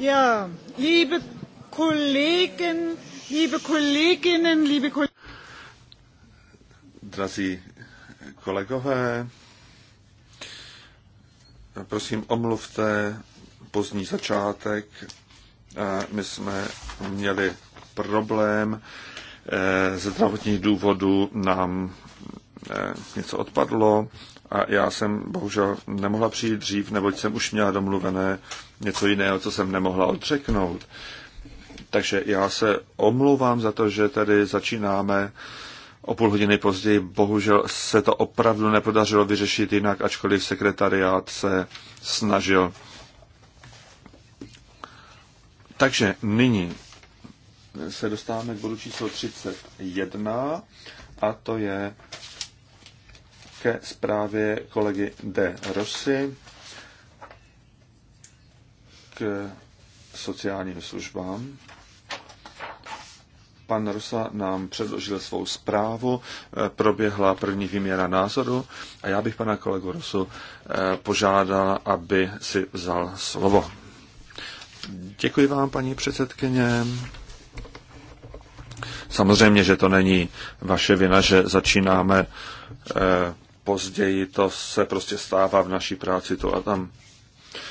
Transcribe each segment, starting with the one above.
Ja, liebe Kollegen, liebe Kolleginnen, liebe Kollegen. Drazí kolegové, prosím omluvte pozdní začátek. My jsme měli problém. Eh, ze zdravotních důvodů nám eh, něco odpadlo a já jsem bohužel nemohla přijít dřív, neboť jsem už měla domluvené něco jiného, co jsem nemohla odřeknout. Takže já se omlouvám za to, že tady začínáme o půl hodiny později. Bohužel se to opravdu nepodařilo vyřešit jinak, ačkoliv sekretariát se snažil. Takže nyní se dostáváme k bodu číslo 31 a to je ke zprávě kolegy D. Rossi k sociálním službám. Pan Rosa nám předložil svou zprávu, eh, proběhla první výměra názoru a já bych pana kolegu Rosu eh, požádal, aby si vzal slovo. Děkuji vám, paní předsedkyně. Samozřejmě, že to není vaše vina, že začínáme eh, později, to se prostě stává v naší práci to a tam.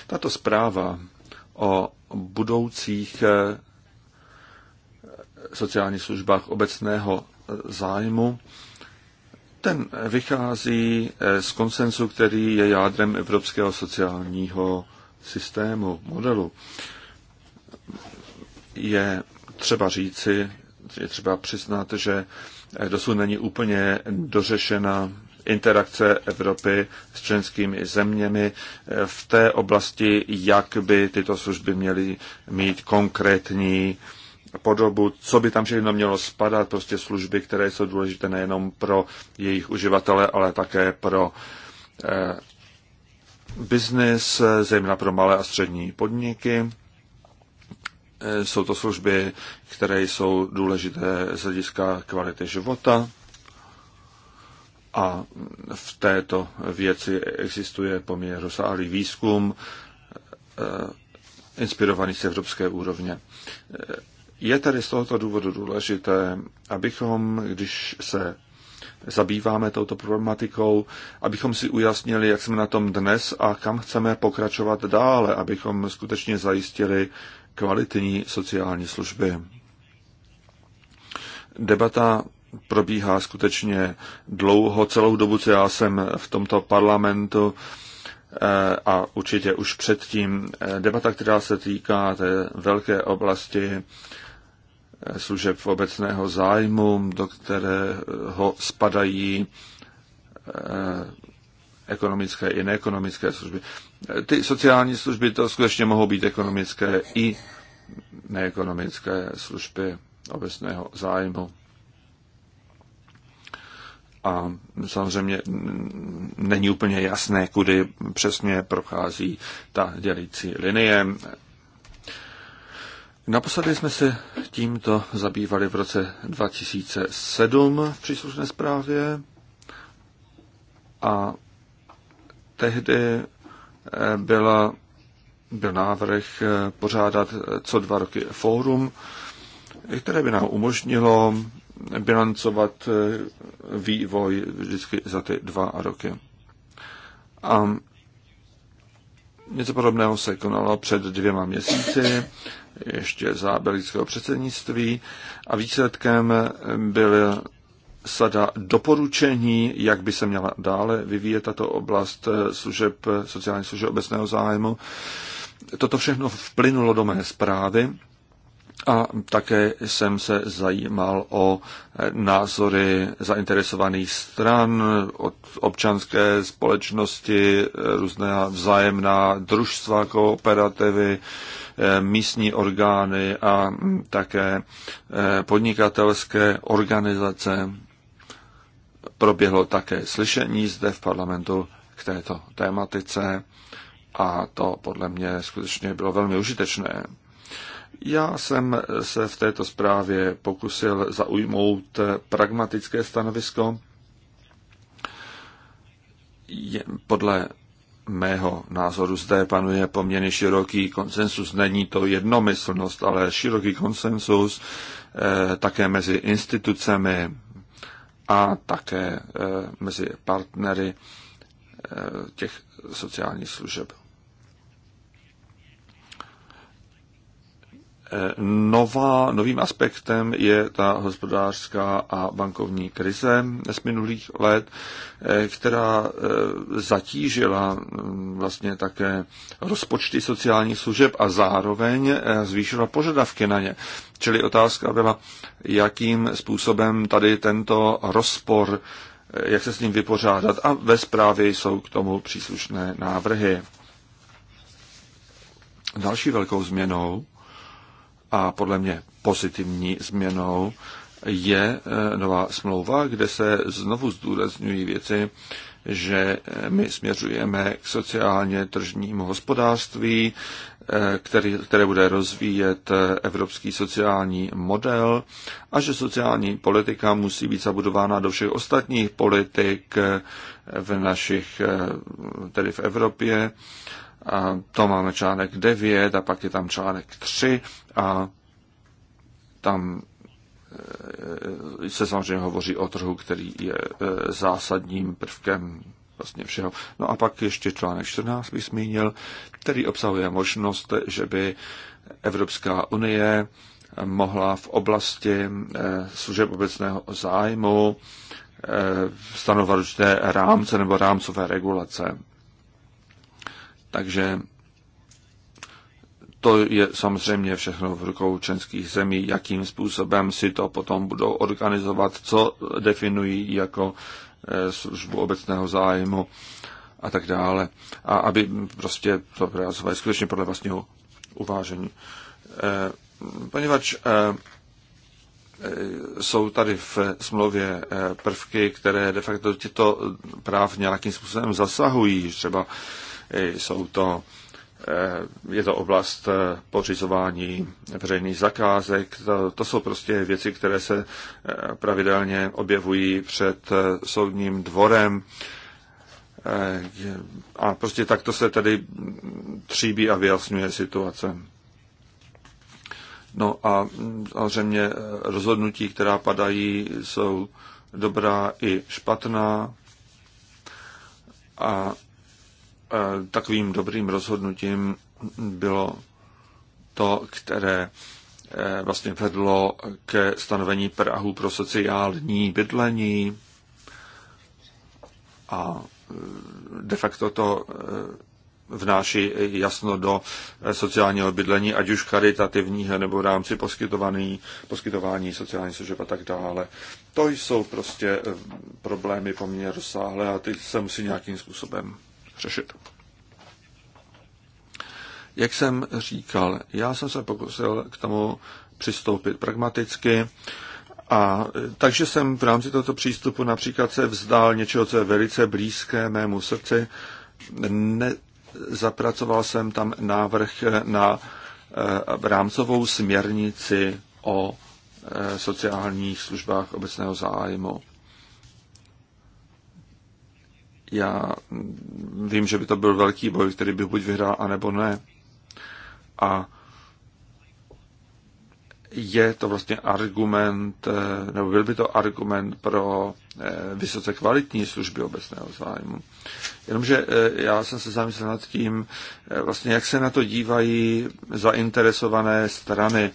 Tato zpráva o budoucích eh, sociálních službách obecného eh, zájmu, ten vychází eh, z konsensu, který je jádrem evropského sociálního systému, modelu. Je třeba říci, je třeba přiznat, že dosud není úplně dořešena interakce Evropy s členskými zeměmi eh, v té oblasti, jak by tyto služby měly mít konkrétní podobu, co by tam všechno mělo spadat, prostě služby, které jsou důležité nejenom pro jejich uživatele, ale také pro eh, biznis, zejména pro malé a střední podniky. Eh, jsou to služby, které jsou důležité z hlediska kvality života. A v této věci existuje poměrně rozsáhlý výzkum, eh, inspirovaný z evropské úrovně. Je tedy z tohoto důvodu důležité, abychom, když se zabýváme touto problematikou, abychom si ujasnili, jak jsme na tom dnes a kam chceme pokračovat dále, abychom skutečně zajistili kvalitní sociální služby. Debata probíhá skutečně dlouho, celou dobu, co já jsem v tomto parlamentu eh, a určitě už předtím eh, debata, která se týká té velké oblasti eh, služeb v obecného zájmu, do kterého spadají ekonomické i neekonomické služby. Ty sociální služby to skutečně mohou být ekonomické i neekonomické služby obecného zájmu a samozřejmě není úplně jasné, kudy přesně prochází ta dělící linie. Naposledy jsme se tímto zabývali v roce 2007 v příslušné zprávě a tehdy eh, byla, byl návrh eh, pořádat co dva roky fórum, které by nám umožnilo bilancovat eh, vývoj vždycky za ty dva roky. A něco podobného se konalo před dvěma měsíci, ještě za belgického předsednictví a výsledkem byl sada doporučení, jak by se měla dále vyvíjet tato oblast eh, služeb, sociálních služeb obecného zájmu. Toto všechno vplynulo do mé zprávy a také jsem se zajímal o názory zainteresovaných stran, od občanské společnosti, různé vzájemná družstva, kooperativy, místní orgány a také podnikatelské organizace. Proběhlo také slyšení zde v parlamentu k této tématice a to podle mě skutečně bylo velmi užitečné. Já jsem se v této zprávě pokusil zaujmout pragmatické stanovisko. Podle mého názoru zde panuje poměrně široký konsensus. Není to jednomyslnost, ale široký konsensus eh, také mezi institucemi a také eh, mezi partnery eh, těch sociálních služeb. Nová, novým aspektem je ta hospodářská a bankovní krize z minulých let, eh, která eh, zatížila mm, vlastně také rozpočty sociálních služeb a zároveň eh, zvýšila požadavky na ně. Čili otázka byla, jakým způsobem tady tento rozpor, jak se s ním vypořádat a ve zprávě jsou k tomu příslušné návrhy. Další velkou změnou a podle mě pozitivní změnou je eh, nová smlouva, kde se znovu zdůrazňují věci, že eh, my směřujeme k sociálně tržnímu hospodářství, eh, který, které bude rozvíjet evropský sociální model a že sociální politika musí být zabudována do všech ostatních politik v našich, tedy v Evropě a to máme článek 9 a pak je tam článek 3 a tam e, se samozřejmě hovoří o trhu, který je e, zásadním prvkem vlastně všeho. No a pak ještě článek 14 bych zmínil, který obsahuje možnost, že by Evropská unie mohla v oblasti e, služeb obecného zájmu stanovat určité rámce nebo rámcové regulace. Takže to je samozřejmě všechno v rukou členských zemí, jakým způsobem si to potom budou organizovat, co definují jako eh, službu obecného zájmu a tak dále. A aby prostě to realizovali skutečně podle vlastního uvážení. Eh, poněvadž eh, jsou tady v smlouvě prvky, které de facto těto práv nějakým způsobem zasahují, třeba jsou to, eh, je to oblast eh, pořizování veřejných zakázek. To, to jsou prostě věci, které se eh, pravidelně objevují před soudním dvorem. A prostě takto se tedy tříbí a vyjasňuje situace. No a samozřejmě rozhodnutí, která padají, jsou dobrá i špatná. A Eh, takovým dobrým rozhodnutím bylo to, které eh, vlastně vedlo ke stanovení Prahu pro sociální bydlení a eh, de facto to vnáší jasno do sociálního bydlení, ať už karitativního nebo v rámci poskytování, poskytování sociálních služeb a tak dále. To jsou prostě problémy poměrně rozsáhlé a ty se musí nějakým způsobem řešit. Jak jsem říkal, já jsem se pokusil k tomu přistoupit pragmaticky. A takže jsem v rámci tohoto přístupu například se vzdál něčeho, co je velice blízké mému srdci. Ne, zapracoval jsem tam návrh na e, rámcovou směrnici o e, sociálních službách obecného zájmu já vím, že by to byl velký boj, který bych buď vyhrál, anebo ne. A je to vlastně argument, eh, nebo byl by to argument pro eh, vysoce kvalitní služby obecného zájmu. Jenomže eh, já jsem se zamyslel nad tím, vlastně jak se na to dívají zainteresované strany,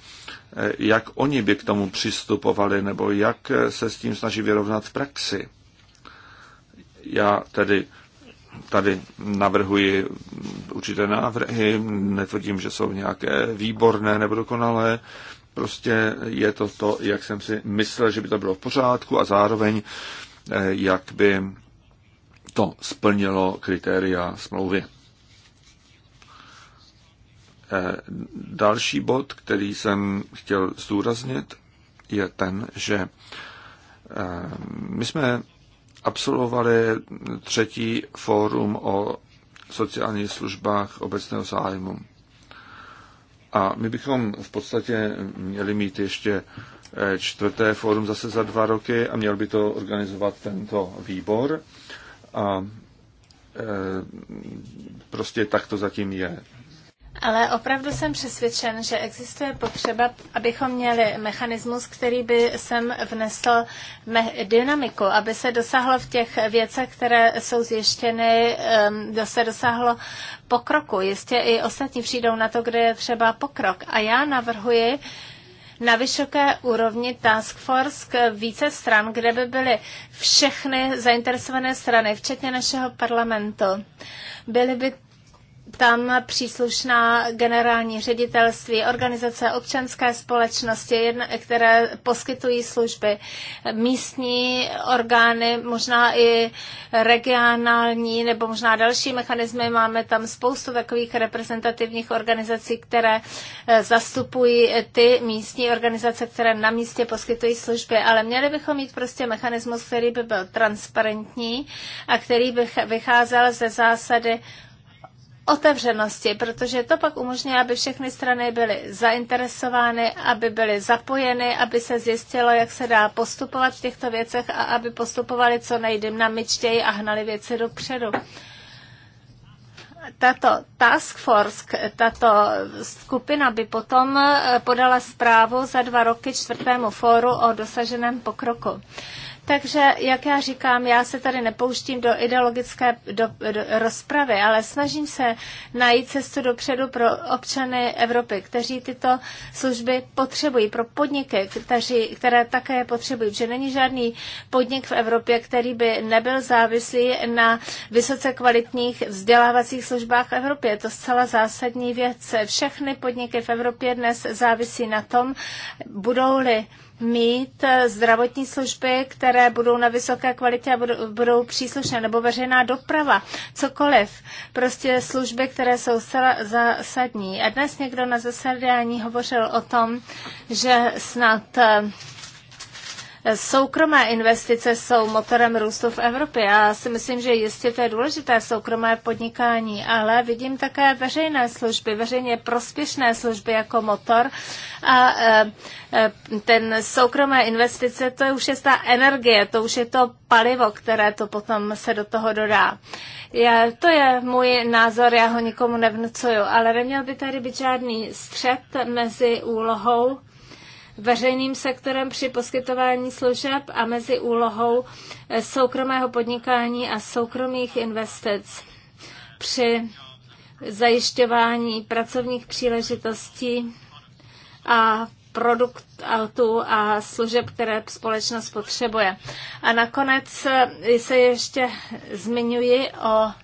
jak oni by k tomu přistupovali, nebo jak se s tím snaží vyrovnat v praxi. Já tedy tady navrhuji určité návrhy, netvrdím, že jsou nějaké výborné nebo dokonalé, prostě je to to, jak jsem si myslel, že by to bylo v pořádku a zároveň eh, jak by to splnilo kritéria smlouvy. Eh, další bod, který jsem chtěl zdůraznit, je ten, že eh, my jsme absolvovali třetí fórum o sociálních službách obecného zájmu. A my bychom v podstatě měli mít ještě eh, čtvrté fórum zase za dva roky a měl by to organizovat tento výbor. A eh, prostě tak to zatím je. Ale opravdu jsem přesvědčen, že existuje potřeba, abychom měli mechanismus, který by sem vnesl dynamiku, aby se dosáhlo v těch věcech, které jsou zjištěny, um, se dosáhlo pokroku. Jistě i ostatní přijdou na to, kde je třeba pokrok. A já navrhuji, na vysoké úrovni task force k více stran, kde by byly všechny zainteresované strany, včetně našeho parlamentu. Byly by tam příslušná generální ředitelství, organizace občanské společnosti, které poskytují služby, místní orgány, možná i regionální nebo možná další mechanismy. Máme tam spoustu takových reprezentativních organizací, které eh, zastupují ty místní organizace, které na místě poskytují služby, ale měli bychom mít prostě mechanismus, který by byl transparentní a který by vycházel ze zásady otevřenosti, protože to pak umožňuje, aby všechny strany byly zainteresovány, aby byly zapojeny, aby se zjistilo, jak se dá postupovat v těchto věcech a aby postupovali co nejdynamičtěji a hnali věci dopředu tato task force, tato skupina by potom eh, podala zprávu za dva roky čtvrtému fóru o dosaženém pokroku. Takže, jak já říkám, já se tady nepouštím do ideologické do, do, rozpravy, ale snažím se najít cestu dopředu pro občany Evropy, kteří tyto služby potřebují, pro podniky, kteří, které také je potřebují, že není žádný podnik v Evropě, který by nebyl závislý na vysoce kvalitních vzdělávacích službách v Evropě. Je to zcela zásadní věc. Všechny podniky v Evropě dnes závisí na tom, budou-li mít eh, zdravotní služby, které budou na vysoké kvalitě a budou, budou příslušné, nebo veřejná doprava, cokoliv. Prostě služby, které jsou zcela zásadní. A dnes někdo na zasedání hovořil o tom, že snad eh, Soukromé investice jsou motorem růstu v Evropě a já si myslím, že jistě to je důležité soukromé podnikání, ale vidím také veřejné služby, veřejně prospěšné služby jako motor a e, e, ten soukromé investice, to je už je ta energie, to už je to palivo, které to potom se do toho dodá. Já, to je můj názor, já ho nikomu nevnucuju, ale neměl by tady být žádný střed mezi úlohou veřejným sektorem při poskytování služeb a mezi úlohou eh, soukromého podnikání a soukromých investic při zajišťování pracovních příležitostí a produktů a služeb, které společnost potřebuje. A nakonec eh, se ještě zmiňuji o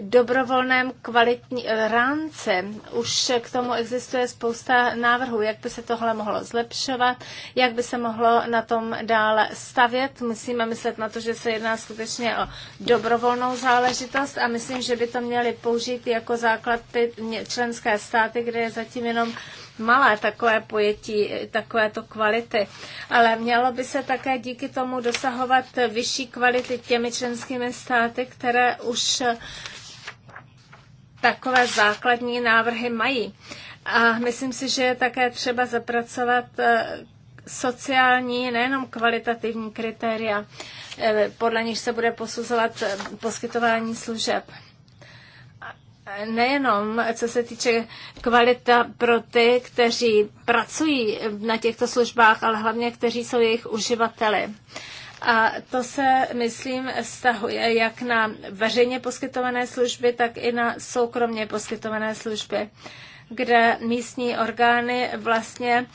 dobrovolném kvalitní eh, rámce. Už k tomu existuje spousta návrhů, jak by se tohle mohlo zlepšovat, jak by se mohlo na tom dále stavět. Musíme myslet na to, že se jedná skutečně o dobrovolnou záležitost a myslím, že by to měli použít jako základ ty členské státy, kde je zatím jenom malé takové pojetí, eh, takovéto kvality. Ale mělo by se také díky tomu dosahovat vyšší kvality těmi členskými státy, které už takové základní návrhy mají. A myslím si, že je také třeba zapracovat eh, sociální, nejenom kvalitativní kritéria, eh, podle níž se bude posuzovat eh, poskytování služeb nejenom co se týče kvalita pro ty, kteří pracují na těchto službách, ale hlavně kteří jsou jejich uživateli. A to se, myslím, vztahuje jak na veřejně poskytované služby, tak i na soukromně poskytované služby kde místní orgány vlastně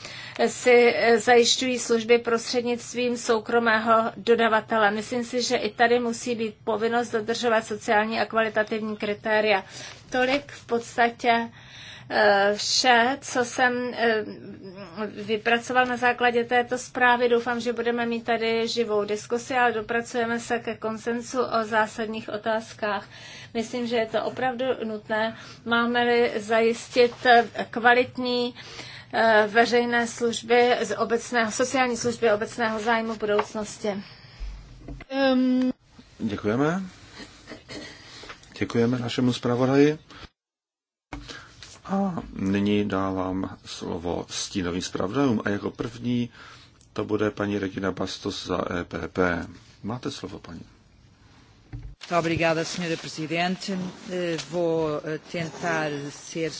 si zajišťují služby prostřednictvím soukromého dodavatele. Myslím si, že i tady musí být povinnost dodržovat sociální a kvalitativní kritéria. Tolik v podstatě vše, co jsem eh, vypracoval na základě této zprávy. Doufám, že budeme mít tady živou diskusi, ale dopracujeme se ke konsensu o zásadních otázkách. Myslím, že je to opravdu nutné. Máme-li zajistit kvalitní eh, veřejné služby z obecného, sociální služby obecného zájmu v budoucnosti. Děkujeme. Děkujeme našemu zpravodaji. A nyní dávám slovo stínovým zpravodajům a jako první to bude paní Regina Bastos za EPP. Máte slovo, paní. Eh, eh,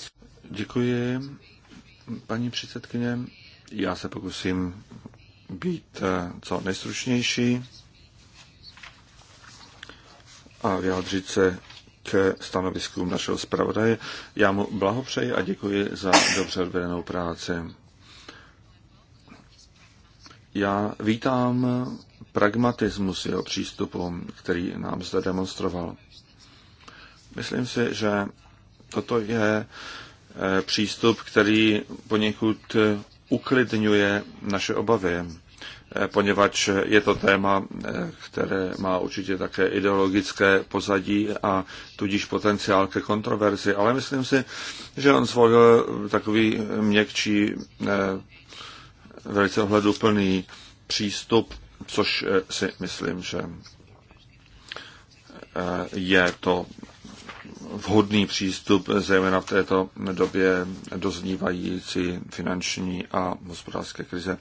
Děkuji, paní předsedkyně. Já se pokusím být eh, co nejstručnější a vyjádřit se k stanoviskům našeho zpravodaje. Já mu blahopřeji a děkuji za dobře odvedenou práci. Já vítám pragmatismus jeho přístupu, který nám zde demonstroval. Myslím si, že toto je eh, přístup, který poněkud uklidňuje naše obavy. Eh, poněvadž je to téma, eh, které má určitě také ideologické pozadí a tudíž potenciál ke kontroverzi. Ale myslím si, že on zvolil takový měkčí, eh, velice ohleduplný přístup, což si myslím, že je to vhodný přístup, zejména v této době doznívající finanční a hospodářské krize.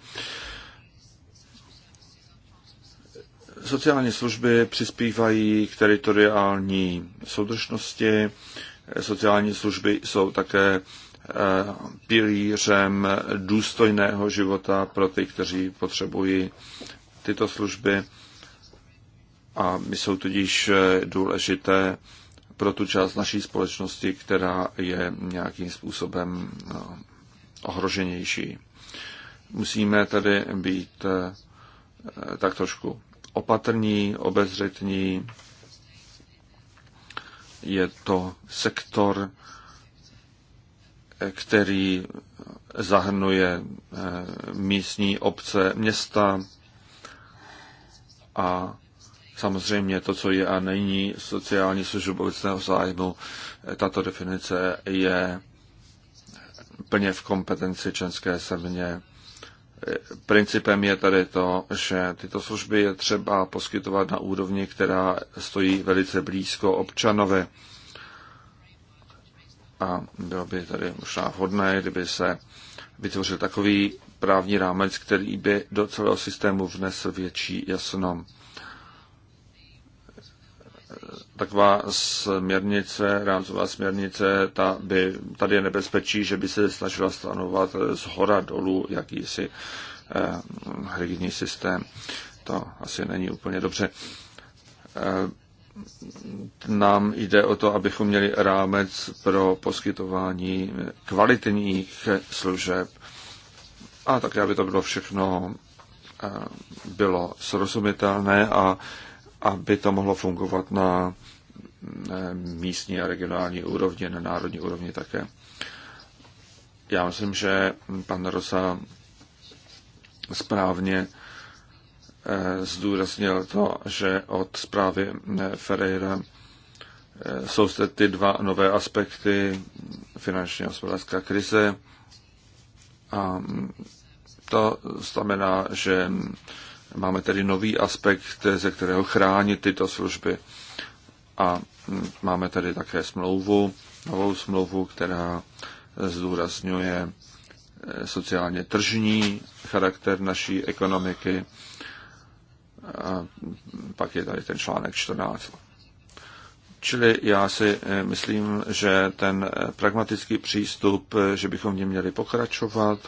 Sociální služby přispívají k teritoriální soudržnosti. Sociální služby jsou také eh, pilířem důstojného života pro ty, kteří potřebují tyto služby a my jsou tudíž eh, důležité pro tu část naší společnosti, která je nějakým způsobem no, ohroženější. Musíme tedy být eh, tak trošku opatrní, obezřetní. Je to sektor, který zahrnuje eh, místní obce, města a samozřejmě to, co je a není sociální službu obecného zájmu, eh, tato definice je plně v kompetenci členské země Principem je tady to, že tyto služby je třeba poskytovat na úrovni, která stojí velice blízko občanovi. A bylo by tady možná vhodné, kdyby se vytvořil takový právní rámec, který by do celého systému vnesl větší jasnost taková směrnice, rámcová směrnice, ta by, tady je nebezpečí, že by se snažila stanovat z hora dolů jakýsi eh, rigidní systém. To asi není úplně dobře. Eh, nám jde o to, abychom měli rámec pro poskytování kvalitních služeb a také, aby to bylo všechno eh, bylo srozumitelné a aby to mohlo fungovat na místní a regionální úrovni, na národní úrovni také. Já myslím, že pan Rosa správně eh, zdůraznil to, že od zprávy Ferreira eh, jsou zde ty dva nové aspekty finanční a hospodářská krize a to znamená, že Máme tedy nový aspekt, ze kterého chránit tyto služby. A máme tady také smlouvu, novou smlouvu, která zdůrazňuje eh, sociálně tržní charakter naší ekonomiky. A pak je tady ten článek 14. Čili já si eh, myslím, že ten eh, pragmatický přístup, že bychom v něm měli pokračovat,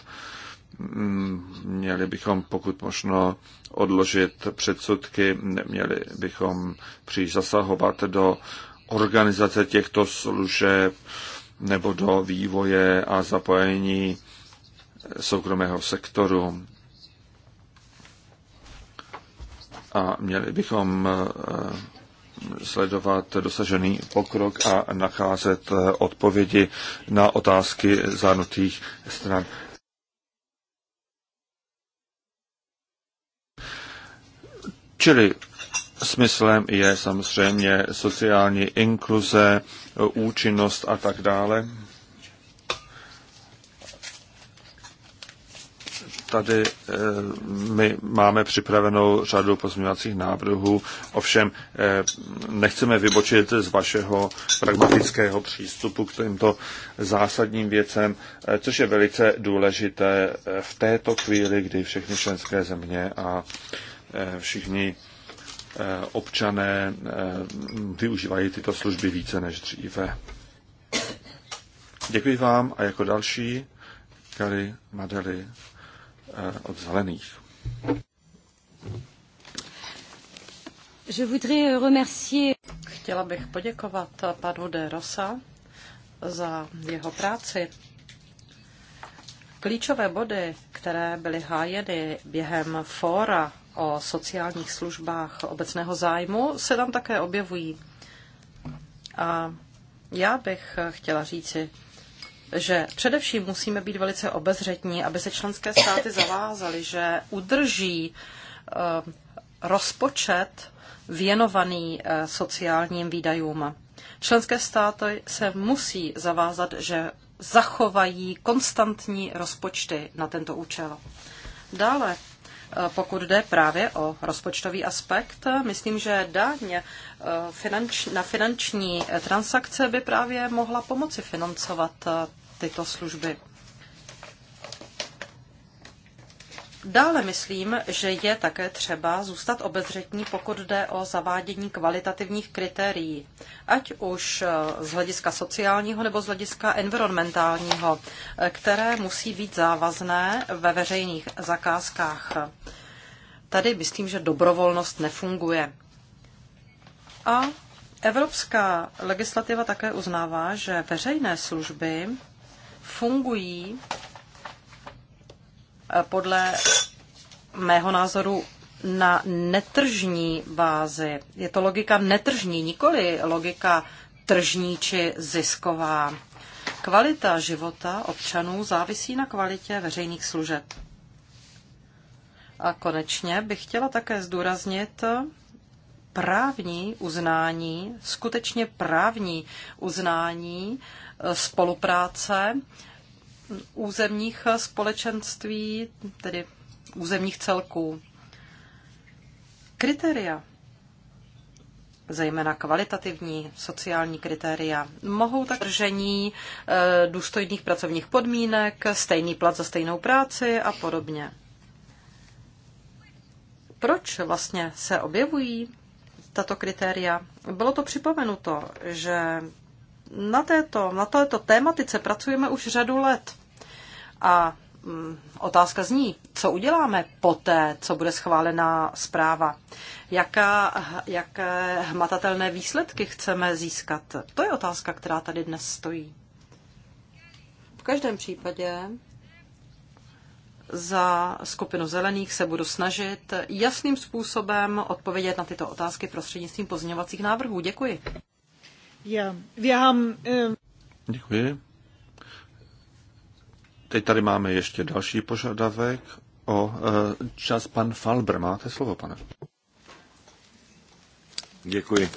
Mm, měli bychom pokud možno odložit předsudky, neměli bychom příliš zasahovat do organizace těchto služeb nebo do vývoje a zapojení soukromého sektoru. A měli bychom eh, sledovat dosažený pokrok a nacházet eh, odpovědi na otázky zánutých stran. Čili smyslem je samozřejmě sociální inkluze, účinnost a tak dále. Tady eh, my máme připravenou řadu pozměňovacích návrhů, ovšem eh, nechceme vybočit z vašeho pragmatického přístupu k těmto zásadním věcem, eh, což je velice důležité v této chvíli, kdy všechny členské země a Eh, všichni eh, občané eh, využívají tyto služby více než dříve. Děkuji vám a jako další Kary Madely od Zelených. Je voudrais remercier... Chtěla bych poděkovat panu de Rosa za jeho práci. Klíčové body, které byly hájeny během fóra o sociálních službách obecného zájmu se tam také objevují. A já bych chtěla říci, že především musíme být velice obezřetní, aby se členské státy zavázaly, že udrží eh, rozpočet věnovaný eh, sociálním výdajům. Členské státy se musí zavázat, že zachovají konstantní rozpočty na tento účel. Dále Eh, pokud jde právě o rozpočtový aspekt. Myslím, že daň eh, finanč, na finanční transakce by právě mohla pomoci financovat eh, tyto služby. Dále myslím, že je také třeba zůstat obezřetní, pokud jde o zavádění kvalitativních kritérií, ať už eh, z hlediska sociálního nebo z hlediska environmentálního, eh, které musí být závazné ve veřejných zakázkách. Tady myslím, že dobrovolnost nefunguje. A evropská legislativa také uznává, že veřejné služby fungují podle mého názoru na netržní bázi. Je to logika netržní, nikoli logika tržní či zisková. Kvalita života občanů závisí na kvalitě veřejných služeb. A konečně bych chtěla také zdůraznit právní uznání, skutečně právní uznání e, spolupráce územních společenství, tedy územních celků. Kritéria, zejména kvalitativní sociální kritéria, mohou tak držení eh, důstojných pracovních podmínek, stejný plat za stejnou práci a podobně. Proč vlastně se objevují tato kritéria? Bylo to připomenuto, že na této, na této tématice pracujeme už řadu let. A mm, otázka zní, co uděláme poté, co bude schválená zpráva? Jaká, jaké hmatatelné výsledky chceme získat? To je otázka, která tady dnes stojí. V každém případě za skupinu zelených se budu snažit jasným způsobem odpovědět na tyto otázky prostřednictvím pozměňovacích návrhů. Děkuji. Eh, Děkuji. Teď tady máme ještě další požadavek o eh, čas. Pan Falbr, máte slovo, pane. Děkuji.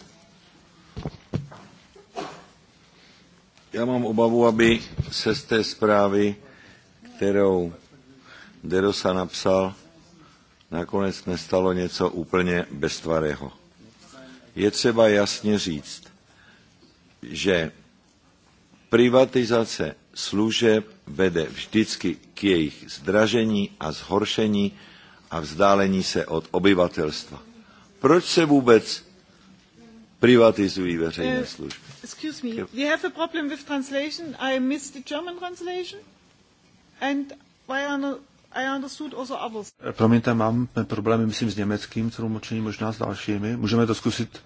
Já mám obavu, aby se z té zprávy, kterou Derosa napsal, nakonec nestalo něco úplně beztvarého. Je třeba jasně říct, že privatizace služeb vede vždycky k jejich zdražení a zhoršení a vzdálení se od obyvatelstva. Proč se vůbec privatizují veřejné eh, služby? Uh, excuse me, we have a problem with translation. I missed the German translation. And why are also eh, Promiňte, mám problémy, myslím, s německým tlumočením, možná s dalšími. Můžeme to zkusit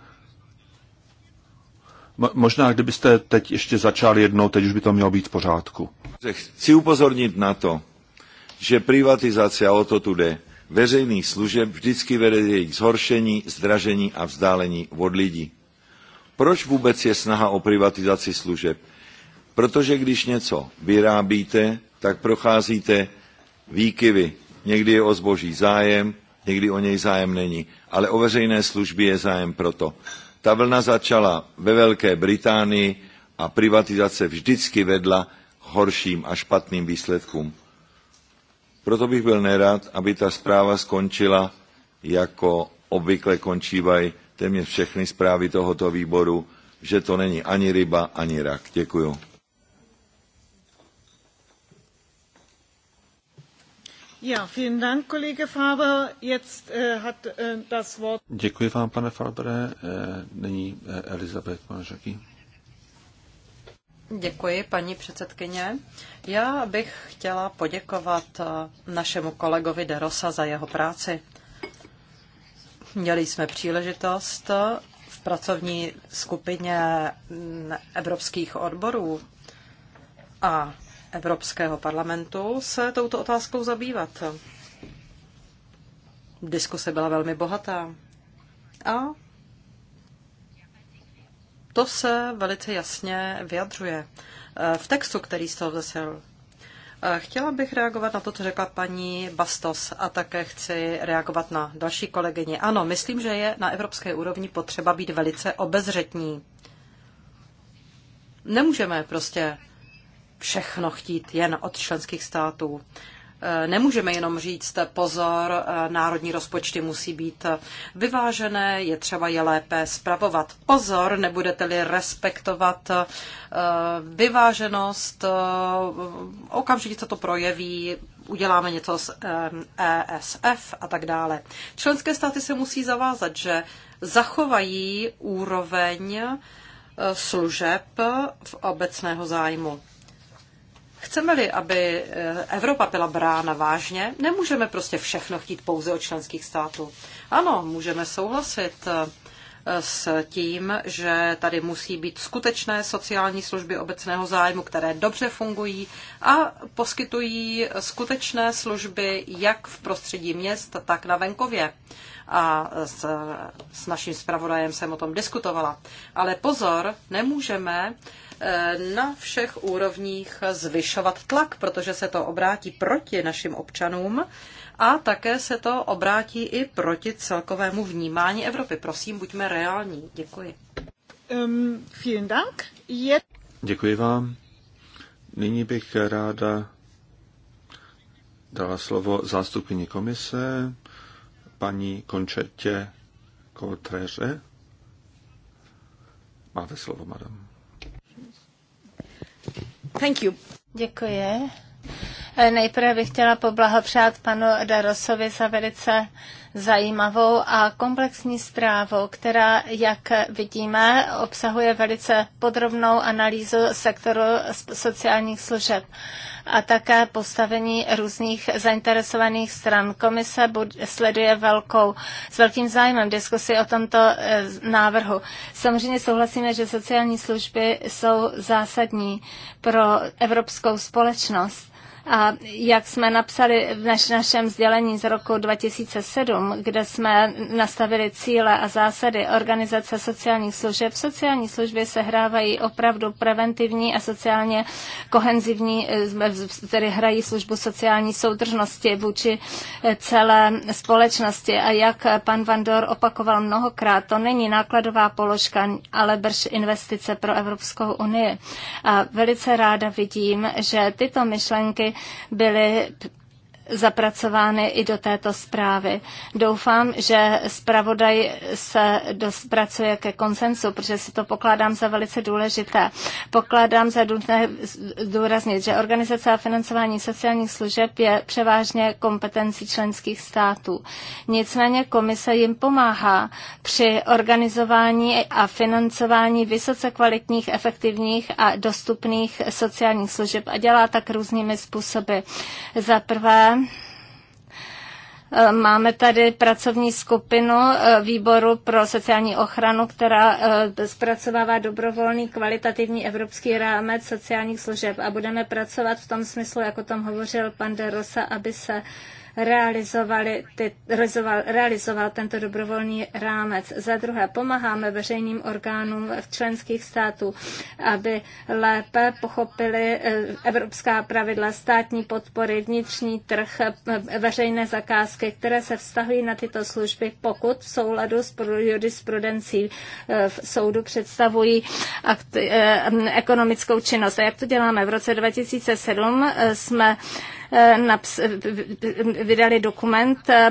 Možná, kdybyste teď ještě začali jednou, teď už by to mělo být v pořádku. Chci upozornit na to, že privatizace, a o to tu jde, veřejných služeb vždycky vede jejich zhoršení, zdražení a vzdálení od lidí. Proč vůbec je snaha o privatizaci služeb? Protože když něco vyrábíte, tak procházíte výkyvy. Někdy je o zboží zájem, někdy o něj zájem není. Ale o veřejné služby je zájem proto, ta vlna začala ve Velké Británii a privatizace vždycky vedla horším a špatným výsledkům. Proto bych byl nerad, aby ta zpráva skončila, jako obvykle končívají téměř všechny zprávy tohoto výboru, že to není ani ryba, ani rak. Děkuju. Äh, äh, Děkuji vám, pane Fabere. Äh, nyní Elizabeth Manžaký. Děkuji, paní předsedkyně. Já bych chtěla poděkovat našemu kolegovi Derosa za jeho práci. Měli jsme příležitost v pracovní skupině mm, evropských odborů a Evropského parlamentu se touto otázkou zabývat. Diskuse byla velmi bohatá. A to se velice jasně vyjadřuje eh, v textu, který z toho vzesil. Eh, chtěla bych reagovat na to, co řekla paní Bastos a také chci reagovat na další kolegyně. Ano, myslím, že je na evropské úrovni potřeba být velice obezřetní. Nemůžeme prostě všechno chtít jen od členských států. E, nemůžeme jenom říct pozor, e, národní rozpočty musí být vyvážené, je třeba je lépe spravovat. Pozor, nebudete-li respektovat e, vyváženost, okamžitě se to projeví, uděláme něco s ESF a tak dále. Členské státy se musí zavázat, že zachovají úroveň služeb v obecného zájmu. Chceme-li, aby eh, Evropa byla brána vážně, nemůžeme prostě všechno chtít pouze od členských států. Ano, můžeme souhlasit eh, s tím, že tady musí být skutečné sociální služby obecného zájmu, které dobře fungují a poskytují skutečné služby jak v prostředí měst, tak na venkově. A s, s naším zpravodajem jsem o tom diskutovala. Ale pozor, nemůžeme na všech úrovních zvyšovat tlak, protože se to obrátí proti našim občanům a také se to obrátí i proti celkovému vnímání Evropy. Prosím, buďme reální. Děkuji. Um, vielen Dank. Je... Děkuji vám. Nyní bych ráda dala slovo zástupkyni komise, paní Končetě Kotreře. Máte slovo, madam. Thank you. Děkuji. Eh, nejprve bych chtěla poblahopřát panu Darosovi za velice zajímavou a komplexní zprávu, která, jak vidíme, obsahuje velice podrobnou analýzu sektoru sociálních služeb a také postavení různých zainteresovaných stran. Komise sleduje velkou, s velkým zájmem diskusi o tomto e, návrhu. Samozřejmě souhlasíme, že sociální služby jsou zásadní pro evropskou společnost a jak jsme napsali v naš, našem sdělení z roku 2007, kde jsme nastavili cíle a zásady organizace sociálních služeb, sociální služby se hrávají opravdu preventivní a sociálně kohenzivní, eh, tedy hrají službu sociální soudržnosti vůči eh, celé společnosti. A jak pan Vandor opakoval mnohokrát, to není nákladová položka, ale brž investice pro Evropskou unii. A velice ráda vidím, že tyto myšlenky byly zapracovány i do této zprávy. Doufám, že zpravodaj se dospracuje ke konsensu, protože si to pokládám za velice důležité. Pokládám za důležité zdůraznit, že organizace a financování sociálních služeb je převážně kompetencí členských států. Nicméně komise jim pomáhá při organizování a financování vysoce kvalitních, efektivních a dostupných sociálních služeb a dělá tak různými způsoby. Za prvé Eh, máme tady pracovní skupinu eh, výboru pro sociální ochranu, která eh, zpracovává dobrovolný kvalitativní evropský rámec sociálních služeb a budeme pracovat v tom smyslu, jako tom hovořil pan De Rosa, aby se realizovali ty, realizoval, realizoval tento dobrovolný rámec. Za druhé, pomáháme veřejným orgánům v členských států, aby lépe pochopili eh, evropská pravidla státní podpory, vnitřní trh, eh, veřejné zakázky, které se vztahují na tyto služby, pokud v souladu s jurisprudencí eh, v soudu představují ekonomickou činnost. A jak to děláme? V roce 2007 jsme Eh, vydali dokument, eh,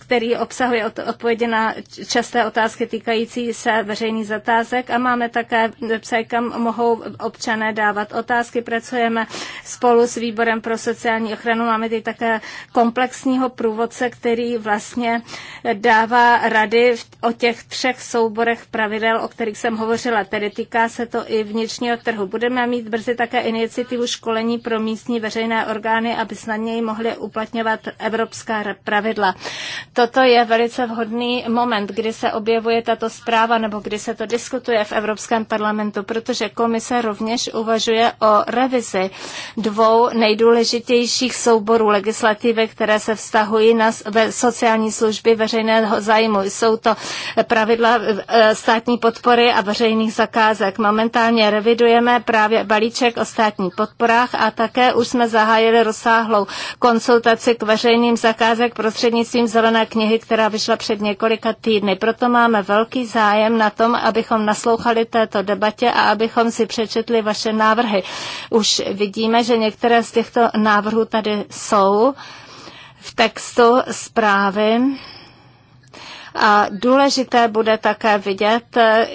který obsahuje odpovědi na časté otázky týkající se veřejných zatázek a máme také website, kam mohou občané dávat otázky. Pracujeme spolu s výborem pro sociální ochranu. Máme tady také komplexního průvodce, který vlastně dává rady o těch třech souborech pravidel, o kterých jsem hovořila. Tedy týká se to i vnitřního trhu. Budeme mít brzy také iniciativu školení pro místní veřejné orgány, aby aby snadněji mohli uplatňovat evropská pravidla. Toto je velice vhodný moment, kdy se objevuje tato zpráva nebo kdy se to diskutuje v Evropském parlamentu, protože komise rovněž uvažuje o revizi dvou nejdůležitějších souborů legislativy, které se vztahují na sociální služby veřejného zájmu. Jsou to pravidla e, státní podpory a veřejných zakázek. Momentálně revidujeme právě balíček o státních podporách a také už jsme zahájili rozsáhlé rozsáhlou konsultaci k veřejným zakázek prostřednictvím zelené knihy, která vyšla před několika týdny. Proto máme velký zájem na tom, abychom naslouchali této debatě a abychom si přečetli vaše návrhy. Už vidíme, že některé z těchto návrhů tady jsou v textu zprávy a důležité bude také vidět,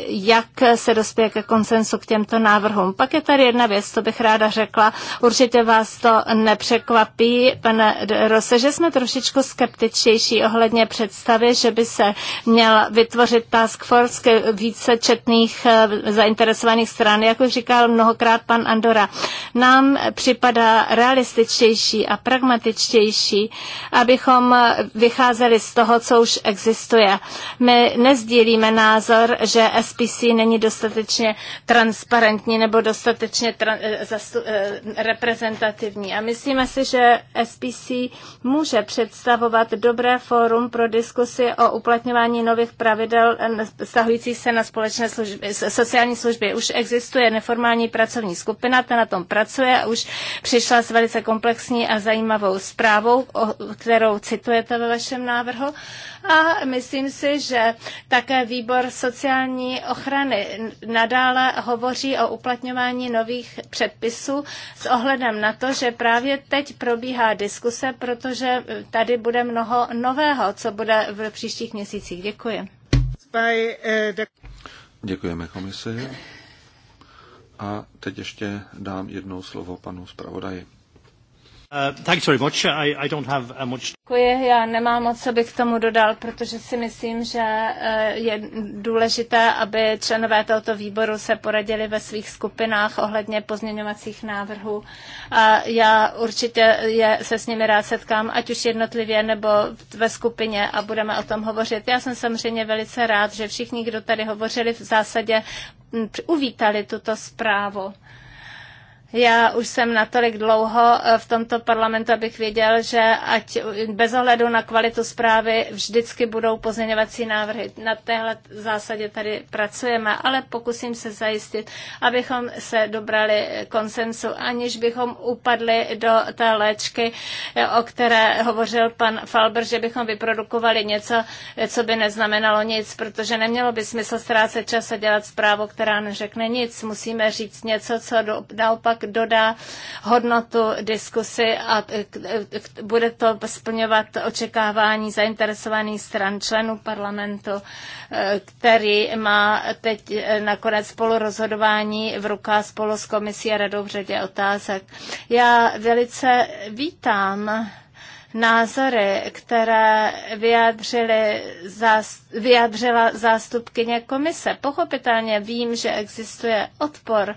jak se dospěje ke konsensu k těmto návrhům. Pak je tady jedna věc, co bych ráda řekla. Určitě vás to nepřekvapí, pane Rose, že jsme trošičku skeptičtější ohledně představy, že by se měla vytvořit task force více četných eh, zainteresovaných stran, jak už říkal mnohokrát pan Andora. Nám připadá realističtější a pragmatičtější, abychom eh, vycházeli z toho, co už existuje unie. My nezdílíme názor, že SPC není dostatečně transparentní nebo dostatečně tra- eh, zastu- eh, reprezentativní. A myslíme si, že SPC může představovat dobré fórum pro diskusy o uplatňování nových pravidel stahujících eh, se na společné služby, sociální služby. Už existuje neformální pracovní skupina, ta na tom pracuje a už přišla s velice komplexní a zajímavou zprávou, kterou citujete ve vašem návrhu. A myslím, Myslím si, že také výbor sociální ochrany nadále hovoří o uplatňování nových předpisů s ohledem na to, že právě teď probíhá diskuse, protože tady bude mnoho nového, co bude v příštích měsících. Děkuji. Děkujeme komisi. A teď ještě dám jednou slovo panu zpravodaji. Uh, uh, Děkuji, já nemám moc, co bych k tomu dodal, protože si myslím, že uh, je důležité, aby členové tohoto výboru se poradili ve svých skupinách ohledně pozměňovacích návrhů. A já určitě je, se s nimi rád setkám, ať už jednotlivě nebo ve skupině a budeme o tom hovořit. Já jsem samozřejmě velice rád, že všichni, kdo tady hovořili, v zásadě uvítali tuto zprávu. Já už jsem natolik dlouho eh, v tomto parlamentu, abych věděl, že ať bez ohledu na kvalitu zprávy vždycky budou pozměňovací návrhy. Na téhle zásadě tady pracujeme, ale pokusím se zajistit, abychom se dobrali konsensu, aniž bychom upadli do té léčky, eh, o které hovořil pan Falber, že bychom vyprodukovali něco, eh, co by neznamenalo nic, protože nemělo by smysl ztrácet čas a dělat zprávu, která neřekne nic. Musíme říct něco, co do, naopak pak dodá hodnotu diskusy a bude to splňovat očekávání zainteresovaných stran členů parlamentu, e, který má teď e, nakonec spolurozhodování v rukách spolu s komisí a radou v řadě otázek. Já velice vítám názory, které vyjádřili zástupci vyjadřila zástupkyně komise. Pochopitelně vím, že existuje odpor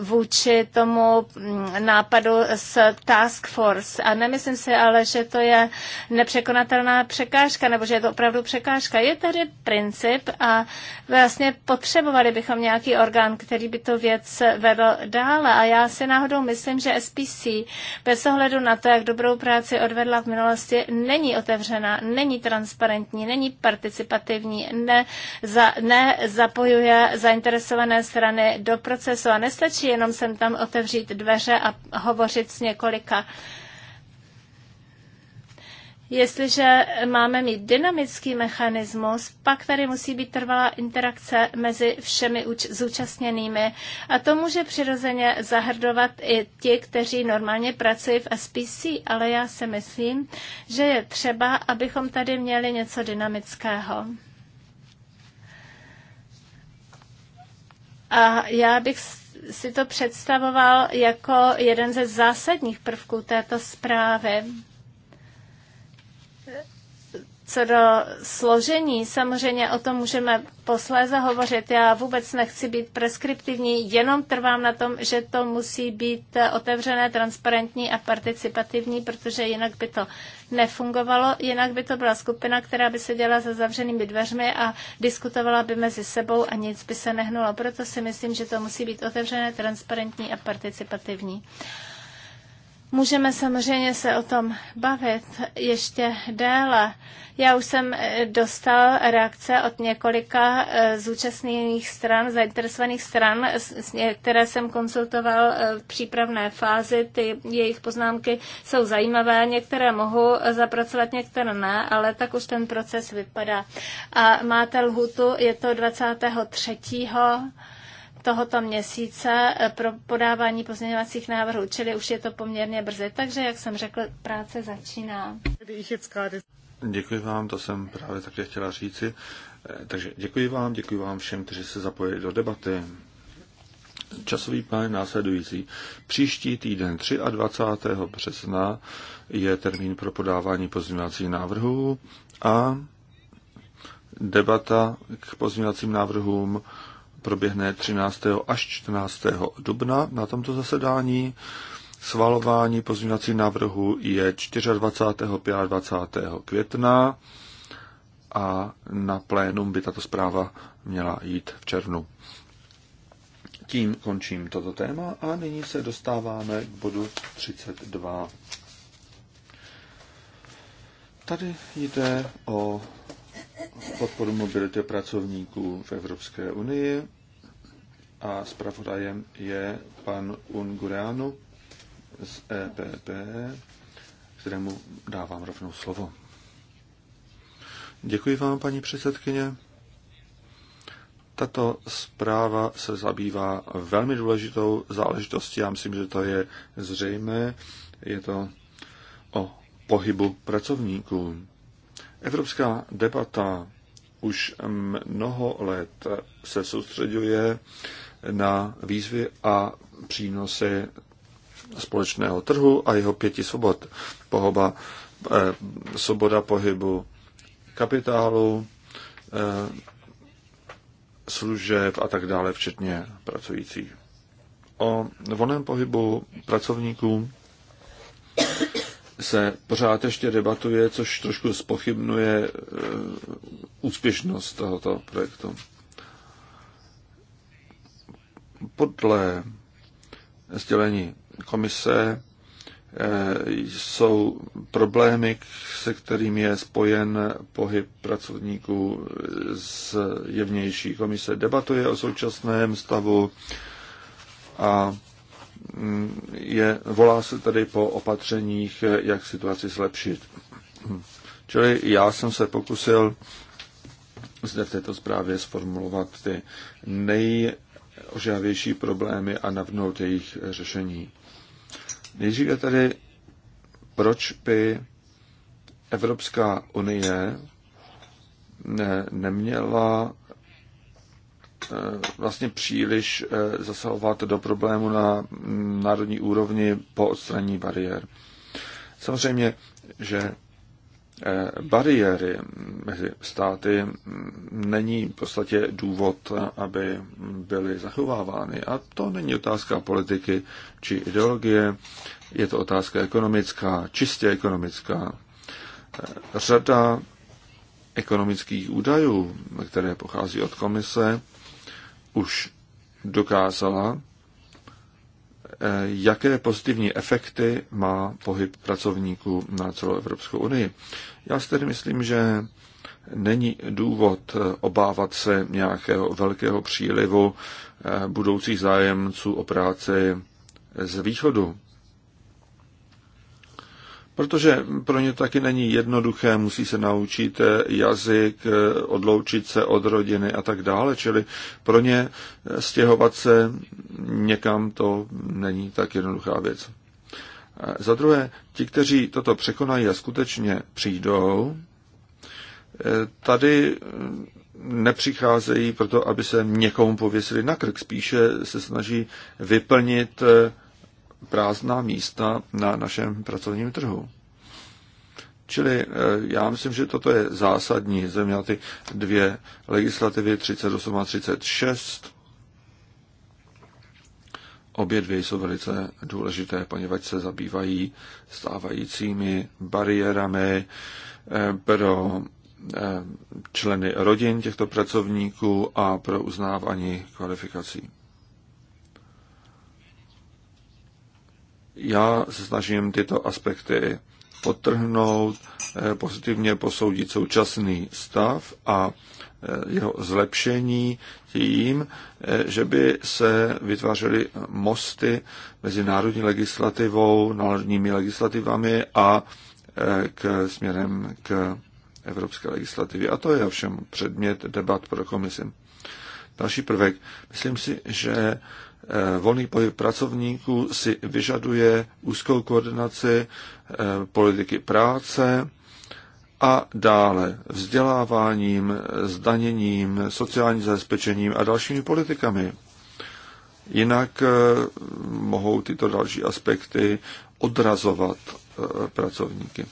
vůči tomu mm, nápadu z Task Force a nemyslím si ale, že to je nepřekonatelná překážka, nebo že je to opravdu překážka. Je tady princip a vlastně potřebovali bychom nějaký orgán, který by tu věc vedl dále a já si náhodou myslím, že SPC bez ohledu na to, jak dobrou práci odvedla v minulosti, není otevřená, není transparentní, není participativní konzultativní, ne, za, ne zapojuje zainteresované strany do procesu a nestačí jenom sem tam otevřít dveře a hovořit s několika uh, Jestliže máme mít dynamický mechanismus, pak tady musí být trvalá interakce mezi všemi zúčastněnými a to může přirozeně zahrdovat i ti, kteří normálně pracují v SPC, ale já si myslím, že je třeba, abychom tady měli něco dynamického. A já bych si to představoval jako jeden ze zásadních prvků této zprávy. Co do složení, samozřejmě o tom můžeme posléze hovořit. Já vůbec nechci být preskriptivní, jenom trvám na tom, že to musí být otevřené, transparentní a participativní, protože jinak by to nefungovalo. Jinak by to byla skupina, která by se dělala za zavřenými dveřmi a diskutovala by mezi sebou a nic by se nehnulo. Proto si myslím, že to musí být otevřené, transparentní a participativní. Můžeme samozřejmě se o tom bavit ještě déle. Já už jsem eh, dostal reakce od několika eh, zúčastněných stran, zainteresovaných stran, které jsem konsultoval eh, v přípravné fázi. Ty jejich poznámky jsou zajímavé, některé mohu zapracovat, některé ne, ale tak už ten proces vypadá. A máte lhutu, je to 23 tohoto měsíce eh, pro podávání pozměňovacích návrhů, čili už je to poměrně brzy. Takže, jak jsem řekl, práce začíná. Děkuji vám, to jsem právě také chtěla říci. Eh, takže děkuji vám, děkuji vám všem, kteří se zapojili do debaty. Časový plán je následující. Příští týden 23. března je termín pro podávání pozměňovacích návrhů a debata k pozměňovacím návrhům proběhne 13. až 14. dubna na tomto zasedání. Svalování pozměňovacích návrhu je 24. 25. května a na plénum by tato zpráva měla jít v červnu. Tím končím toto téma a nyní se dostáváme k bodu 32. Tady jde o podporu mobility pracovníků v Evropské unii a zpravodajem je pan Ungureanu z EPP, kterému dávám rovnou slovo. Děkuji vám, paní předsedkyně. Tato zpráva se zabývá velmi důležitou záležitostí. Já myslím, že to je zřejmé. Je to o pohybu pracovníků. Evropská debata už mnoho let se soustředuje na výzvy a přínosy společného trhu a jeho pěti svobod. Pohoba, eh, svoboda pohybu kapitálu, eh, služeb a tak dále, včetně pracujících. O volném pohybu pracovníků se pořád ještě debatuje, což trošku spochybnuje eh, úspěšnost tohoto projektu. Podle sdělení komise eh, jsou problémy, se kterým je spojen pohyb pracovníků z jevnější komise. Debatuje o současném stavu a je, volá se tady po opatřeních, jak situaci zlepšit. Čili já jsem se pokusil zde v této zprávě sformulovat ty nejožavější problémy a navnout jejich řešení. Nejdříve tady, proč by Evropská unie ne, neměla Eh, vlastně příliš eh, zasahovat do problému na mm, národní úrovni po odstranění bariér. Samozřejmě, že eh, bariéry mezi státy mm, není v podstatě důvod, aby byly zachovávány. A to není otázka politiky či ideologie, je to otázka ekonomická, čistě ekonomická. Řada ekonomických údajů, které pochází od komise, už dokázala, eh, jaké pozitivní efekty má pohyb pracovníků na celou Evropskou unii. Já si tedy myslím, že není důvod eh, obávat se nějakého velkého přílivu eh, budoucích zájemců o práci z východu protože pro ně taky není jednoduché, musí se naučit eh, jazyk, eh, odloučit se od rodiny a tak dále, čili pro ně eh, stěhovat se někam to není tak jednoduchá věc. Za druhé, ti, kteří toto překonají a skutečně přijdou, tady mm, nepřicházejí proto, aby se někomu pověsili na krk, spíše se snaží vyplnit prázdná místa na našem pracovním trhu. Čili eh, já myslím, že toto je zásadní. Země ty dvě legislativy 38 a 36. Obě dvě jsou velice důležité, poněvadž se zabývají stávajícími bariérami eh, pro eh, členy rodin těchto pracovníků a pro uznávání kvalifikací. Já se snažím tyto aspekty potrhnout, eh, pozitivně posoudit současný stav a eh, jeho zlepšení tím, eh, že by se vytvářely mosty mezi národní legislativou, národními legislativami a k směrem k evropské legislativě. A to je ovšem předmět debat pro komisi. Další prvek. Myslím si, že Eh, volný pohyb pracovníků si vyžaduje úzkou koordinaci eh, politiky práce a dále vzděláváním, zdaněním, sociálním zabezpečením a dalšími politikami. Jinak eh, mohou tyto další aspekty odrazovat pracovníky.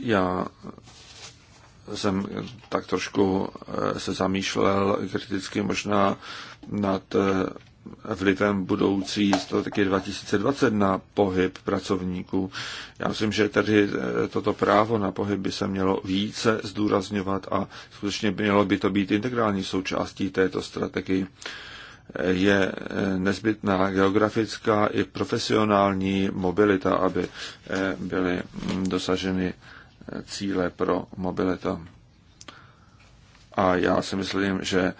Já jsem tak trošku eh, se zamýšlel kriticky možná nad eh, vlivem budoucí strategie 2020 na pohyb pracovníků. Já myslím, že tady eh, toto právo na pohyb by se mělo více zdůrazňovat a skutečně mělo by to být integrální součástí této strategii. Je nezbytná geografická i profesionální mobilita, aby byly mm, dosaženy cíle pro mobilita. A já si myslím, že eh,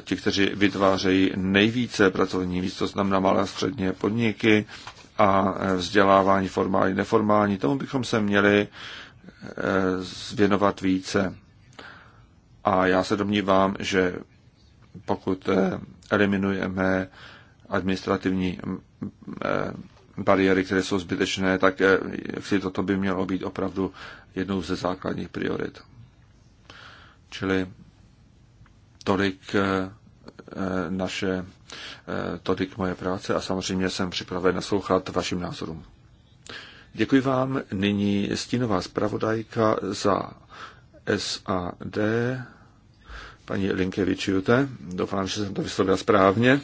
ti, kteří vytvářejí nejvíce pracovní míst, to znamená malé a střední podniky a eh, vzdělávání formální, neformální, tomu bychom se měli zvěnovat eh, více. A já se domnívám, že pokud eliminujeme administrativní bariéry, které jsou zbytečné, tak eh, si toto by mělo být opravdu jednou ze základních priorit. Čili tolik eh, eh, naše, tolik moje práce a samozřejmě jsem připraven naslouchat vašim názorům. Děkuji vám. Nyní stínová zpravodajka za SAD, paní Linkevičiute. Doufám, že jsem to vyslovil správně.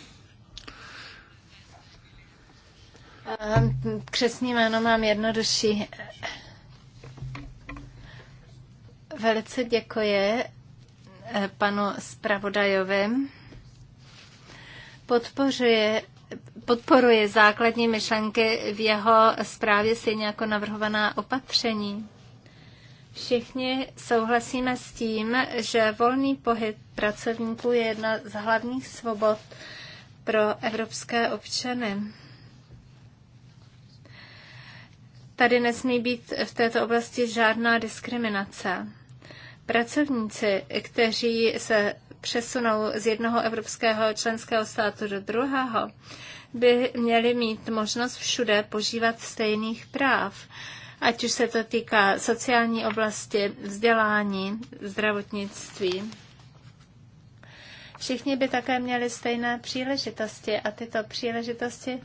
Křesní eh, jméno mám jednodušší. Velice děkuji eh, panu zpravodajovi. Podpořuje podporuje základní myšlenky v jeho zprávě stejně jako navrhovaná opatření. Všichni souhlasíme s tím, že volný pohyb pracovníků je jedna z hlavních svobod pro evropské občany. Tady nesmí být v této oblasti žádná diskriminace. Pracovníci, kteří se přesunou z jednoho evropského členského státu do druhého, by měli mít možnost všude požívat stejných práv, ať už se to týká sociální oblasti, vzdělání, zdravotnictví. Všichni by také měli stejné příležitosti a tyto příležitosti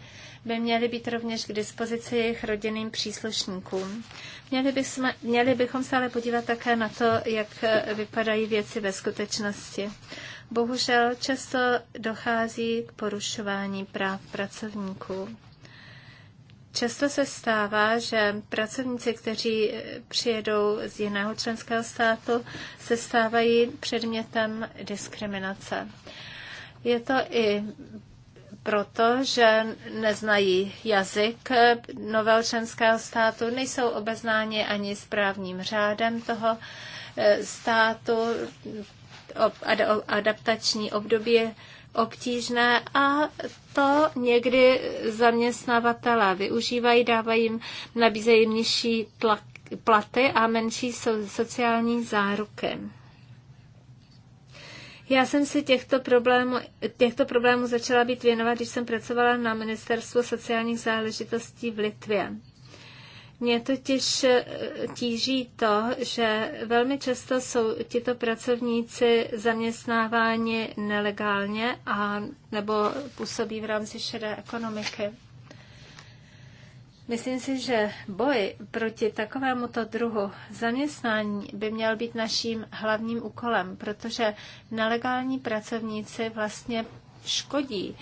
by měly být rovněž k dispozici jejich rodinným příslušníkům. Měli, bychom, měli bychom se ale podívat také na to, jak eh, vypadají věci ve skutečnosti. Bohužel často dochází k porušování práv pracovníků. Často se stává, že pracovníci, kteří eh, přijedou z jiného členského státu, se stávají předmětem diskriminace. Je to i proto, že neznají jazyk nového členského státu, nejsou obeznáni ani s právním řádem toho eh, státu, adaptační období je obtížné a to někdy zaměstnavatelé využívají, dávají jim, nabízejí jim nižší tlak, platy a menší sociální záruky. Já jsem si těchto problémů, těchto problémů začala být věnovat, když jsem pracovala na Ministerstvu sociálních záležitostí v Litvě. Mě totiž eh, tíží to, že velmi často jsou tito pracovníci zaměstnáváni nelegálně a nebo působí v rámci šedé ekonomiky. Myslím si, že boj proti takovémuto druhu zaměstnání by měl být naším hlavním úkolem, protože nelegální pracovníci vlastně škodí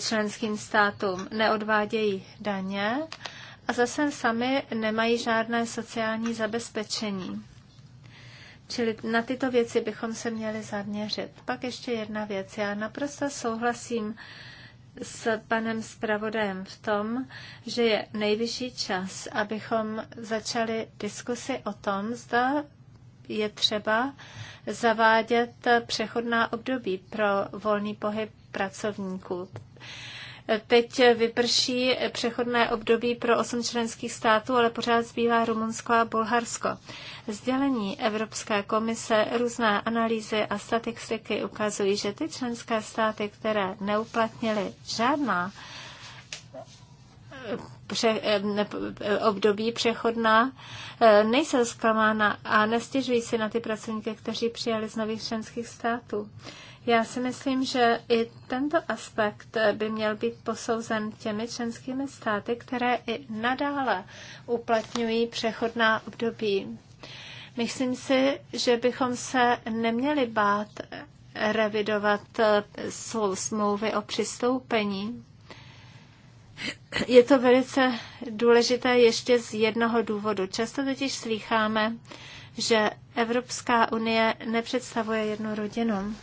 členským státům, neodvádějí daně a zase sami nemají žádné sociální zabezpečení. Čili na tyto věci bychom se měli zaměřit. Pak ještě jedna věc. Já naprosto souhlasím s panem zpravodajem v tom, že je nejvyšší čas, abychom začali diskusi o tom, zda je třeba zavádět přechodná období pro volný pohyb pracovníků. Teď vyprší přechodné období pro osm členských států, ale pořád zbývá Rumunsko a Bulharsko. Sdělení Evropské komise, různé analýzy a statistiky ukazují, že ty členské státy, které neuplatnily žádná pře, období přechodná, e, nejsou zklamána a nestěžují si na ty pracovníky, kteří přijali z nových členských států. Já si myslím, že i tento aspekt by měl být posouzen těmi členskými státy, které i nadále uplatňují přechodná období. Myslím si, že bychom se neměli bát revidovat eh, smlouvy o přistoupení. Je to velice důležité ještě z jednoho důvodu. Často totiž slýcháme, že Evropská unie nepředstavuje jednu rodinu.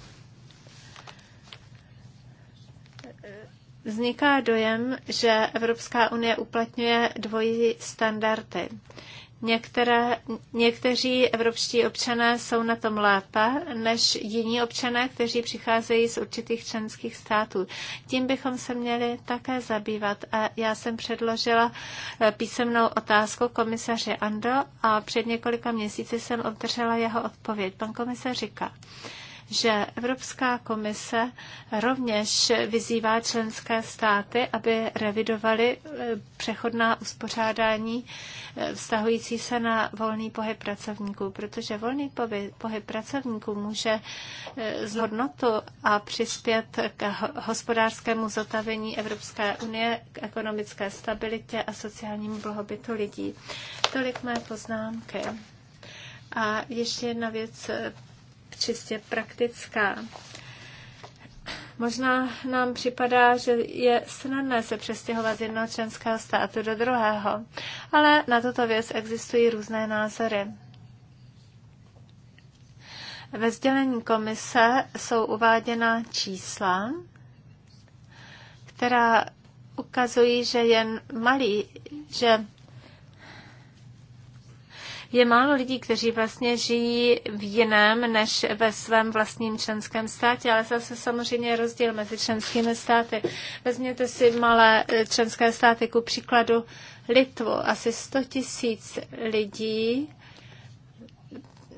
Vzniká dojem, že Evropská unie uplatňuje dvojí standardy. Některé, někteří evropští občané jsou na tom lépe než jiní občané, kteří přicházejí z určitých členských států. Tím bychom se měli také zabývat. A já jsem předložila eh, písemnou otázku komisaři Ando a před několika měsíci jsem obdržela jeho odpověď. Pan komisař říká, že Evropská komise rovněž vyzývá členské státy, aby revidovali eh, přechodná uspořádání eh, vztahující se na volný pohyb pracovníků, protože volný pohyb pracovníků může eh, zhodnotu a přispět k hospodářskému zotavení Evropské unie, k ekonomické stabilitě a sociálnímu blahobytu lidí. Tolik mé poznámky. A ještě jedna věc čistě praktická. Možná nám připadá, že je snadné se přestěhovat z jednoho členského státu do druhého, ale na tuto věc existují různé názory. Ve sdělení komise jsou uváděna čísla, která ukazují, že jen malý, že je málo lidí, kteří vlastně žijí v jiném než ve svém vlastním členském státě, ale zase samozřejmě je rozdíl mezi členskými státy. Vezměte si malé eh, členské státy, ku příkladu Litvu. Asi 100 tisíc lidí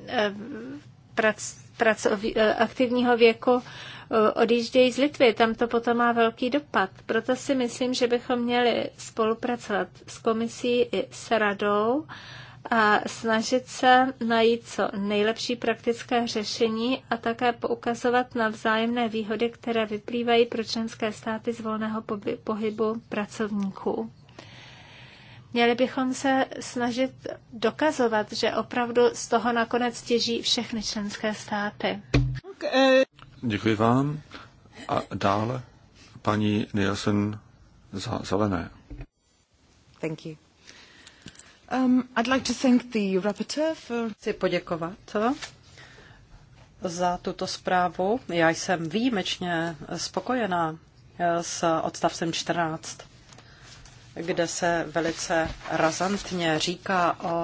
eh, prac, prac, eh, aktivního věku odjíždějí z Litvy. Tam to potom má velký dopad. Proto si myslím, že bychom měli spolupracovat s komisí i s radou a snažit se najít co nejlepší praktické řešení a také poukazovat na vzájemné výhody, které vyplývají pro členské státy z volného pohybu pracovníků. Měli bychom se snažit dokazovat, že opravdu z toho nakonec těží všechny členské státy. Děkuji vám. A dále paní Nielsen za zelené. Thank you. Um, I'd like to thank the rapporteur for... Chci poděkovat za tuto zprávu. Já jsem výjimečně spokojená eh, s odstavcem 14, kde se velice razantně říká o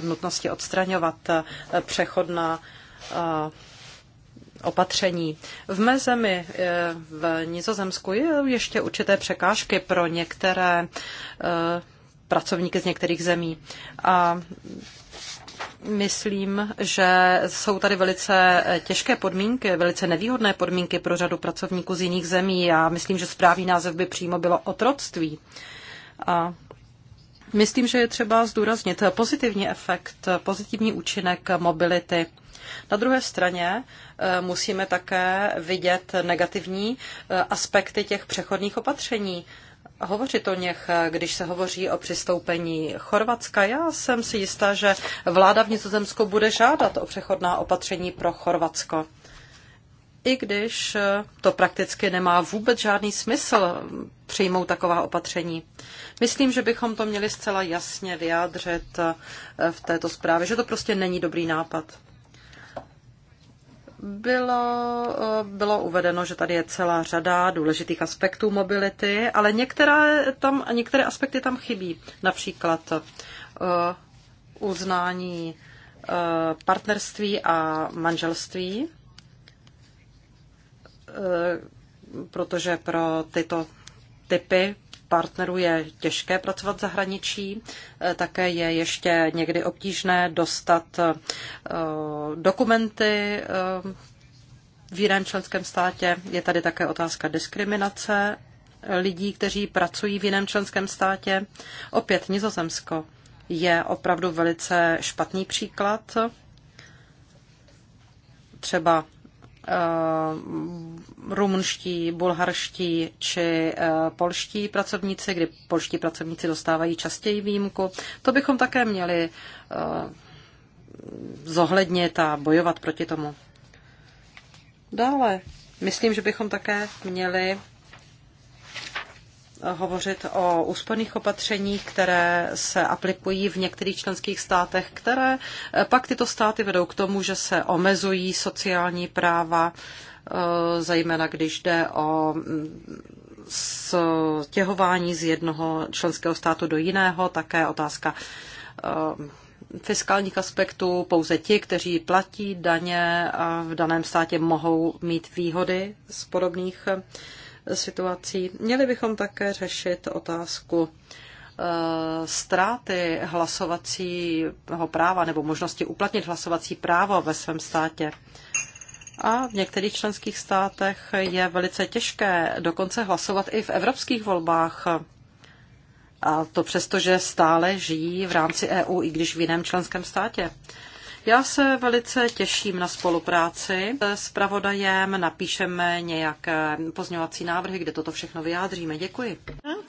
nutnosti odstraňovat eh, přechodná eh, opatření. V mé zemi v Nizozemsku je ještě určité překážky pro některé pracovníky z některých zemí. A myslím, že jsou tady velice těžké podmínky, velice nevýhodné podmínky pro řadu pracovníků z jiných zemí. Já myslím, že správný název by přímo bylo otroctví. A myslím, že je třeba zdůraznit pozitivní efekt, pozitivní účinek mobility. Na druhé straně e, musíme také vidět negativní e, aspekty těch přechodných opatření hovořit o něch, když se hovoří o přistoupení Chorvatska. Já jsem si jistá, že vláda v Nizozemsku bude žádat o přechodná opatření pro Chorvatsko. I když to prakticky nemá vůbec žádný smysl přijmout taková opatření. Myslím, že bychom to měli zcela jasně vyjádřit v této zprávě, že to prostě není dobrý nápad bylo, eh, bylo uvedeno, že tady je celá řada důležitých aspektů mobility, ale některé, tam, některé aspekty tam chybí. Například eh, uznání eh, partnerství a manželství, protože pro tyto typy partnerů je těžké pracovat v zahraničí, eh, také je ještě někdy obtížné dostat eh, dokumenty eh, v jiném členském státě. Je tady také otázka diskriminace lidí, kteří pracují v jiném členském státě. Opět Nizozemsko je opravdu velice špatný příklad. Třeba Eh, rumunští, bulharští či eh, polští pracovníci, kdy polští pracovníci dostávají častěji výjimku. To bychom také měli eh, zohlednit a bojovat proti tomu. Dále, myslím, že bychom také měli hovořit o úsporných opatřeních, které se aplikují v některých členských státech, které pak tyto státy vedou k tomu, že se omezují sociální práva, e, zejména když jde o mm, stěhování z jednoho členského státu do jiného, také otázka e, fiskálních aspektů. Pouze ti, kteří platí daně e, v daném státě, mohou mít výhody z podobných situací. Měli bychom také řešit otázku eh, ztráty hlasovacího práva nebo možnosti uplatnit hlasovací právo ve svém státě. A v některých členských státech je velice těžké dokonce hlasovat i v evropských volbách. A to přesto, že stále žijí v rámci EU, i když v jiném členském státě. Já se velice těším na spolupráci s pravodajem, napíšeme nějaké pozňovací návrhy, kde toto všechno vyjádříme. Děkuji. No,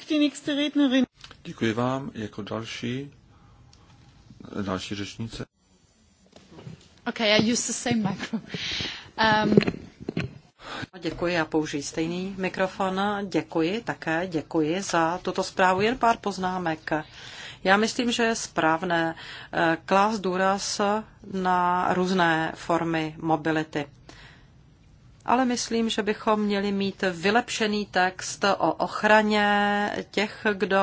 děkuji vám. Jako další, další řečnice. Ok, I use the same micro. Um... Děkuji, já použiji stejný mikrofon. Děkuji také, děkuji za tuto zprávu. Jen pár poznámek. Já myslím, že je správné eh, klást důraz na různé formy mobility. Ale myslím, že bychom měli mít vylepšený text o ochraně těch, kdo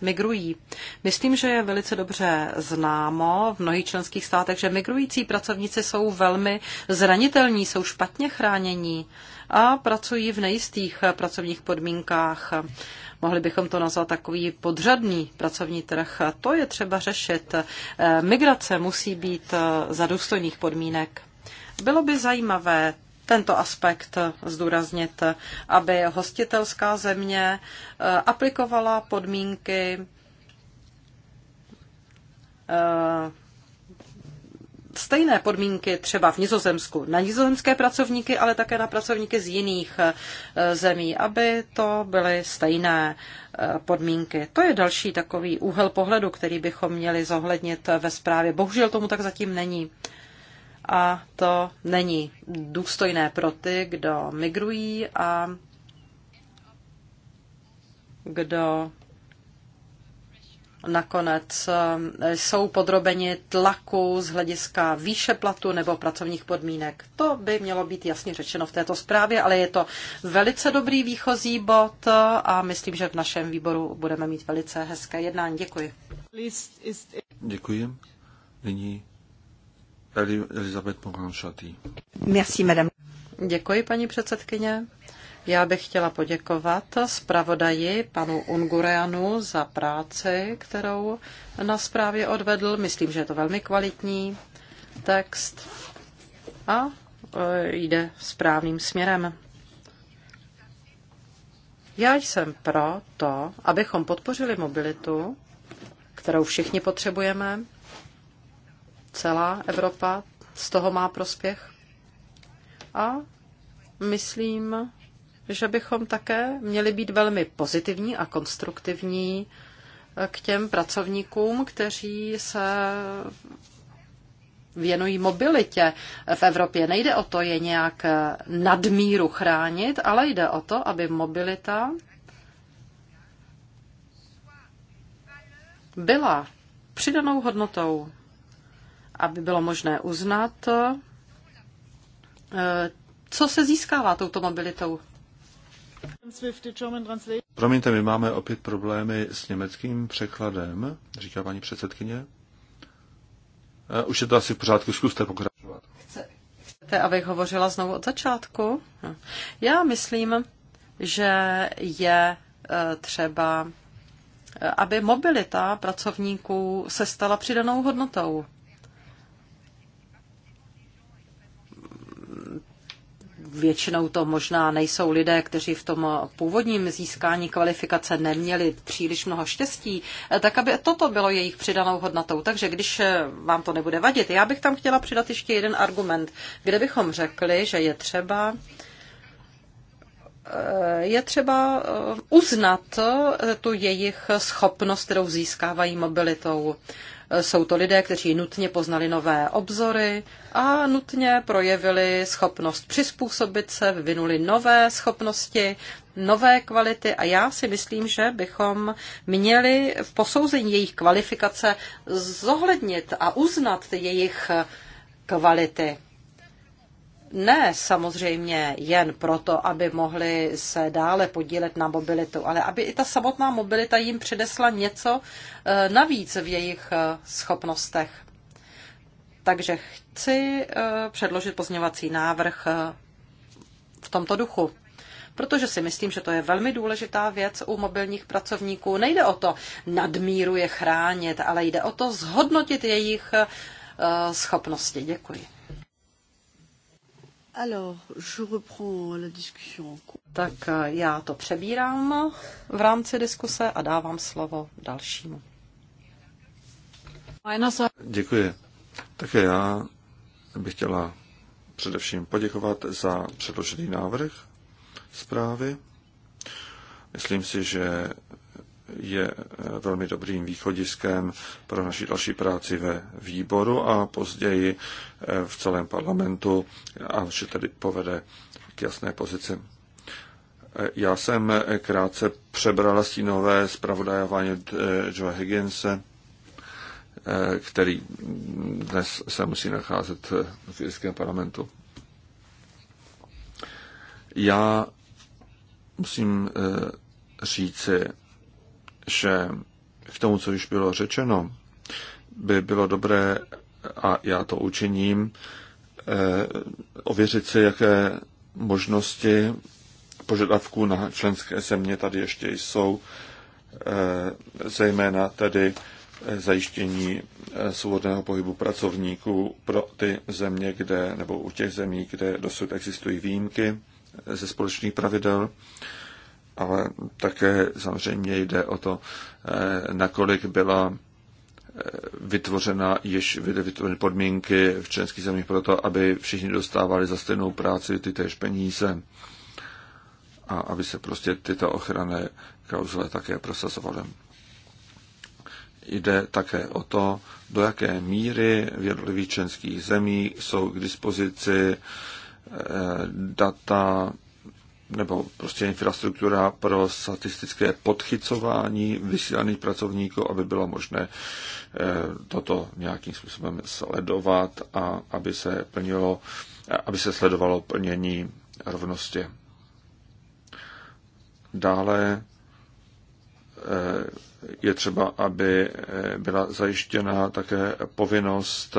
migrují. Myslím, že je velice dobře známo v mnohých členských státech, že migrující pracovníci jsou velmi zranitelní, jsou špatně chránění a pracují v nejistých pracovních podmínkách mohli bychom to nazvat takový podřadný pracovní trh. To je třeba řešit. E, migrace musí být e, za důstojných podmínek. Bylo by zajímavé tento aspekt zdůraznit, aby hostitelská země e, aplikovala podmínky stejné podmínky třeba v Nizozemsku na nizozemské pracovníky, ale také na pracovníky z jiných eh, zemí, aby to byly stejné eh, podmínky. To je další takový úhel pohledu, který bychom měli zohlednit ve zprávě. Bohužel tomu tak zatím není. A to není důstojné pro ty, kdo migrují a kdo nakonec eh, jsou podrobeni tlaku z hlediska výše platu nebo pracovních podmínek. To by mělo být jasně řečeno v této zprávě, ale je to velice dobrý výchozí bod a myslím, že v našem výboru budeme mít velice hezké jednání. Děkuji. Děkuji. Nyní Elizabeth Moranšatý. Merci, madame. Děkuji, paní předsedkyně. Já bych chtěla poděkovat zpravodaji panu Ungureanu za práci, kterou na zprávě odvedl. Myslím, že je to velmi kvalitní text a e, jde správným směrem. Já jsem pro to, abychom podpořili mobilitu, kterou všichni potřebujeme. Celá Evropa z toho má prospěch. A myslím, že bychom také měli být velmi pozitivní a konstruktivní eh, k těm pracovníkům, kteří se věnují mobilitě v Evropě. Nejde o to je nějak eh, nadmíru chránit, ale jde o to, aby mobilita byla přidanou hodnotou, aby bylo možné uznat, eh, co se získává touto mobilitou Promiňte, my máme opět problémy s německým překladem, říká paní předsedkyně. Eh, už je to asi v pořádku, zkuste pokračovat. Chcete, abych hovořila znovu od začátku? Já myslím, že je eh, třeba, eh, aby mobilita pracovníků se stala přidanou hodnotou. Většinou to možná nejsou lidé, kteří v tom původním získání kvalifikace neměli příliš mnoho štěstí, eh, tak aby toto bylo jejich přidanou hodnotou. Takže když eh, vám to nebude vadit, já bych tam chtěla přidat ještě jeden argument, kde bychom řekli, že je třeba eh, je třeba uznat tu jejich schopnost, kterou získávají mobilitou. Jsou to lidé, kteří nutně poznali nové obzory a nutně projevili schopnost přizpůsobit se, vyvinuli nové schopnosti, nové kvality a já si myslím, že bychom měli v posouzení jejich kvalifikace zohlednit a uznat jejich kvality ne samozřejmě jen proto, aby mohli se dále podílet na mobilitu, ale aby i ta samotná mobilita jim předesla něco eh, navíc v jejich eh, schopnostech. Takže chci eh, předložit pozměňovací návrh v tomto duchu protože si myslím, že to je velmi důležitá věc u mobilních pracovníků. Nejde o to nadmíru je chránit, ale jde o to zhodnotit jejich schopnosti. Děkuji. Tak eh, já to přebírám v rámci diskuse a dávám slovo dalšímu. Děkuji. Také já bych chtěla především poděkovat za předložený návrh zprávy. Myslím si, že je eh, velmi dobrým východiskem pro naši další práci ve výboru a později eh, v celém parlamentu a že tedy povede k jasné pozici. Eh, já jsem krátce přebrala stínové zpravodajování Joe Higginse, který dnes se musí nacházet v irském parlamentu. Já musím říci, že k tomu, co již bylo řečeno, by bylo dobré, a já to učiním, eh, ověřit si, jaké možnosti požadavků na členské země tady ještě jsou, eh, zejména tedy eh, zajištění svobodného pohybu pracovníků pro ty země, kde, nebo u těch zemí, kde dosud existují výjimky ze společných pravidel ale také samozřejmě jde o to, eh, nakolik byla eh, vytvořena již vytvořeny podmínky v členských zemích pro to, aby všichni dostávali za stejnou práci ty též peníze a aby se prostě tyto ochranné klauzule také prosazovaly. Jde také o to, do jaké míry v jednotlivých členských zemích jsou k dispozici eh, data nebo prostě infrastruktura pro statistické podchycování vysílaných pracovníků, aby bylo možné eh, toto nějakým způsobem sledovat a aby se plnilo, aby se sledovalo plnění rovnosti. Dále eh, je třeba, aby eh, byla zajištěna také povinnost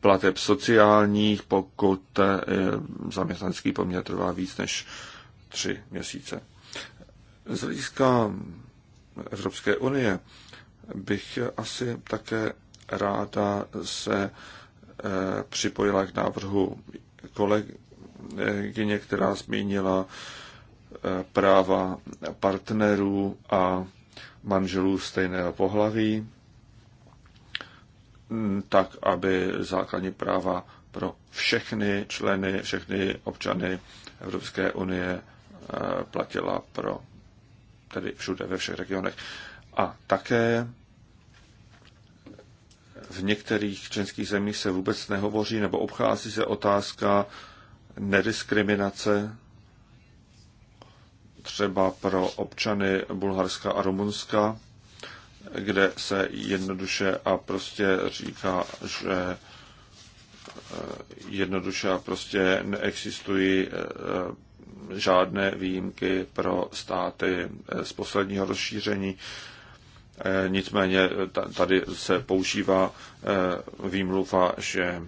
plateb sociálních, pokud zaměstnanský poměr trvá víc než tři měsíce. Z hlediska Evropské unie bych asi také ráda se eh, připojila k návrhu kolegyně, která zmínila eh, práva partnerů a manželů stejného pohlaví, mm, tak aby základní práva pro všechny členy, všechny občany Evropské unie Eh, platila pro tedy všude ve všech regionech. A také v některých členských zemích se vůbec nehovoří nebo obchází se otázka nediskriminace třeba pro občany Bulharska a Rumunska, kde se jednoduše a prostě říká, že eh, jednoduše a prostě neexistují eh, žádné výjimky pro státy eh, z posledního rozšíření. Eh, nicméně eh, tady se používá výmluva, že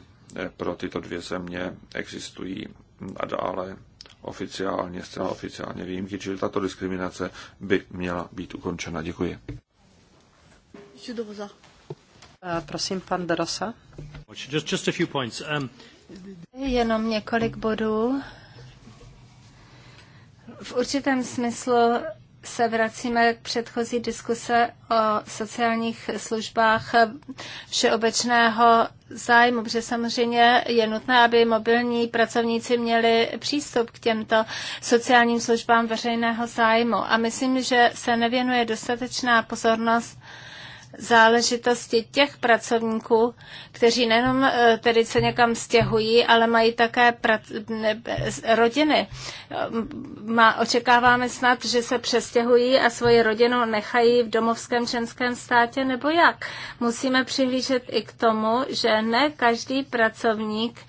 pro tyto dvě země existují a dále oficiálně, zcela oficiálně výjimky, čili tato diskriminace by měla být ukončena. Děkuji. Prosím, pan Derosa. Um, Jenom několik bodů. V určitém smyslu se vracíme k předchozí diskuse o sociálních službách všeobecného zájmu, protože samozřejmě je nutné, aby mobilní pracovníci měli přístup k těmto sociálním službám veřejného zájmu. A myslím, že se nevěnuje dostatečná pozornost záležitosti těch pracovníků, kteří nejenom eh, tedy se někam stěhují, ale mají také rodiny. Eh, má, očekáváme snad, že se přestěhují a svoji rodinu nechají v domovském členském státě, nebo jak? Musíme přihlížet i k tomu, že ne každý pracovník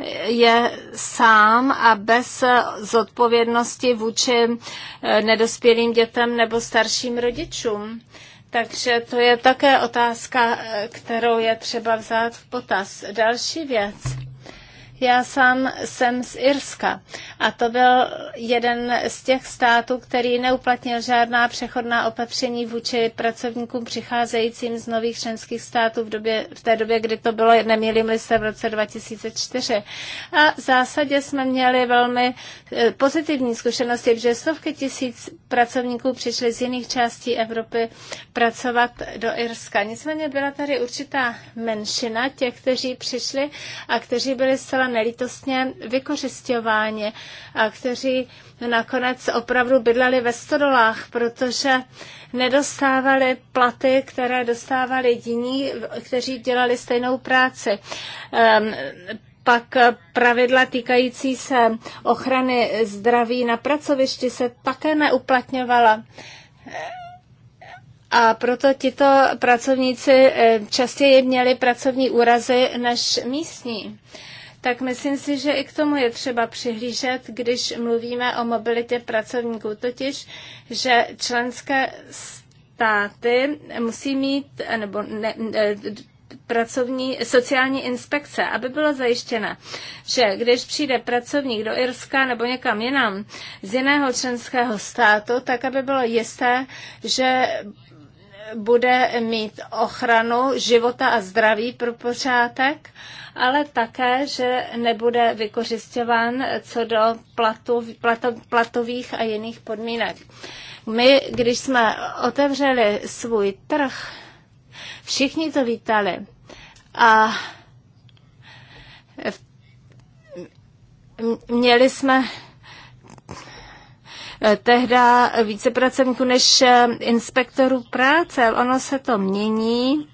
eh, je sám a bez zodpovědnosti vůči nedospělým dětem nebo starším rodičům. Takže to je také otázka, eh, kterou je třeba vzát v potaz. Další věc já sám jsem z Irska a to byl jeden z těch států, který neuplatnil žádná přechodná opatření vůči pracovníkům přicházejícím z nových členských států v, době, v té době, kdy to bylo, neměli se v roce 2004. A v zásadě jsme měli velmi eh, pozitivní zkušenosti, že stovky tisíc pracovníků přišli z jiných částí Evropy pracovat do Irska. Nicméně byla tady určitá menšina těch, kteří přišli a kteří byli zcela zcela nelítostně vykořišťováni a kteří nakonec opravdu bydleli ve stodolách, protože nedostávali platy, které dostávali jiní, kteří dělali stejnou práci. Ehm, pak pravidla týkající se ochrany zdraví na pracovišti se také neuplatňovala. A proto tito pracovníci eh, častěji měli pracovní úrazy než místní tak myslím si, že i k tomu je třeba přihlížet, když mluvíme o mobilitě pracovníků, totiž, že členské státy musí mít, nebo ne, ne, pracovní, sociální inspekce, aby bylo zajištěna, že když přijde pracovník do Irska nebo někam jinam z jiného členského státu, tak aby bylo jisté, že bude mít ochranu života a zdraví pro pořádek, ale také, že nebude vykořišťován co do platu, plato, platových a jiných podmínek. My, když jsme otevřeli svůj trh, všichni to vítali. A měli jsme Eh, tehdy více pracovníků než eh, inspektorů práce. Ono se to mění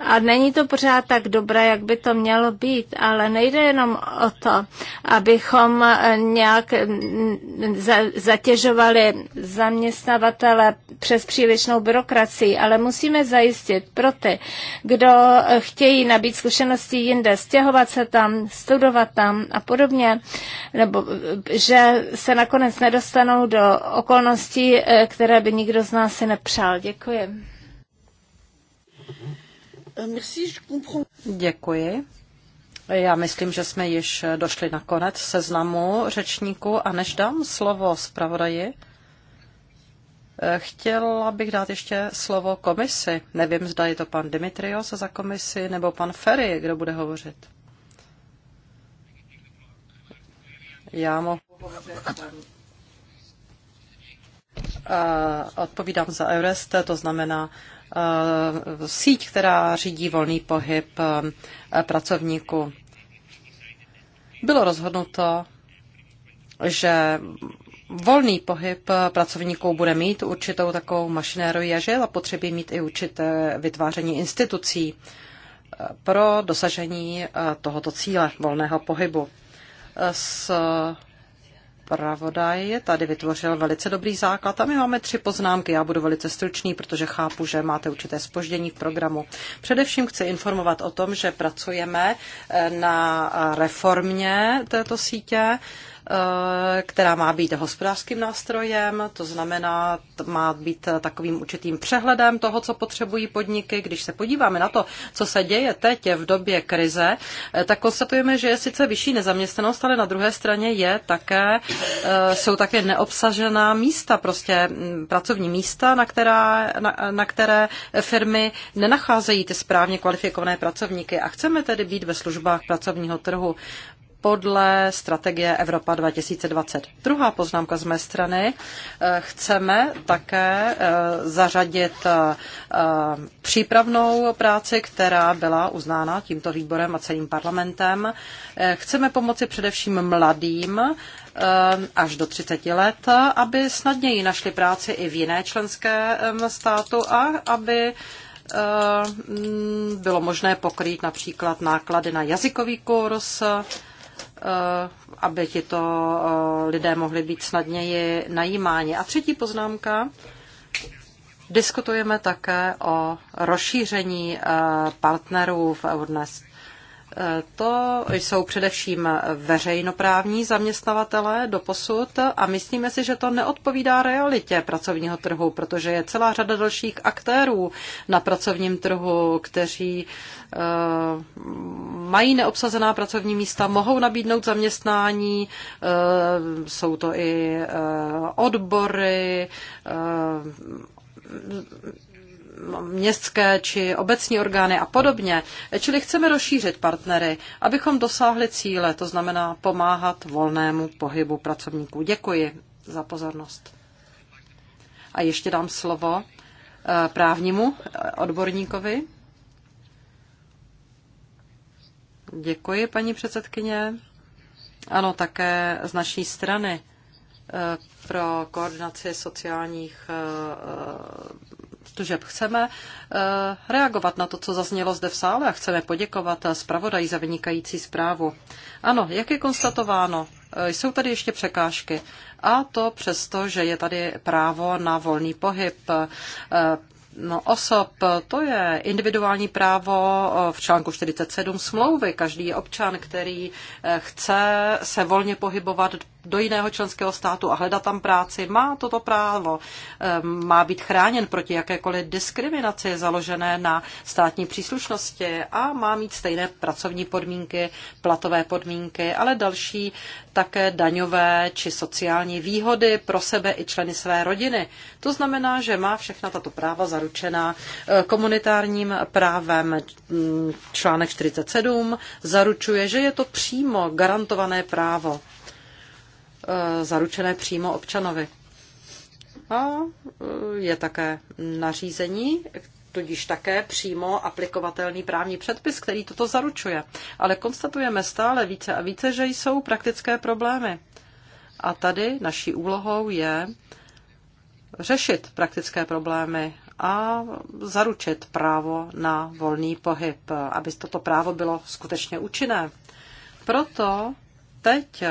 a není to pořád tak dobré, jak by to mělo být, ale nejde jenom o to, abychom eh, nějak mm, mm, zatěžovali zaměstnavatele přes přílišnou byrokracii, ale musíme zajistit pro ty, kdo eh, chtějí nabít zkušenosti jinde, stěhovat se tam, studovat tam a podobně, nebo eh, že se nakonec nedostanou do okolností, které by nikdo z nás si nepřál. Děkuji. Euh, Děkuji. Já myslím, že jsme již došli na konec seznamu řečníků a než dám slovo zpravodaji, eh, chtěla bych dát ještě slovo komisi. Nevím, zda je to pan Dimitrios za komisi nebo pan Ferry, kdo bude hovořit. Já mohu eh, hovořit. Odpovídám za Eurest, to znamená Eh, síť, která řídí volný pohyb eh, pracovníků. Bylo rozhodnuto, že volný pohyb pracovníků bude mít určitou takovou mašinérii a že je zapotřebí mít i určité vytváření institucí eh, pro dosažení tohoto cíle volného pohybu. S zpravodaj tady vytvořil velice dobrý základ a my máme tři poznámky. Já budu velice stručný, protože chápu, že máte určité spoždění v programu. Především chci informovat o tom, že pracujeme eh, na reformě této sítě. Eh, která má být hospodářským nástrojem, to znamená, má být takovým určitým přehledem toho, co potřebují podniky. Když se podíváme na to, co se děje teď v době krize, eh, tak konstatujeme, že je sice vyšší nezaměstnanost, ale na druhé straně je také, eh, jsou také neobsažená místa, prostě mm, pracovní místa, na, která, na, na které firmy nenacházejí ty správně kvalifikované pracovníky. A chceme tedy být ve službách pracovního trhu podle strategie Evropa 2020. Druhá poznámka z mé strany. Eh, chceme také eh, zařadit eh, přípravnou práci, která byla uznána tímto výborem a celým parlamentem. Chceme pomoci především mladým až do 30 let, aby snadněji našli práci i v jiné členské státu a aby bylo možné pokrýt například náklady na jazykový kurz, Eh, aby to eh, lidé mohli být snadněji najímáni. A třetí poznámka. Diskutujeme také o rozšíření eh, partnerů v Eurnest. To jsou především veřejnoprávní zaměstnavatele do posud a myslíme si, že to neodpovídá realitě pracovního trhu, protože je celá řada dalších aktérů na pracovním trhu, kteří eh, mají neobsazená pracovní místa, mohou nabídnout zaměstnání, eh, jsou to i eh, odbory, městské či obecní orgány a podobně. Čili chceme rozšířit partnery, abychom dosáhli cíle, to znamená pomáhat volnému pohybu pracovníků. Děkuji za pozornost. A ještě dám slovo eh, právnímu eh, odborníkovi. Děkuji, paní předsedkyně. Ano, také z naší strany eh, pro koordinaci sociálních protože Chceme eh, reagovat na to, co zaznělo zde v sále a chceme poděkovat eh, zpravodaji za vynikající zprávu. Ano, jak je konstatováno, eh, jsou tady ještě překážky. A to přesto, že je tady právo na volný pohyb, No, osob, to je individuální právo v článku 47 smlouvy. Každý občan, který e, chce se volně pohybovat do jiného členského státu a hledat tam práci, má toto právo. E, má být chráněn proti jakékoliv diskriminaci založené na státní příslušnosti a má mít stejné pracovní podmínky, platové podmínky, ale další také daňové či sociální výhody pro sebe i členy své rodiny. To znamená, že má všechna tato práva zaručená zaručena eh, komunitárním právem. Mm, článek 47 zaručuje, že je to přímo garantované právo, eh, zaručené přímo občanovi. A eh, je také nařízení, tudíž také přímo aplikovatelný právní předpis, který toto zaručuje. Ale konstatujeme stále více a více, že jsou praktické problémy. A tady naší úlohou je řešit praktické problémy a zaručit právo na volný pohyb, aby toto právo bylo skutečně účinné. Proto teď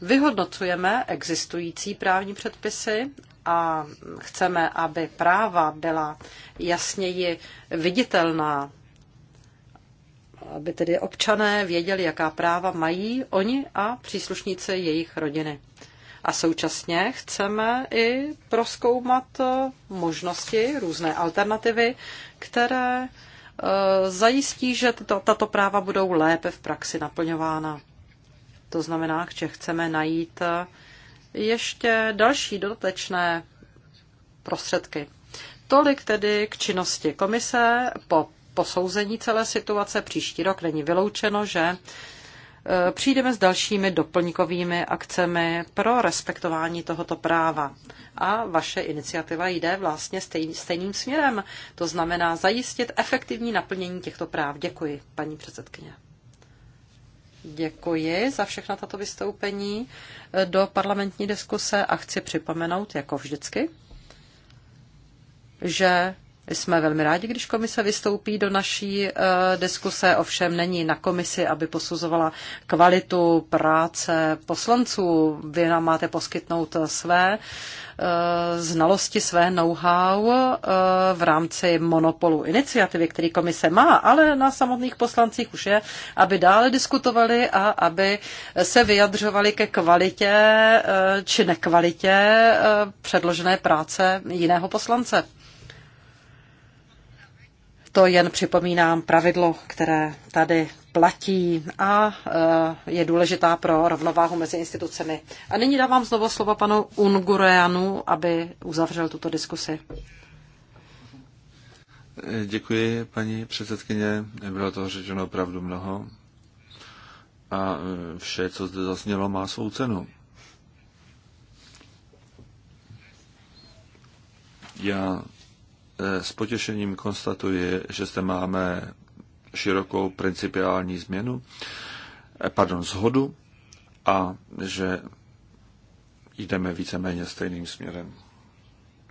vyhodnocujeme existující právní předpisy a chceme, aby práva byla jasněji viditelná, aby tedy občané věděli, jaká práva mají oni a příslušníci jejich rodiny. A současně chceme i proskoumat možnosti, různé alternativy, které e, zajistí, že tato, tato práva budou lépe v praxi naplňována. To znamená, že chceme najít e, ještě další dodatečné prostředky. Tolik tedy k činnosti komise po posouzení celé situace příští rok. Není vyloučeno, že Eh, přijdeme s dalšími doplňkovými akcemi pro respektování tohoto práva. A vaše iniciativa jde vlastně stejný, stejným směrem. To znamená zajistit efektivní naplnění těchto práv. Děkuji, paní předsedkyně. Děkuji za všechna tato vystoupení eh, do parlamentní diskuse a chci připomenout, jako vždycky, že jsme velmi rádi, když komise vystoupí do naší eh, diskuse, ovšem není na komisi, aby posuzovala kvalitu práce poslanců. Vy nám máte poskytnout eh, své eh, znalosti, své know-how v rámci monopolu iniciativy, který komise má, ale na samotných poslancích už je, aby dále diskutovali a aby se vyjadřovali ke kvalitě či nekvalitě předložené práce jiného poslance. To jen připomínám pravidlo, které tady platí a e, je důležitá pro rovnováhu mezi institucemi. A nyní dávám znovu slovo panu Ungureanu, aby uzavřel tuto diskusi. Děkuji, paní předsedkyně. Bylo toho řečeno opravdu mnoho. A e, vše, co zde zasnělo, má svou cenu. Já Eh, s potěšením konstatuji, že zde máme širokou principiální změnu, eh, pardon, zhodu a že jdeme víceméně stejným směrem.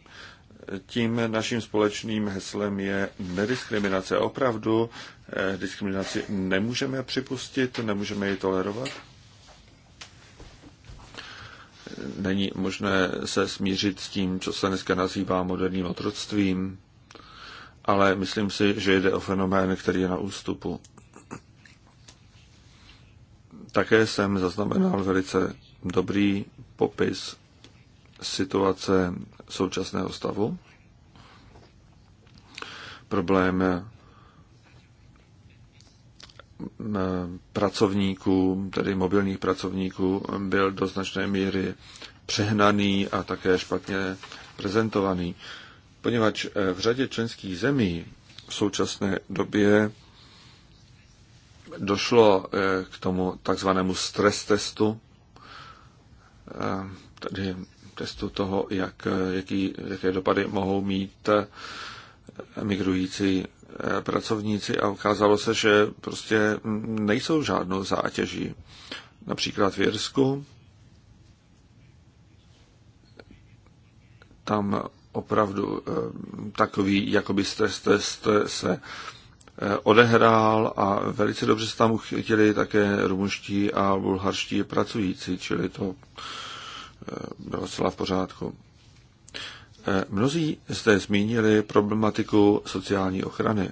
Eh, tím naším společným heslem je nediskriminace. Opravdu diskriminaci nemůžeme připustit, nemůžeme ji tolerovat není možné se smířit s tím, co se dneska nazývá moderním otroctvím, ale myslím si, že jde o fenomén, který je na ústupu. Také jsem zaznamenal velice dobrý popis situace současného stavu. Problém Eh, pracovníků, tedy mobilních pracovníků, byl do značné míry přehnaný a také špatně prezentovaný, poněvadž eh, v řadě členských zemí v současné době došlo eh, k tomu takzvanému stres testu, tedy testu toho, jak, jaký, jaké dopady mohou mít migrující Eh, pracovníci a ukázalo se, že prostě nejsou žádnou zátěží. Například v Jirsku tam opravdu eh, takový jakoby stres test se eh, odehrál a velice dobře se tam uchytili také rumuští a bulharští pracující, čili to bylo celá v pořádku. Mnozí zde zmínili problematiku sociální ochrany.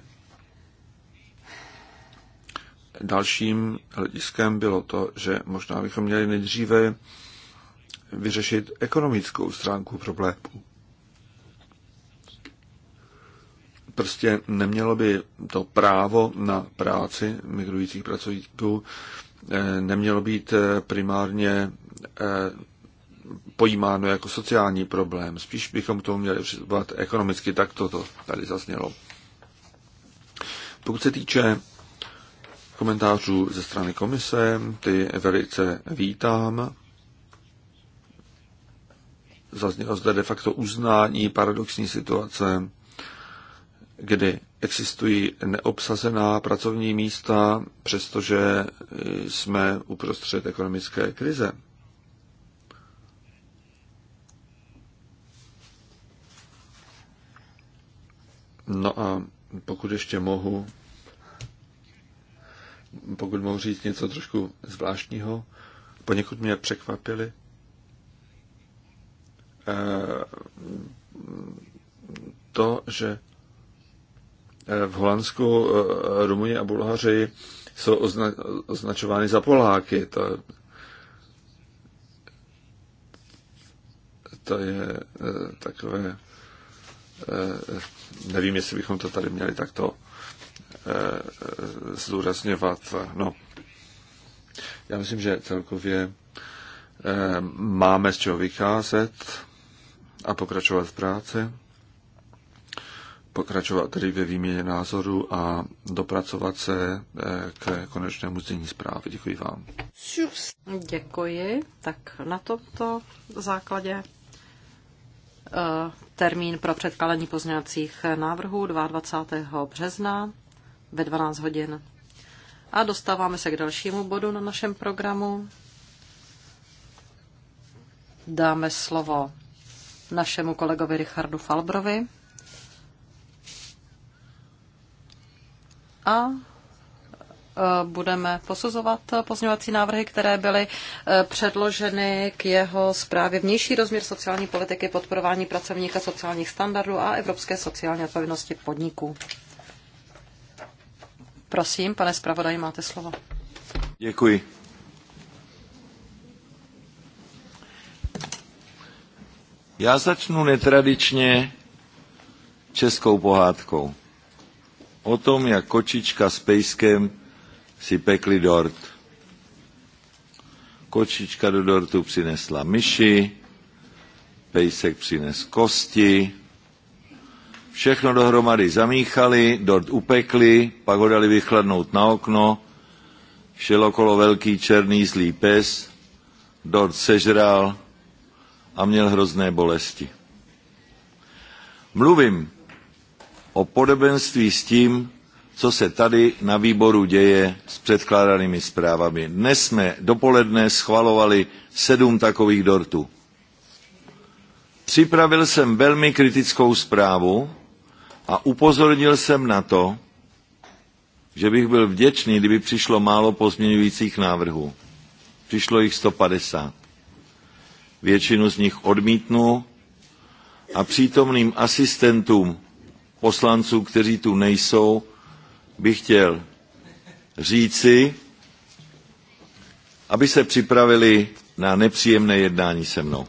Dalším hlediskem bylo to, že možná bychom měli nejdříve vyřešit ekonomickou stránku problému. Prostě nemělo by to právo na práci migrujících pracovníků eh, nemělo být eh, primárně eh, pojímáno jako sociální problém. Spíš bychom tomu měli přistupovat ekonomicky, tak toto tady zaznělo. Pokud se týče komentářů ze strany komise, ty velice vítám. Zaznělo zde de facto uznání paradoxní situace, kdy existují neobsazená pracovní místa, přestože jsme uprostřed ekonomické krize. No a pokud ještě mohu, pokud mohu říct něco trošku zvláštního, poněkud mě překvapili. Eh, to, že eh, v Holandsku eh, Rumuni a Bulhaři jsou ozna- označovány za Poláky. To, to je takové Eh, nevím, jestli bychom to tady měli takto eh, zdůrazňovat. No, já myslím, že celkově eh, máme z čeho vycházet a pokračovat v práci, pokračovat tedy ve výměně názoru a dopracovat se k konečnému zdění zprávy. Děkuji vám. Děkuji. Tak na tomto základě Eh, termín pro předkládání pozměňovacích návrhů 22. března ve 12 hodin. A dostáváme se k dalšímu bodu na našem programu. Dáme slovo našemu kolegovi Richardu Falbrovi. A budeme posuzovat pozměňovací návrhy, které byly eh, předloženy k jeho zprávě vnější rozměr sociální politiky, podporování pracovníka sociálních standardů a evropské sociální odpovědnosti podniků. Prosím, pane zpravodaji, máte slovo. Děkuji. Já začnu netradičně českou pohádkou. O tom, jak kočička s pejskem si pekli dort. Kočička do dortu přinesla myši, pejsek přines kosti, všechno dohromady zamíchali, dort upekli, pak ho dali vychladnout na okno, šel okolo velký černý zlý pes, dort sežral a měl hrozné bolesti. Mluvím o podobenství s tím, co se tady na výboru děje s předkládanými zprávami. Dnes jsme dopoledne schvalovali sedm takových dortů. Připravil jsem velmi kritickou zprávu a upozornil jsem na to, že bych byl vděčný, kdyby přišlo málo pozměňujících návrhů. Přišlo jich 150. Většinu z nich odmítnu a přítomným asistentům poslanců, kteří tu nejsou, bych chtěl říci, aby se připravili na nepříjemné jednání se mnou.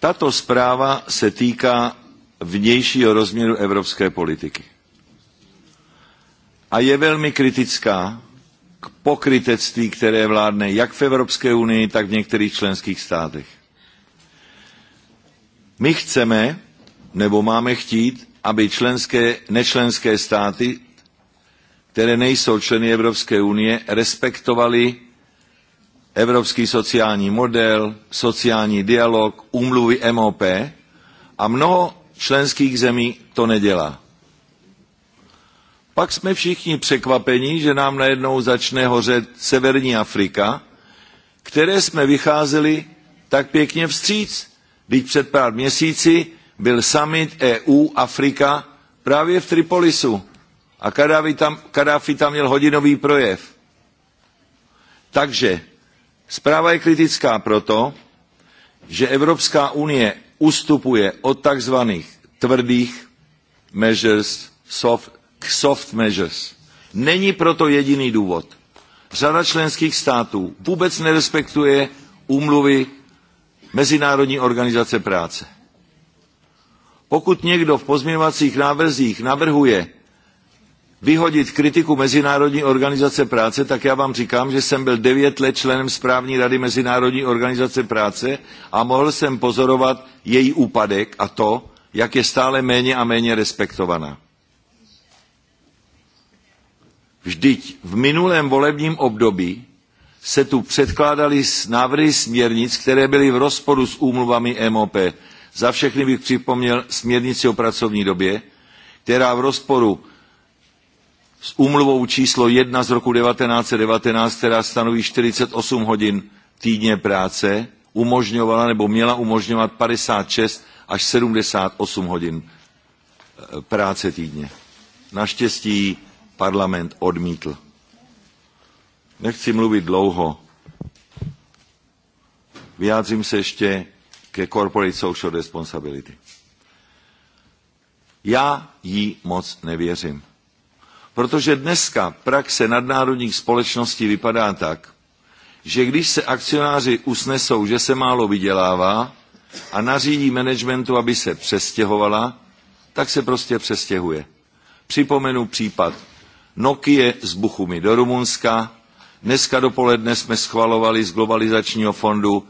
Tato zpráva se týká vnějšího rozměru evropské politiky. A je velmi kritická k pokrytectví, které vládne jak v Evropské unii, tak v některých členských státech. My chceme, nebo máme chtít, aby členské, nečlenské státy, které nejsou členy Evropské unie, respektovaly evropský sociální model, sociální dialog, úmluvy MOP a mnoho členských zemí to nedělá. Pak jsme všichni překvapeni, že nám najednou začne hořet Severní Afrika, které jsme vycházeli tak pěkně vstříc. Teď před pár měsíci byl summit EU-Afrika právě v Tripolisu a Kadáfi tam, Kadáfi tam měl hodinový projev. Takže zpráva je kritická proto, že Evropská unie ustupuje od takzvaných tvrdých measures soft, k soft measures. Není proto jediný důvod. Řada členských států vůbec nerespektuje úmluvy Mezinárodní organizace práce. Pokud někdo v pozměňovacích návrzích navrhuje vyhodit kritiku Mezinárodní organizace práce, tak já vám říkám, že jsem byl devět let členem správní rady Mezinárodní organizace práce a mohl jsem pozorovat její úpadek a to, jak je stále méně a méně respektovaná. Vždyť v minulém volebním období se tu předkládali návrhy směrnic, které byly v rozporu s úmluvami MOP. Za všechny bych připomněl směrnici o pracovní době, která v rozporu s úmluvou číslo 1 z roku 1919, která stanoví 48 hodin týdně práce, umožňovala nebo měla umožňovat 56 až 78 hodin e, práce týdně. Naštěstí parlament odmítl. Nechci mluvit dlouho. Vyjádřím se ještě ke corporate social responsibility. Já jí moc nevěřím. Protože dneska praxe nadnárodních společností vypadá tak, že když se akcionáři usnesou, že se málo vydělává a nařídí managementu, aby se přestěhovala, tak se prostě přestěhuje. Připomenu případ Nokie z Buchumy do Rumunska. Dneska dopoledne jsme schvalovali z globalizačního fondu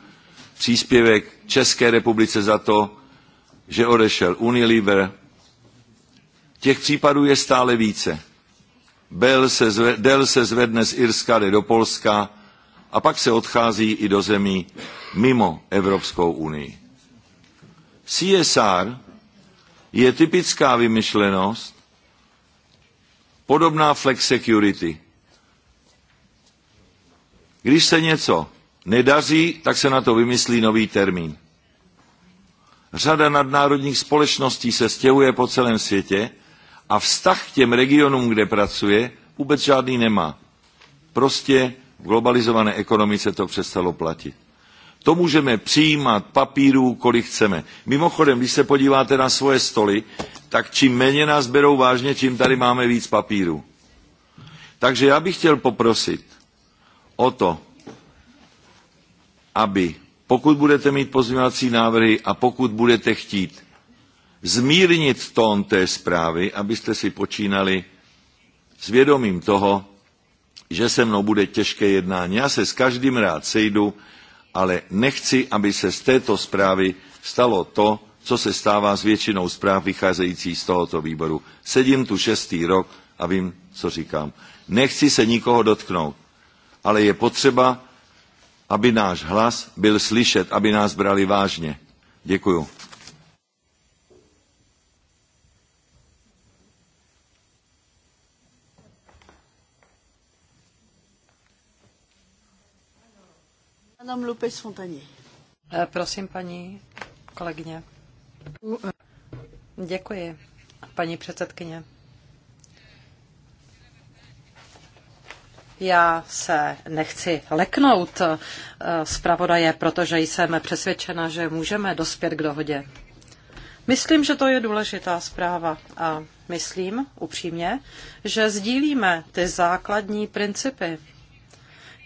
příspěvek České republice za to, že odešel Unilever. Těch případů je stále více. Bell se zve, Dell se zvedne z Irska, jde do Polska a pak se odchází i do zemí mimo Evropskou unii. CSR je typická vymyšlenost, podobná flex security. Když se něco nedaří, tak se na to vymyslí nový termín. Řada nadnárodních společností se stěhuje po celém světě a vztah k těm regionům, kde pracuje, vůbec žádný nemá. Prostě v globalizované ekonomice to přestalo platit. To můžeme přijímat papírů, kolik chceme. Mimochodem, když se podíváte na svoje stoly, tak čím méně nás berou vážně, čím tady máme víc papíru. Takže já bych chtěl poprosit o to, aby pokud budete mít pozměňovací návrhy a pokud budete chtít zmírnit tón té zprávy, abyste si počínali svědomím toho, že se mnou bude těžké jednání. Já se s každým rád sejdu, ale nechci, aby se z této zprávy stalo to, co se stává s většinou zpráv vycházející z tohoto výboru. Sedím tu šestý rok a vím, co říkám. Nechci se nikoho dotknout, ale je potřeba, aby náš hlas byl slyšet, aby nás brali vážně. Děkuju. Madame López Fontanier. Eh, prosím, paní kolegyně. Děkuji, paní předsedkyně. Já se nechci leknout eh, zpravodaje, protože jsem přesvědčena, že můžeme dospět k dohodě. Myslím, že to je důležitá zpráva a myslím upřímně, že sdílíme ty základní principy.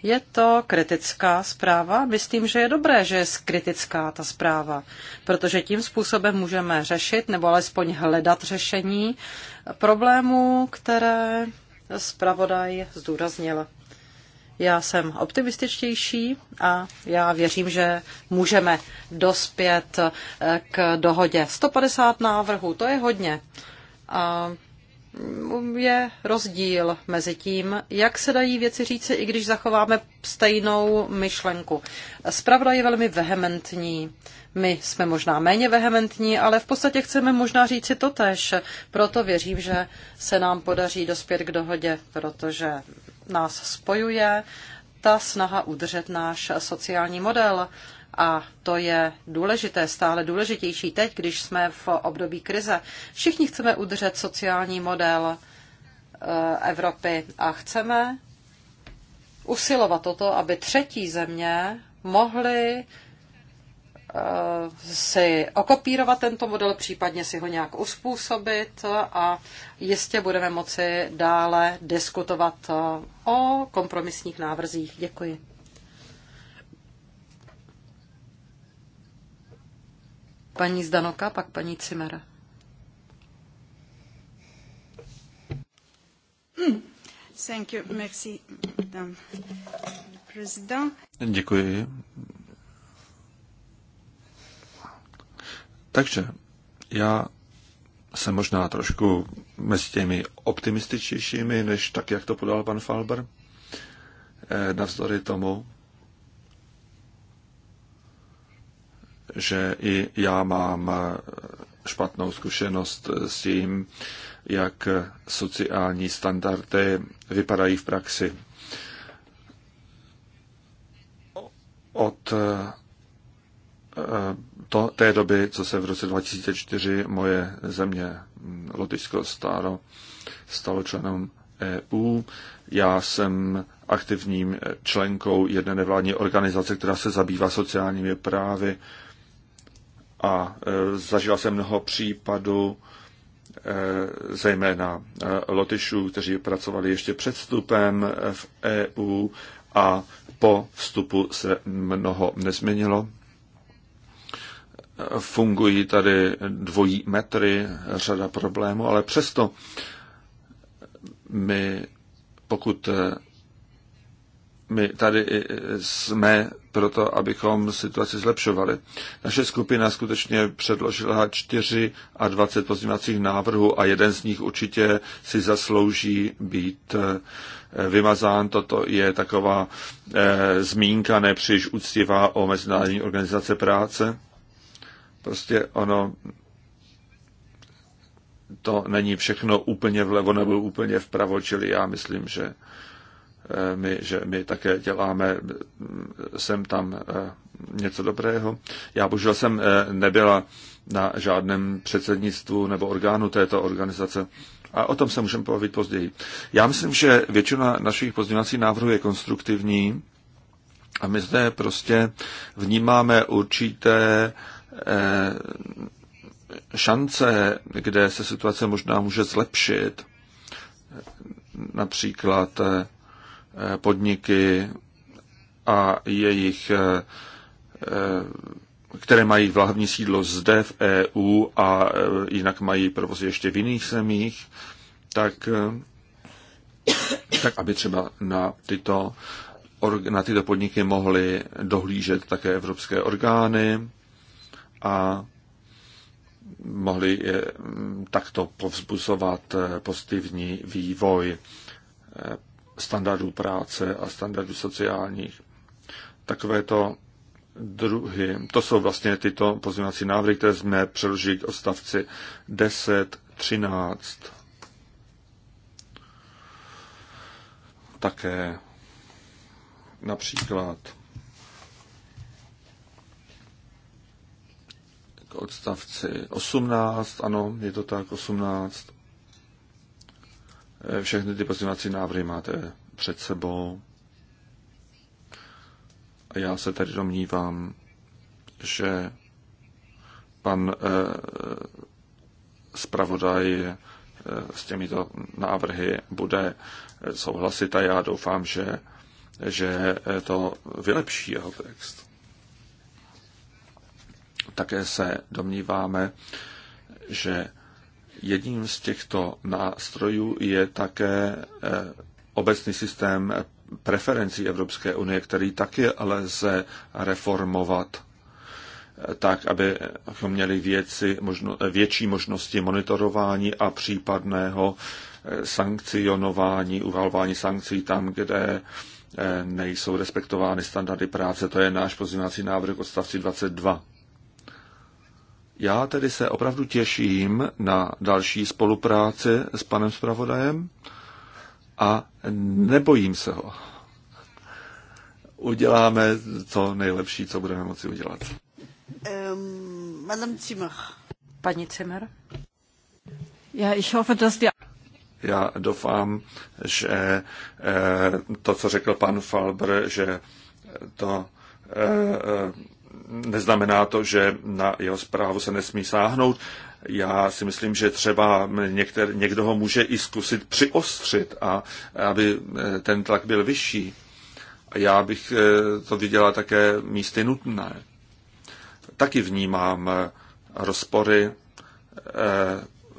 Je to kritická zpráva. Myslím, že je dobré, že je kritická ta zpráva, protože tím způsobem můžeme řešit nebo alespoň hledat řešení problémů, které zpravodaj zdůraznil. Já jsem optimističtější a já věřím, že můžeme dospět eh, k dohodě. 150 návrhů, to je hodně. A mm, je rozdíl mezi tím, jak se dají věci říci, i když zachováme stejnou myšlenku. Spravda je velmi vehementní. My jsme možná méně vehementní, ale v podstatě chceme možná říci to tež. Proto věřím, že se nám podaří dospět k dohodě, protože nás spojuje ta snaha udržet náš sociální model. A to je důležité, stále důležitější teď, když jsme v období krize. Všichni chceme udržet sociální model eh, Evropy a chceme usilovat o to, aby třetí země mohly Eh, si okopírovat tento model, případně si ho nějak uspůsobit a jistě budeme moci dále diskutovat eh, o kompromisních návrzích. Děkuji. Paní Zdanoka, pak paní Cimera. Hmm. Thank you, merci, Děkuji, Takže já jsem možná trošku mezi těmi optimističtějšími, než tak, jak to podal pan Falber, eh, navzdory tomu, že i já mám eh, špatnou zkušenost s tím, jak sociální standardy vypadají v praxi. Od eh, to té doby, co se v roce 2004 moje země mm, Lotyšsko stalo, stalo členem EU. Já jsem aktivním členkou jedné nevládní organizace, která se zabývá sociálními právy a e, zažila jsem mnoho případů, e, zejména e, Lotyšů, kteří pracovali ještě před vstupem e, v EU a po vstupu se mnoho nezměnilo fungují tady dvojí metry, řada problémů, ale přesto my, pokud my tady jsme proto, abychom situaci zlepšovali. Naše skupina skutečně předložila 24 a 20 pozměňovacích návrhů a jeden z nich určitě si zaslouží být eh, vymazán. Toto je taková eh, zmínka nepříliš úctivá o Mezinárodní organizace práce Prostě ono, to není všechno úplně vlevo nebo úplně vpravo, čili já myslím, že eh, my, že my také děláme eh, sem tam eh, něco dobrého. Já bohužel jsem nebyla na žádném předsednictvu nebo orgánu této organizace. A o tom se můžeme povědět později. Já myslím, že většina našich pozměňovacích návrhů je konstruktivní a my zde prostě vnímáme určité Eh, šance, kde se situace možná může zlepšit, například eh, podniky a jejich, eh, které mají hlavní sídlo zde v EU a jinak mají provoz ještě v jiných zemích, tak, tak aby třeba na tyto, na tyto podniky mohly dohlížet také evropské orgány, a mohli mm, takto povzbuzovat eh, pozitivní vývoj eh, standardů práce a standardů sociálních. Takovéto druhy, to jsou vlastně tyto pozměňovací návrhy, které jsme přeložili k odstavci 10, 13, také například odstavci 18, ano, je to tak, 18. Eh, všechny ty pozměňovací návrhy máte před sebou. A já se tady domnívám, že pan eh, zpravodaj eh, s těmito návrhy bude eh, souhlasit a já doufám, že, že eh, to vylepší jeho text také se domníváme, že jedním z těchto nástrojů je také eh, obecný systém preferencí Evropské unie, který taky lze reformovat eh, tak, abychom měli věci, možno, eh, větší možnosti monitorování a případného sankcionování, uvalování sankcí tam, kde nejsou respektovány standardy práce. To je náš pozměňovací návrh odstavci 22. Já tedy se opravdu těším na další spolupráci s panem zpravodajem a nebojím se ho. Uděláme co nejlepší, co budeme moci udělat. Um, Madame Zimmer. Paní Zimmer. Já, ich hoffe, dass die... Já doufám, že eh, to, co řekl pan Falber, že to eh, eh, neznamená to, že na jeho zprávu se nesmí sáhnout. Já si myslím, že třeba někter, někdo ho může i zkusit přiostřit, a aby eh, ten tlak byl vyšší. Já bych eh, to viděla také místy nutné. Taky vnímám eh, rozpory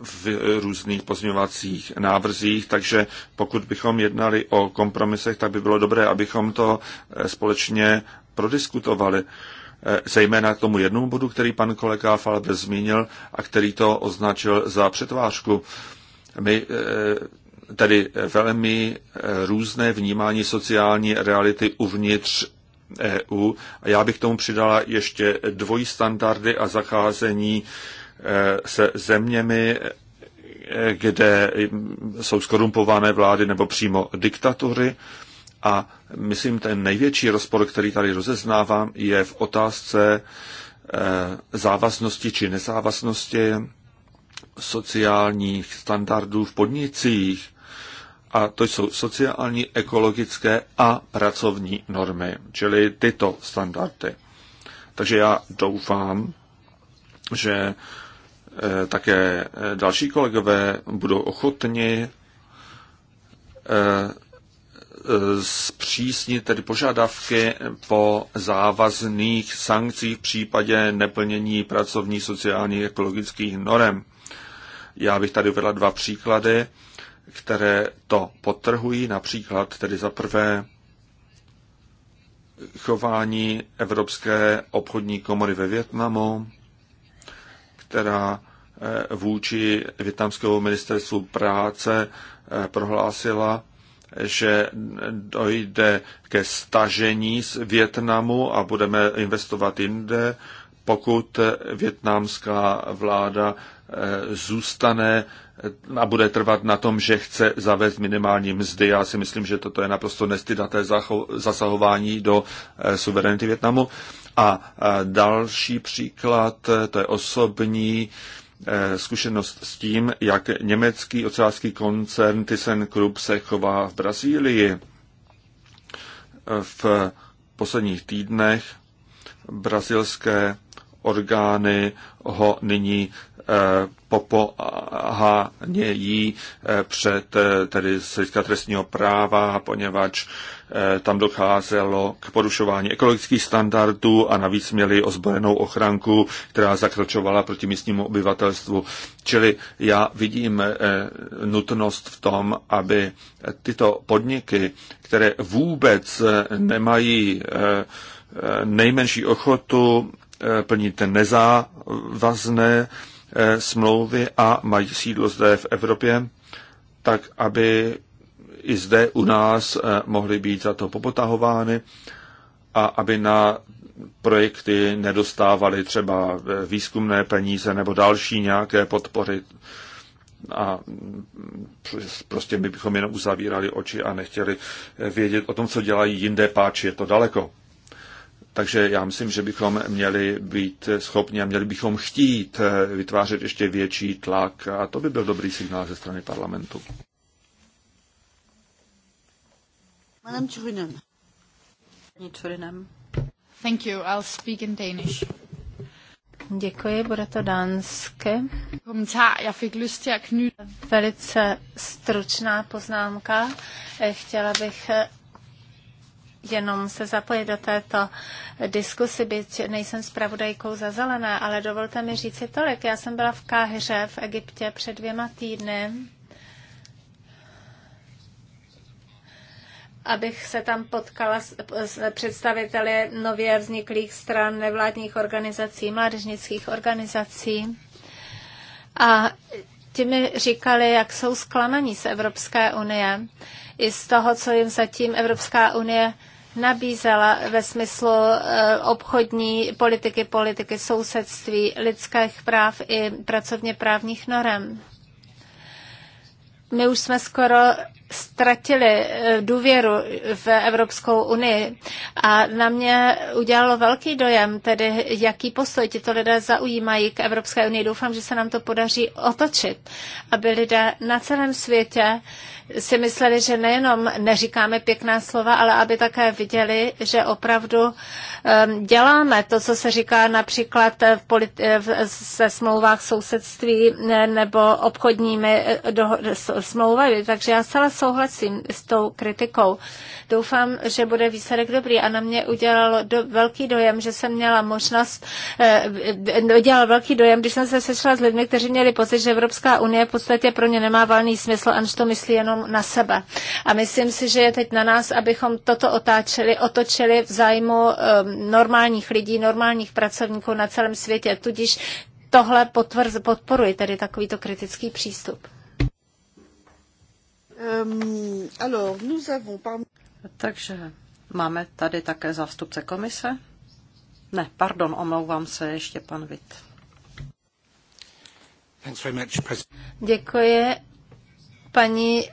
v různých pozměňovacích návrzích, takže pokud bychom jednali o kompromisech, tak by bylo dobré, abychom to společně prodiskutovali. Eh, zejména k tomu jednomu bodu, který pan kolega Falbe zmínil a který to označil za přetvářku. My eh, tedy eh, velmi různé vnímání sociální reality uvnitř EU a já bych tomu přidala ještě dvojí standardy a zacházení se zeměmi, kde hm, jsou skorumpované vlády nebo přímo diktatury a myslím, ten největší rozpor, který tady rozeznávám, je v otázce eh, závaznosti či nezávaznosti sociálních standardů v podnicích. A to jsou sociální, ekologické a pracovní normy, čili tyto standardy. Takže já doufám, že eh, také eh, další kolegové budou ochotni zpřísnit tedy požadavky po závazných sankcích v případě neplnění pracovních, sociálních, ekologických norem. Já bych tady uvedla dva příklady, které to potrhují. Například tedy za prvé chování Evropské obchodní komory ve Větnamu, která eh, vůči větnamskému ministerstvu práce eh, prohlásila, že dojde ke stažení z Větnamu a budeme investovat jinde, pokud větnamská vláda eh, zůstane eh, a bude trvat na tom, že chce zavést minimální mzdy. Já si myslím, že toto je naprosto nestydaté zasahování do eh, suverenity Větnamu. A další příklad, to je osobní Eh, zkušenost s tím, jak německý ocelářský koncern ThyssenKrupp se chová v Brazílii. V posledních týdnech brazilské orgány ho nyní eh, popohánějí eh, před tedy z trestního práva, poněvadž Eh, tam docházelo k porušování ekologických standardů a navíc měli ozbrojenou ochranku, která zakročovala proti místnímu obyvatelstvu. Čili já vidím eh, nutnost v tom, aby tyto podniky, které vůbec eh, nemají nejmenší ochotu plnit nezávazné smlouvy a mají sídlo zde v Evropě, tak aby i zde u nás eh, mohly být za to popotahovány a aby na projekty nedostávaly třeba eh, výzkumné peníze nebo další nějaké podpory. A mm, prostě my bychom jenom uzavírali oči a nechtěli eh, vědět o tom, co dělají jinde, páči je to daleko. Takže já myslím, že bychom měli být schopni a měli bychom chtít vytvářet ještě větší tlak a to by byl dobrý signál ze strany parlamentu. Madame Turunen. Thank you. I'll speak in Danish. Děkuji, bude to dánské. Velice stručná poznámka. Eh, chtěla bych eh, jenom se zapojit do této diskusy, byť nejsem zpravodajkou za zelené, ale dovolte mi říci tolik. Já jsem byla v Káhře v Egyptě před dvěma týdny abych se tam potkala s, s představiteli nově vzniklých stran, nevládních organizací, mládežnických organizací. A ti mi říkali, jak jsou zklamaní z Evropské unie i z toho, co jim zatím Evropská unie nabízela ve smyslu eh, obchodní politiky, politiky sousedství, lidských práv i pracovně právních norem. My už jsme skoro ztratili eh, důvěru v Evropskou unii a na mě udělalo velký dojem, tedy jaký postoj tito lidé zaujímají k Evropské unii. Doufám, že se nám to podaří otočit, aby lidé na celém světě si mysleli, že nejenom neříkáme pěkná slova, ale aby také viděli, že opravdu ehm, děláme to, co se říká například v politi- eh, v, se smlouvách sousedství nebo obchodními eh, doho- smlouvami. Takže já zcela souhlasím s tou kritikou. Doufám, že bude výsledek dobrý a na mě udělalo do- velký dojem, že jsem měla možnost, eh, udělal velký dojem, když jsem se sešla s lidmi, kteří měli pocit, že Evropská unie v podstatě pro ně nemá valný smysl, anž to myslí jenom jenom na sebe. A myslím si, že je teď na nás, abychom toto otáčeli, otočili v zájmu um, normálních lidí, normálních pracovníků na celém světě. Tudíž tohle potvrz, podporuji, tedy takovýto kritický přístup. Ehm, Takže máme tady také zástupce komise. Ne, pardon, omlouvám se, ještě pan Vit. Děkuji, paní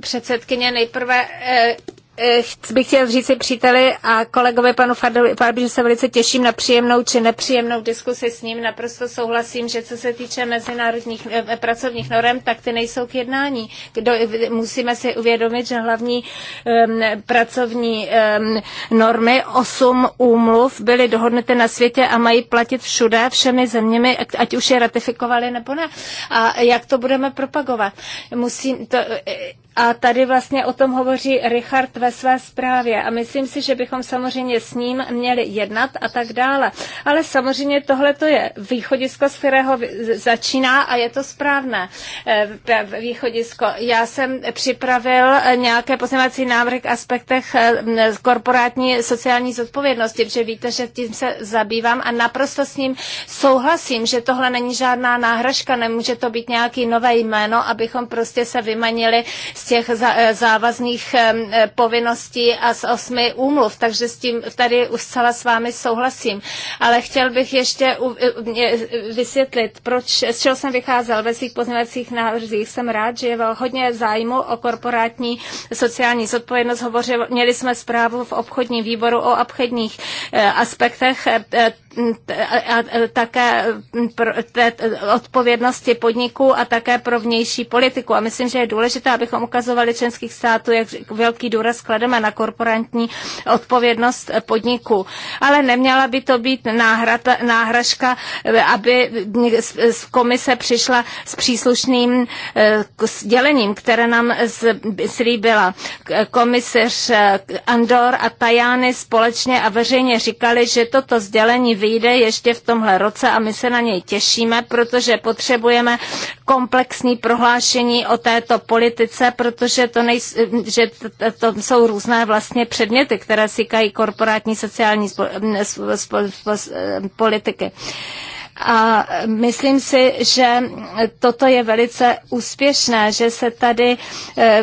předsedkyně, nejprve eh, eh, bych chtěl říct si příteli a kolegovi panu Farbi, že se velice těším na příjemnou či nepříjemnou diskusi s ním. Naprosto souhlasím, že co se týče mezinárodních eh, pracovních norm, tak ty nejsou k jednání. Kdo, musíme si uvědomit, že hlavní eh, pracovní eh, normy, osm úmluv, byly dohodnuty na světě a mají platit všude, všemi zeměmi, ať už je ratifikovali nebo ne. A jak to budeme propagovat? Musím to, a tady vlastně o tom hovoří Richard ve své zprávě a myslím si, že bychom samozřejmě s ním měli jednat a tak dále. Ale samozřejmě tohle to je východisko, z kterého začíná a je to správné eh, východisko. Já jsem připravil eh, nějaké pozměňovací návrhy k aspektech eh, korporátní sociální zodpovědnosti, protože víte, že tím se zabývám a naprosto s ním souhlasím, že tohle není žádná náhražka, nemůže to být nějaký nové jméno, abychom prostě se vymanili z těch eh, závazných eh, povinností a z osmi úmluv, takže s tím tady už zcela s vámi souhlasím. Ale chtěl bych ještě eh, vysvětlit, proč, z čeho jsem vycházel ve svých pozměňovacích návrzích. Jsem rád, že je hodně zájmu o korporátní sociální zodpovědnost. Hovořil, měli jsme zprávu v obchodním výboru o obchodních aspektech a také té odpovědnosti podniků a také pro vnější politiku. A myslím, že je důležité, abychom ukazovali členských států, jak velký důraz klademe na korporantní odpovědnost podniků. Ale neměla by to být náhrad, náhražka, aby z komise přišla s příslušným eh, sdělením, které nám slíbila. Komisař eh, Andor a Tajány společně a veřejně říkali, že toto sdělení vyjde ještě v tomhle roce a my se na něj těšíme, protože potřebujeme komplexní prohlášení o této politice, protože to, nej, že to jsou různé vlastně předměty, které sýkají korporátní sociální spo, spo, spo, eh, politiky. Uh, a myslím si, že toto je velice úspěšné, že se tady e,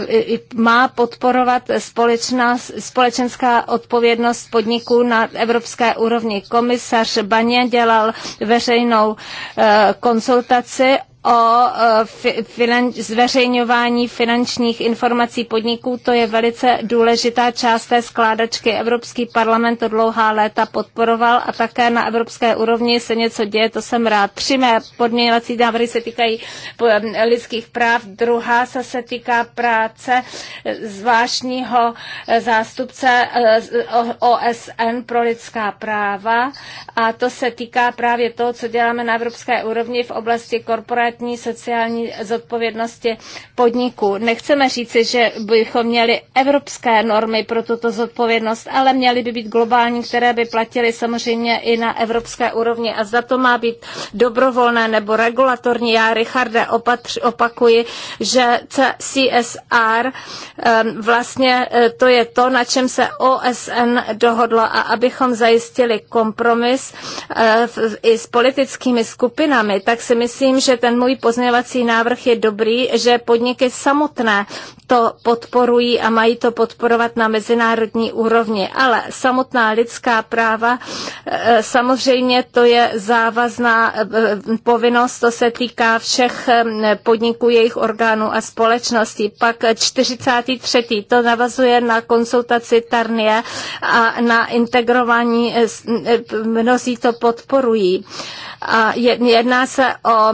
má podporovat společná, společenská odpovědnost podniků na evropské úrovni. Komisař Baně dělal veřejnou e, konzultaci o e, finan- zveřejňování finančních informací podniků. To je velice důležitá část té skládačky. Evropský parlament to dlouhá léta podporoval a také na evropské úrovni se něco děje, to jsem rád. Tři mé podměňovací návrhy se týkají e, lidských práv, druhá se, se týká práce zvláštního e, zástupce OSN pro lidská práva a to se týká právě toho, co děláme na evropské úrovni v oblasti korporátní korporátní sociální zodpovědnosti podniků. Nechceme říci, že bychom měli evropské normy pro tuto zodpovědnost, ale měly by být globální, které by platily samozřejmě i na evropské úrovni. A za to má být dobrovolné nebo regulatorní. Já, Richarde, opatř, opakuji, že CSR vlastně e, to je to, na čem se OSN dohodlo a abychom zajistili kompromis e, i s politickými skupinami, tak si myslím, že ten můj pozměňovací návrh je dobrý, že podniky samotné to podporují a mají to podporovat na mezinárodní úrovni. Ale samotná lidská práva, eh, samozřejmě to je závazná eh, povinnost, to se týká všech eh, podniků, jejich orgánů a společností. Pak 43. to navazuje na konsultaci Tarnie a na integrování, mnozí to podporují. A jedná se o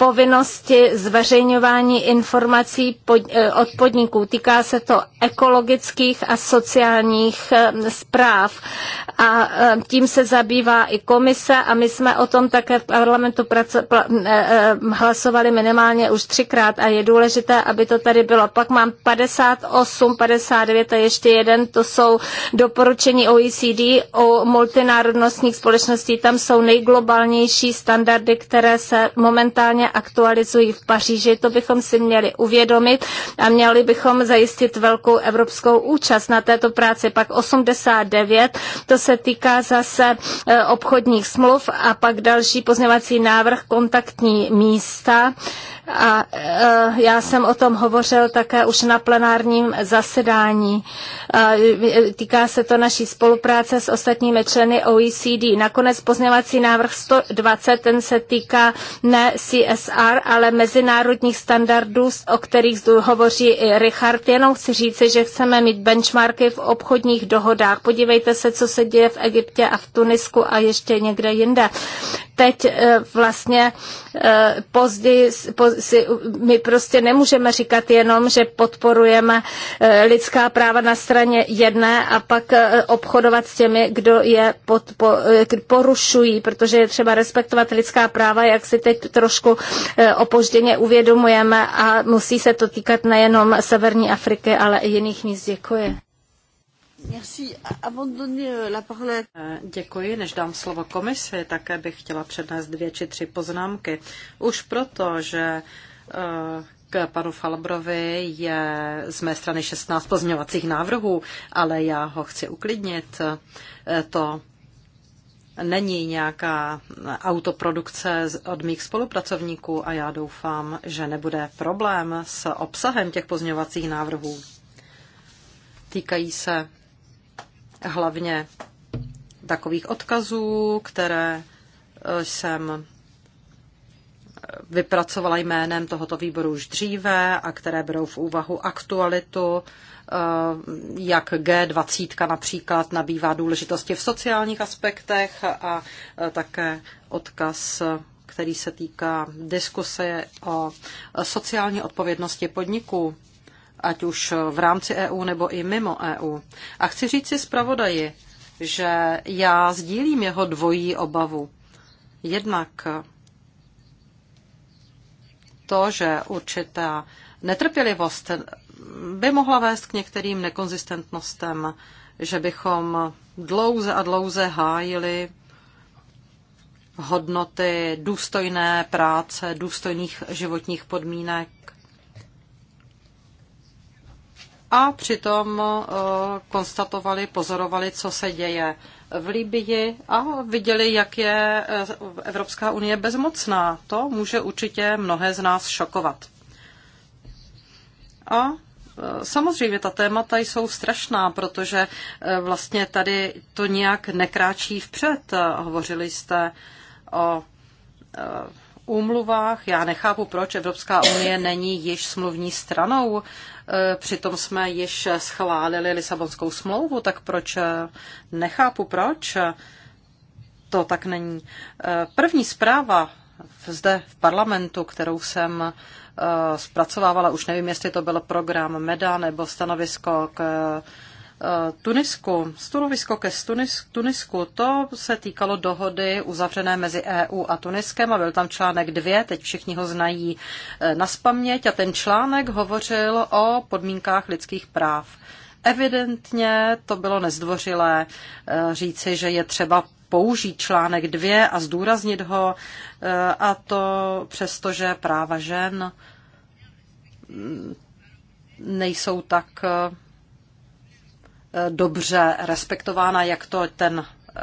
povinnosti zveřejňování informací pod, eh, od podniků. Týká se to ekologických a sociálních eh, zpráv. A eh, tím se zabývá i komise a my jsme o tom také v parlamentu praco, pl, hlasovali minimálně už třikrát a je důležité, aby to tady bylo. Pak mám 58, 59 a ještě jeden, to jsou doporučení OECD o multinárodnostních společností. Tam jsou nejglobálnější standardy, které se momentálně aktualizují v Paříži. To bychom si měli uvědomit a měli bychom zajistit velkou evropskou účast na této práci. Pak 89, to se týká zase e, obchodních smluv a pak další pozněvací návrh kontaktní místa a eh, já jsem o tom hovořil také už na plenárním zasedání. Eh, týká se to naší spolupráce s ostatními členy OECD. Nakonec pozněvací návrh 120, ten se týká ne CSR, ale mezinárodních standardů, o kterých hovoří i Richard. Jenom chci říci, že chceme mít benchmarky v obchodních dohodách. Podívejte se, co se děje v Egyptě a v Tunisku a ještě někde jinde. Teď eh, vlastně později, si, my prostě nemůžeme říkat jenom, že podporujeme eh, lidská práva na straně jedné a pak eh, obchodovat s těmi, kdo je podpo, eh, porušují, protože je třeba respektovat lidská práva, jak si teď trošku opožděně uvědomujeme a musí se to týkat nejenom Severní Afriky, ale i jiných míst. Děkuji. Euh, eh, děkuji, než dám slovo komisi, také bych chtěla přednést dvě či tři poznámky. Už proto, že eh, k panu Falbrovi je z mé strany 16 pozměňovacích návrhů, ale já ho chci uklidnit. Eh, to není nějaká autoprodukce od mých spolupracovníků a já doufám, že nebude problém s obsahem těch pozměňovacích návrhů. Týkají se hlavně takových odkazů, které eh, jsem eh, vypracovala jménem tohoto výboru už dříve a které berou v úvahu aktualitu, eh, jak G20 například nabývá důležitosti v sociálních aspektech a také odkaz který se týká diskuse o sociální odpovědnosti podniků ať už v rámci EU nebo i mimo EU. A chci říct si zpravodaji, že já sdílím jeho dvojí obavu. Jednak to, že určitá netrpělivost by mohla vést k některým nekonzistentnostem, že bychom dlouze a dlouze hájili hodnoty důstojné práce, důstojných životních podmínek a přitom eh, konstatovali, pozorovali, co se děje v Libii a viděli, jak je eh, Evropská unie bezmocná. To může určitě mnohé z nás šokovat. A eh, Samozřejmě ta témata jsou strašná, protože vlastně tady to nějak nekráčí vpřed. Hovořili jste o úmluvách. Já nechápu, proč Evropská unie není již smluvní stranou Přitom jsme již schválili Lisabonskou smlouvu, tak proč eh, nechápu, proč eh, to tak není. Eh, první zpráva zde v parlamentu, kterou jsem zpracovávala, už nevím, jestli to byl program MEDA nebo stanovisko k Eh, Tunisku. Stanovisko ke Tunis, Tunisku, to se týkalo dohody uzavřené mezi EU a Tuniskem a byl tam článek 2, teď všichni ho znají eh, na spaměť a ten článek hovořil o podmínkách lidských práv. Evidentně to bylo nezdvořilé eh, říci, že je třeba použít článek 2 a zdůraznit ho, a to přesto, že práva žen mm, nejsou tak dobře respektována, jak to ten eh,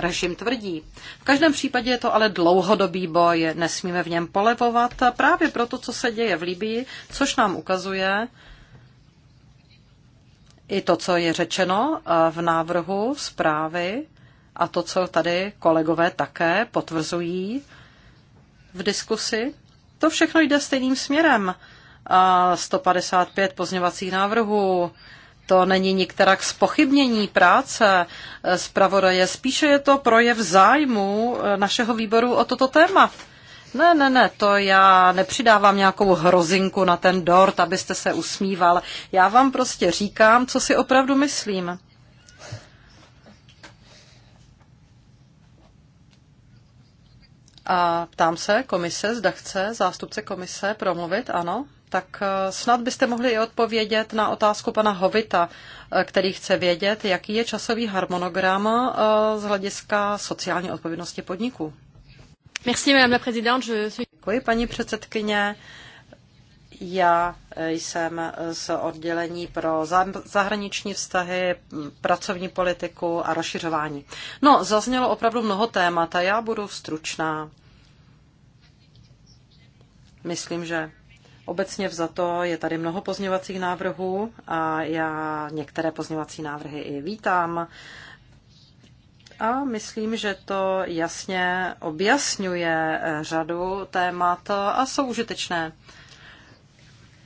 režim tvrdí. V každém případě je to ale dlouhodobý boj, nesmíme v něm polevovat právě proto, co se děje v Libii, což nám ukazuje i to, co je řečeno eh, v návrhu zprávy a to, co tady kolegové také potvrzují v diskusi. To všechno jde stejným směrem. Eh, 155 pozněvacích návrhů, to není nikterak spochybnění práce zpravodaje, spíše je to projev zájmu eh, našeho výboru o toto téma. Ne, ne, ne, to já nepřidávám nějakou hrozinku na ten dort, abyste se usmíval. Já vám prostě říkám, co si opravdu myslím. A ptám se komise, zda chce zástupce komise promluvit, ano? tak eh, snad byste mohli i odpovědět na otázku pana Hovita, eh, který chce vědět, jaký je časový harmonogram eh, z hlediska sociální odpovědnosti podniků. Je... Děkuji, paní předsedkyně. Já jsem z oddělení pro zahraniční vztahy, pracovní politiku a rozšiřování. No, zaznělo opravdu mnoho témat a já budu stručná. Myslím, že Obecně vzato je tady mnoho pozněvacích návrhů a já některé pozněvací návrhy i vítám. A myslím, že to jasně objasňuje eh, řadu témat eh, a jsou užitečné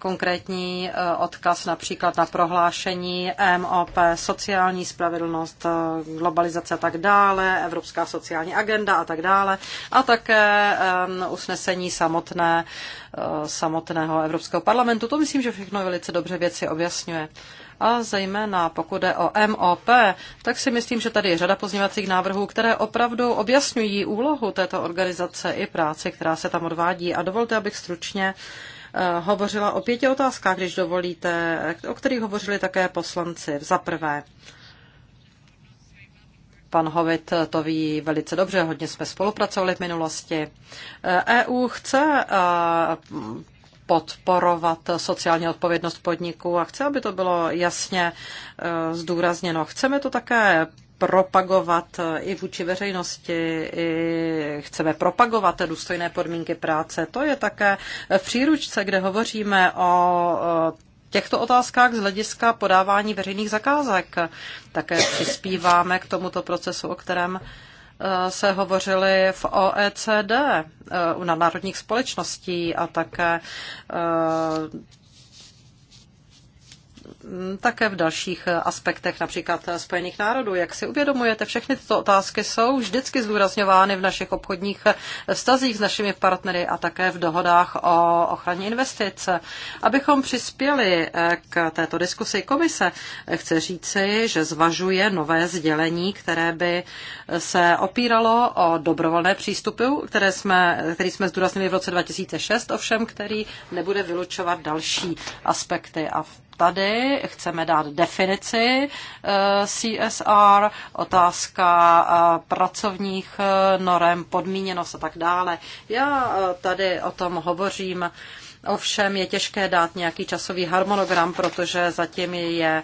konkrétní eh, odkaz například na prohlášení MOP, sociální spravedlnost, eh, globalizace a tak dále, Evropská sociální agenda a tak dále a také usnesení samotné, eh, samotného Evropského parlamentu. To myslím, že všechno velice dobře věci objasňuje a zejména pokud jde o MOP, tak si myslím, že tady je řada pozněvacích návrhů, které opravdu objasňují úlohu této organizace i práci, která se tam odvádí. A dovolte, abych stručně Eh, hovořila o pěti otázkách, když dovolíte, o kterých hovořili také poslanci. Za prvé, Pan Hovit to ví velice dobře, hodně jsme spolupracovali v minulosti. EU eh, e chce eh, podporovat sociální odpovědnost podniků a chce, aby to bylo jasně zdůrazněno. Chceme to také propagovat eh, i vůči veřejnosti, i chceme propagovat důstojné podmínky práce. To je také v příručce, kde hovoříme o eh, těchto otázkách z hlediska podávání veřejných zakázek. Také přispíváme k tomuto procesu, o kterém eh, se hovořili v OECD, u národních společností a také Mm, také v dalších aspektech, například Spojených národů. Jak si uvědomujete, všechny tyto otázky jsou vždycky zdůrazňovány v našich obchodních vztazích s našimi partnery a také v dohodách o ochraně investic. Abychom přispěli eh, k této diskusi komise, chce říci, že zvažuje nové sdělení, které by se opíralo o dobrovolné přístupy, které jsme, který jsme zdůraznili v roce 2006, ovšem, který nebude vylučovat další aspekty. A v tady chceme dát definici eh, CSR, otázka eh, pracovních eh, norem, podmíněnost a tak dále. Já tady o tom hovořím, ovšem je těžké dát nějaký časový harmonogram, protože zatím je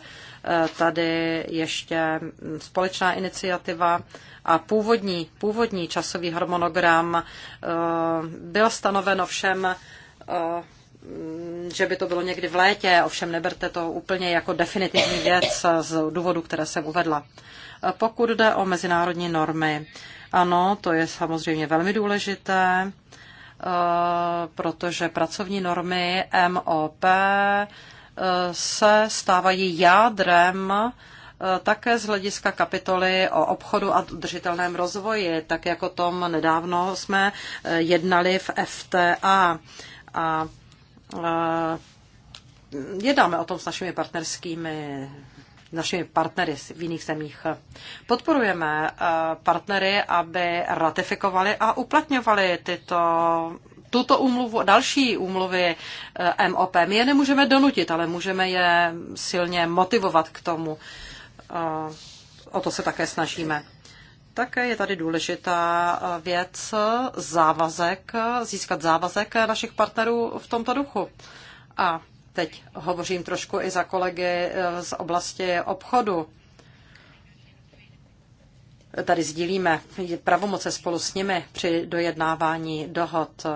tady ještě společná iniciativa a původní, původní časový harmonogram byl stanoven ovšem Mm, že by to bylo někdy v létě, ovšem neberte to úplně jako definitivní věc z důvodu, které jsem uvedla. Pokud jde o mezinárodní normy, ano, to je samozřejmě velmi důležité, eh, protože pracovní normy MOP eh, se stávají jádrem eh, také z hlediska kapitoly o obchodu a udržitelném rozvoji, tak jako tom nedávno jsme jednali v FTA. A Eh, jednáme o tom s našimi partnerskými našimi partnery v jiných zemích. Podporujeme eh, partnery, aby ratifikovali a uplatňovali tyto tuto úmluvu, další úmluvy eh, MOP. My je nemůžeme donutit, ale můžeme je silně motivovat k tomu. O to se také snažíme. Také je tady důležitá eh, věc závazek, získat závazek eh, našich partnerů v tomto duchu. A teď hovořím trošku i za kolegy eh, z oblasti obchodu. Tady sdílíme pravomoce spolu s nimi při dojednávání dohod.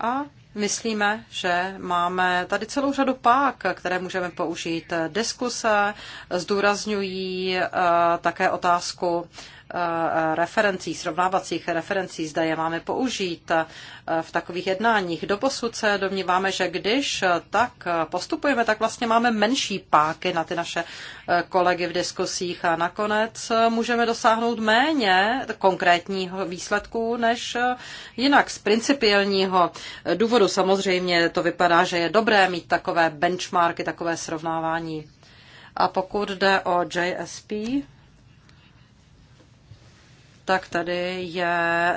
A myslíme, že máme tady celou řadu pák, které můžeme použít. Diskuse zdůrazňují také otázku Eh, referencí, srovnávacích referencí, zda je máme použít eh, v takových jednáních. Doposud se domníváme, že když eh, tak postupujeme, tak vlastně máme menší páky na ty naše kolegy v diskusích a nakonec můžeme dosáhnout méně konkrétního výsledku než jinak. Z principiálního důvodu samozřejmě to vypadá, že je dobré mít takové benchmarky, takové srovnávání. A pokud jde o JSP, tak tady je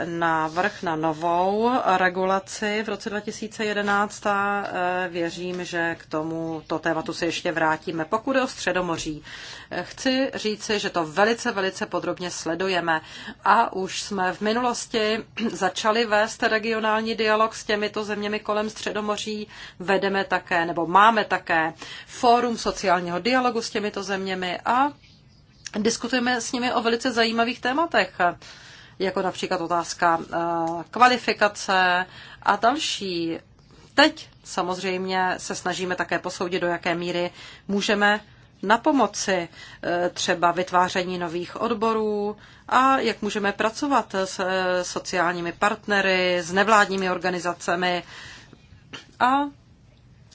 návrh na novou regulaci v roce 2011 a eh, věřím, že k tomu to tématu se ještě vrátíme. Pokud je o Středomoří, eh, chci říci, že to velice, velice podrobně sledujeme a už jsme v minulosti začali vést regionální dialog s těmito zeměmi kolem Středomoří. Vedeme také, nebo máme také fórum sociálního dialogu s těmito zeměmi a diskutujeme s nimi o velice zajímavých tématech, jako například otázka eh, kvalifikace a další. Teď samozřejmě se snažíme také posoudit, do jaké míry můžeme na pomoci eh, třeba vytváření nových odborů a jak můžeme pracovat s eh, sociálními partnery, s nevládními organizacemi a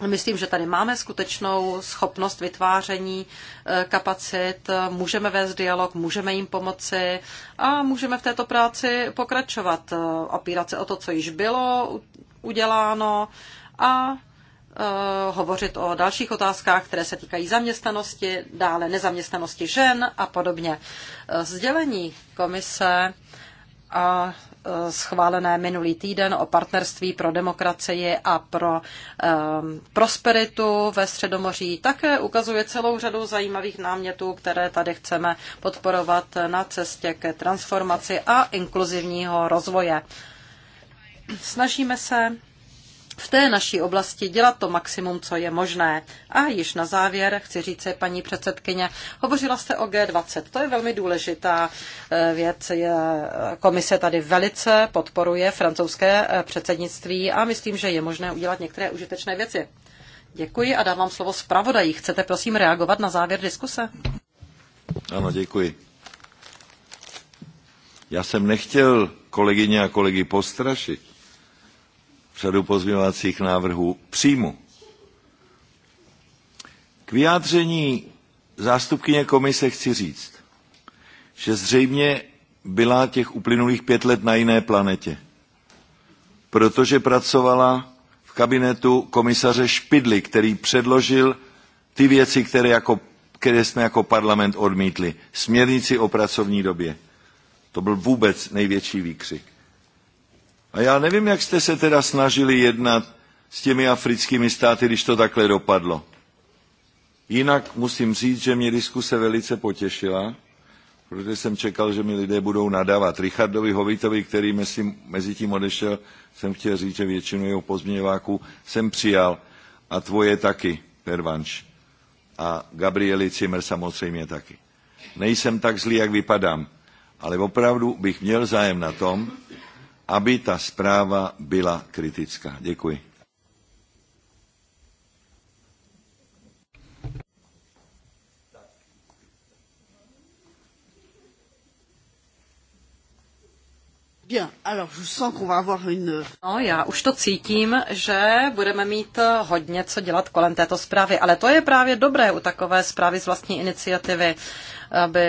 Myslím, že tady máme skutečnou schopnost vytváření eh, kapacit, můžeme vést dialog, můžeme jim pomoci a můžeme v této práci pokračovat, eh, opírat se o to, co již bylo uděláno a eh, hovořit o dalších otázkách, které se týkají zaměstnanosti, dále nezaměstnanosti žen a podobně. Sdělení komise a e, schválené minulý týden o partnerství pro demokracii a pro um, prosperitu ve Středomoří také ukazuje celou řadu zajímavých námětů, které tady chceme podporovat na cestě ke transformaci a inkluzivního rozvoje. Snažíme se v té naší oblasti dělat to maximum, co je možné. A již na závěr chci říct, paní předsedkyně, hovořila jste o G20. To je velmi důležitá eh, věc. Komise tady velice podporuje francouzské eh, předsednictví a myslím, že je možné udělat některé užitečné věci. Děkuji a dávám slovo zpravodaji. Chcete prosím reagovat na závěr diskuse? Ano, děkuji. Já jsem nechtěl kolegyně a kolegy postrašit, řadu pozměňovacích návrhů přijmu. K vyjádření zástupkyně komise chci říct, že zřejmě byla těch uplynulých pět let na jiné planetě, protože pracovala v kabinetu komisaře Špidly, který předložil ty věci, které, jako, které jsme jako parlament odmítli. Směrnici o pracovní době. To byl vůbec největší výkřik. A já nevím, jak jste se teda snažili jednat s těmi africkými státy, když to takhle dopadlo. Jinak musím říct, že mě diskuse velice potěšila, protože jsem čekal, že mi lidé budou nadávat. Richardovi Hovitovi, který mezi, mezi tím odešel, jsem chtěl říct, že většinu jeho pozměňováků jsem přijal a tvoje taky, Pervanš. A Gabrieli Cimer samozřejmě taky. Nejsem tak zlý, jak vypadám, ale opravdu bych měl zájem na tom, aby ta zpráva byla kritická. Děkuji. No, já už to cítím, že budeme mít hodně co dělat kolem této zprávy, ale to je právě dobré u takové zprávy z vlastní iniciativy aby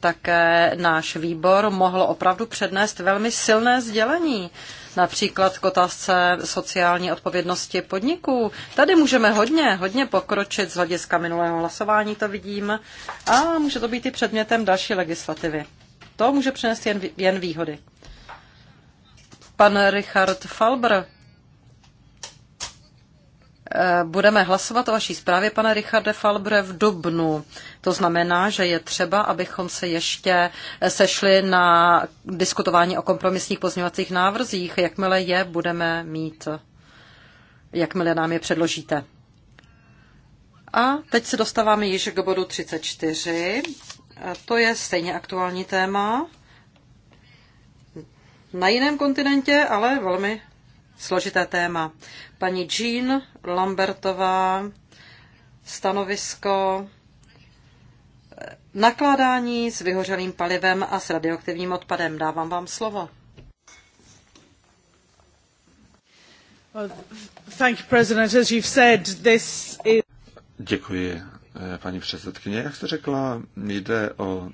také náš výbor mohl opravdu přednést velmi silné sdělení, například k otázce sociální odpovědnosti podniků. Tady můžeme hodně, hodně pokročit z hlediska minulého hlasování, to vidím, a může to být i předmětem další legislativy. To může přinést jen, jen výhody. Pan Richard Falbr. Eh, budeme hlasovat o vaší zprávě, pane Richarde Falbre, v dubnu. To znamená, že je třeba, abychom se ještě sešli na diskutování o kompromisních pozměňovacích návrzích, jakmile je budeme mít, jakmile nám je předložíte. A teď se dostáváme již k bodu 34. Eh, to je stejně aktuální téma. Na jiném kontinentě, ale velmi složité téma. Paní Jean Lambertová, stanovisko eh, nakládání s vyhořelým palivem a s radioaktivním odpadem. Dávám vám slovo. Děkuji, eh, paní předsedkyně. Jak jste řekla, jde o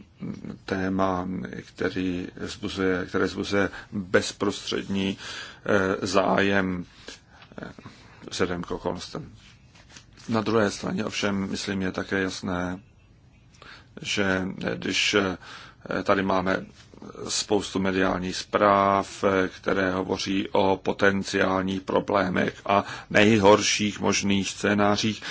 téma, který zbuzuje, které zbuzuje bezprostřední Eh, zájem eh, vzhledem k okolnostem. Na druhé straně ovšem, myslím, je také jasné, že eh, když tady máme spoustu mediálních zpráv, které hovoří o potenciálních problémech a nejhorších možných scénářích,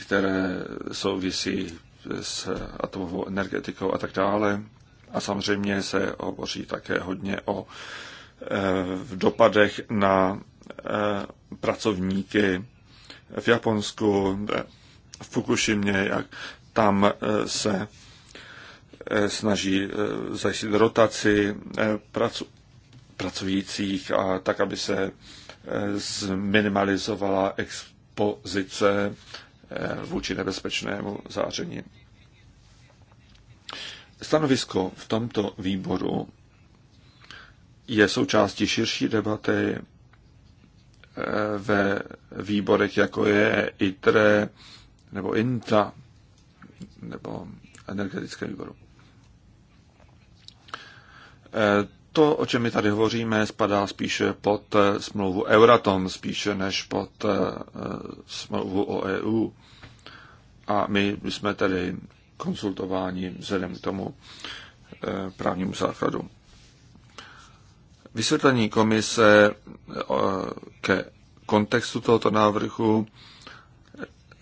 které souvisí s atomovou energetikou a tak dále. A samozřejmě se hovoří také hodně o v dopadech na eh, pracovníky v Japonsku, v Fukushimě, jak tam eh, se eh, snaží zajistit rotaci pracu, pracujících a tak, aby se zminimalizovala expozice vůči nebezpečnému záření. Stanovisko v tomto výboru je součástí širší debaty eh, ve výborech, jako je ITRE nebo INTA nebo energetické výboru. Eh, to, o čem my tady hovoříme, spadá spíše pod eh, smlouvu Euratom, spíše než pod smlouvu o EU. A my jsme tedy konsultováni vzhledem k tomu právnímu základu. Vysvětlení komise eh, ke kontextu tohoto návrhu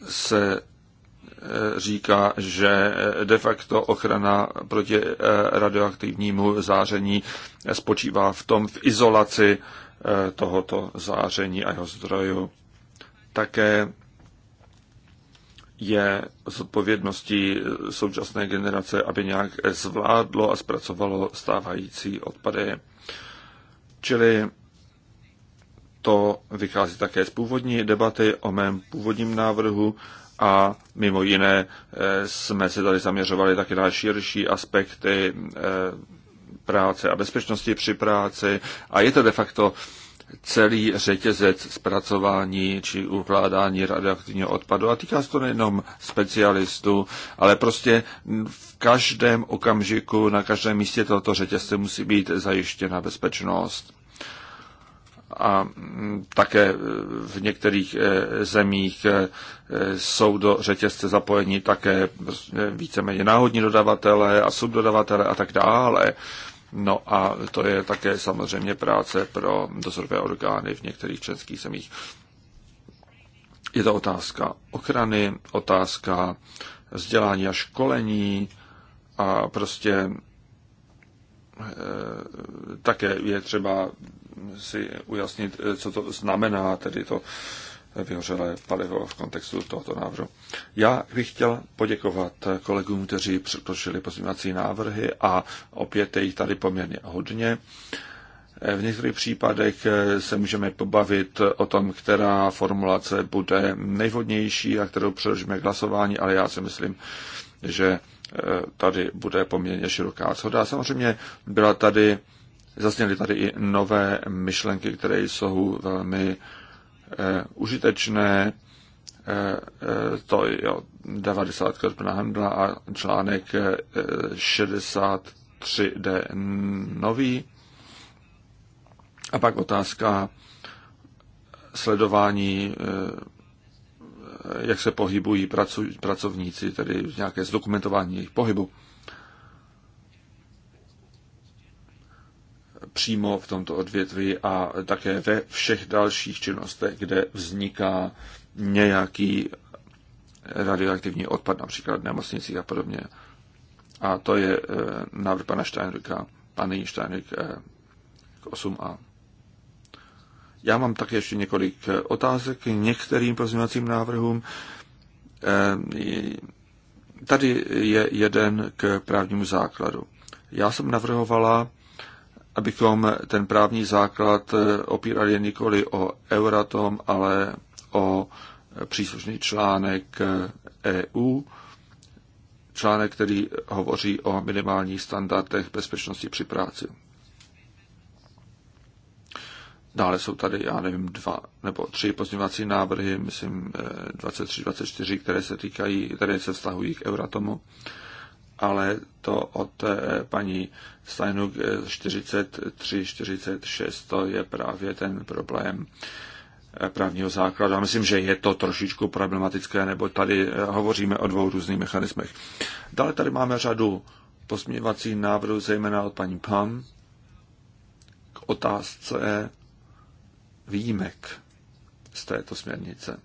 se eh, říká, že de facto ochrana proti eh, radioaktivnímu záření spočívá v tom, v izolaci tohoto záření a jeho zdrojů. Také je z odpovědností současné generace, aby nějak zvládlo a zpracovalo stávající odpady. Čili to vychází také z původní debaty o mém původním návrhu a mimo jiné eh, jsme se tady zaměřovali také na širší aspekty eh, práce a bezpečnosti při práci a je to de facto celý řetězec zpracování či ukládání radioaktivního odpadu. A týká se to nejenom specialistů, ale prostě v každém okamžiku, na každém místě tohoto řetězce musí být zajištěna bezpečnost a mm, také e, v některých e, zemích e, jsou do řetězce zapojeni také prostě, víceméně náhodní dodavatele a subdodavatele a tak dále. No a to je také samozřejmě práce pro dozorové orgány v některých českých zemích. Je to otázka ochrany, otázka vzdělání a školení a prostě také je třeba si ujasnit, eh, co to znamená, tedy to eh, vyhořelé palivo v kontextu tohoto návrhu. Já bych chtěl poděkovat eh, kolegům, kteří předložili pozměňovací návrhy a opět je jich tady poměrně hodně. V některých případech se můžeme pobavit o tom, která formulace bude nejvhodnější a kterou přeložíme k hlasování, ale já si myslím, že tady bude poměrně široká shoda. Samozřejmě byla tady Zazněly tady i nové myšlenky, které jsou velmi eh, užitečné. Eh, eh to je 90 Krpna Handla a článek eh, 63D nový. A pak otázka sledování, eh, jak se pohybují pracovníci, tedy nějaké zdokumentování jejich pohybu. přímo v tomto odvětví a také ve všech dalších činnostech, kde vzniká nějaký radioaktivní odpad, například v nemocnicích a podobně. A to je eh, návrh pana Steinricka, paní Steinrick e, eh, 8a. Já mám také ještě několik eh, otázek k některým pozměňovacím návrhům. Tady je jeden k právnímu základu. Já jsem navrhovala abychom ten právní základ eh, opírali nikoli o Euratom, ale o příslušný článek EU, eh, e článek, který hovoří o minimálních standardech bezpečnosti při práci. Dále jsou tady, já nevím, dva nebo tři pozměňovací návrhy, myslím 23, eh, 24, které se týkají, které se vztahují k Euratomu ale to od eh, paní Steinuk 43-46, eh, to je právě ten problém eh, právního základu. A myslím, že je to trošičku problematické, nebo tady hovoříme o dvou různých mechanismech. Dále tady máme řadu pozměňovací návrhů, zejména od paní Pam, k otázce výjimek z této směrnice.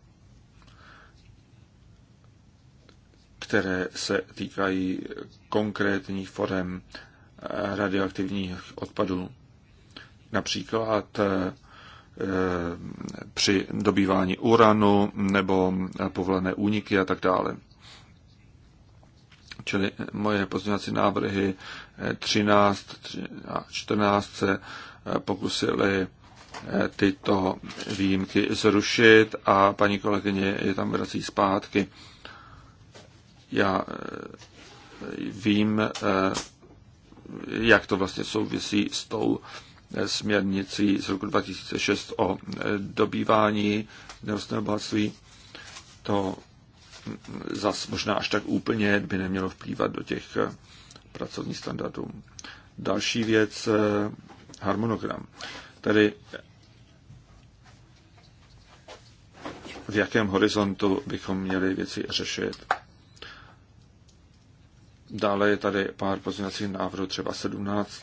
které se týkají konkrétních forem eh, radioaktivních odpadů. Například eh, eh, při dobývání uranu nebo povolené úniky a tak dále. Čili moje pozměňovací návrhy 13 a 14 se pokusily tyto výjimky zrušit a paní kolegyně je tam vrací zpátky. Já eh, vím, eh, jak to vlastně souvisí s tou eh, směrnicí z roku 2006 o dobývání nerostného bohatství. To mm, zas možná až tak úplně by nemělo vplývat do těch pracovních standardů. Další věc, harmonogram. Tedy v jakém horizontu bychom měli věci řešit. Dále je tady pár pozměňovacích návrhů, třeba 17,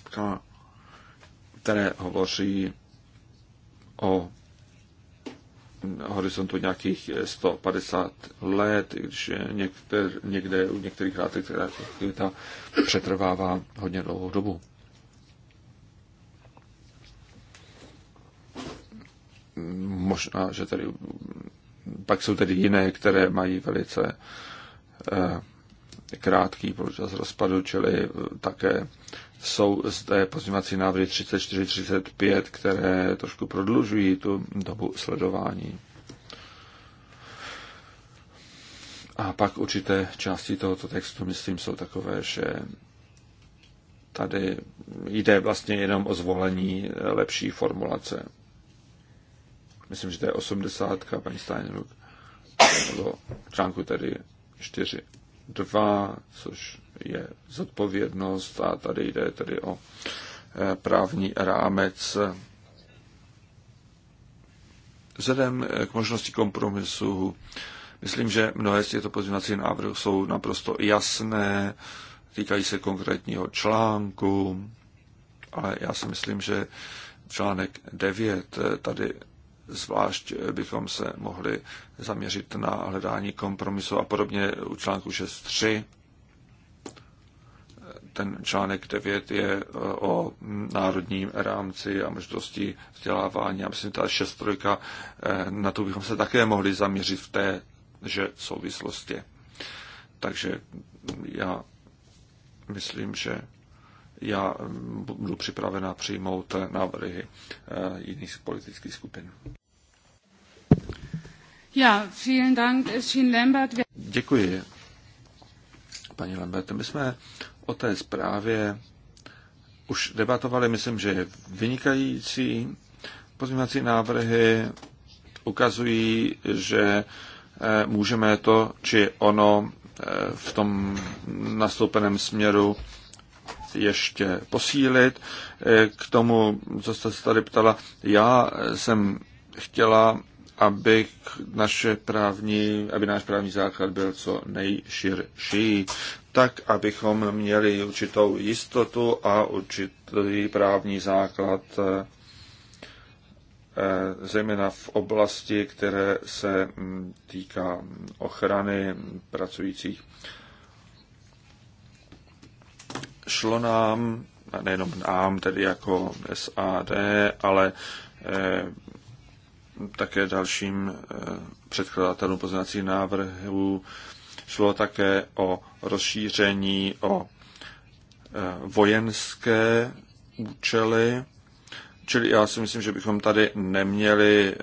které hovoří o horizontu nějakých 150 let, když někter, někde u některých látek která aktivita přetrvává hodně dlouhou dobu. Možná, že tady pak jsou tedy jiné, které mají velice eh, krátký počas rozpadu, čili eh, také jsou zde pozměvací návrhy 34-35, které trošku prodlužují tu dobu sledování. A pak určité části tohoto textu, myslím, jsou takové, že tady jde vlastně jenom o zvolení eh, lepší formulace. Myslím, že to je 80, paní Steinruck, nebo článku tedy 4. 2, což je zodpovědnost a tady jde tedy o eh, právní rámec. Vzhledem eh, k možnosti kompromisu, myslím, že mnohé z těchto pozměňovacích návrhů jsou naprosto jasné, týkají se konkrétního článku, ale já si myslím, že článek 9 eh, tady Zvlášť bychom se mohli zaměřit na hledání kompromisu a podobně u článku 6.3. Ten článek 9 je e, o národním rámci a možnosti vzdělávání. A myslím, ta 6 e, na to bychom se také mohli zaměřit v té že souvislosti. Takže já myslím, že já mm, budu připravena přijmout eh, návrhy eh, jiných politických skupin. Ja, vielen Dank, Lambert. Děkuji, paní Lambert. My jsme o té zprávě už debatovali, myslím, že je vynikající. Pozměňovací návrhy ukazují, že eh, můžeme to či ono v tom nastoupeném směru ještě posílit. Eh, k tomu, co jste se tady ptala, já jsem chtěla, aby, naše právní, aby náš právní základ byl co nejširší, tak, abychom měli určitou jistotu a určitý právní základ eh, eh, zejména v oblasti, které se mm, týká ochrany pracujících šlo nám, nejenom nám, tedy jako SAD, ale eh, také dalším eh, předkladatelům poznacích návrhů šlo také o rozšíření o eh, vojenské účely, čili já si myslím, že bychom tady neměli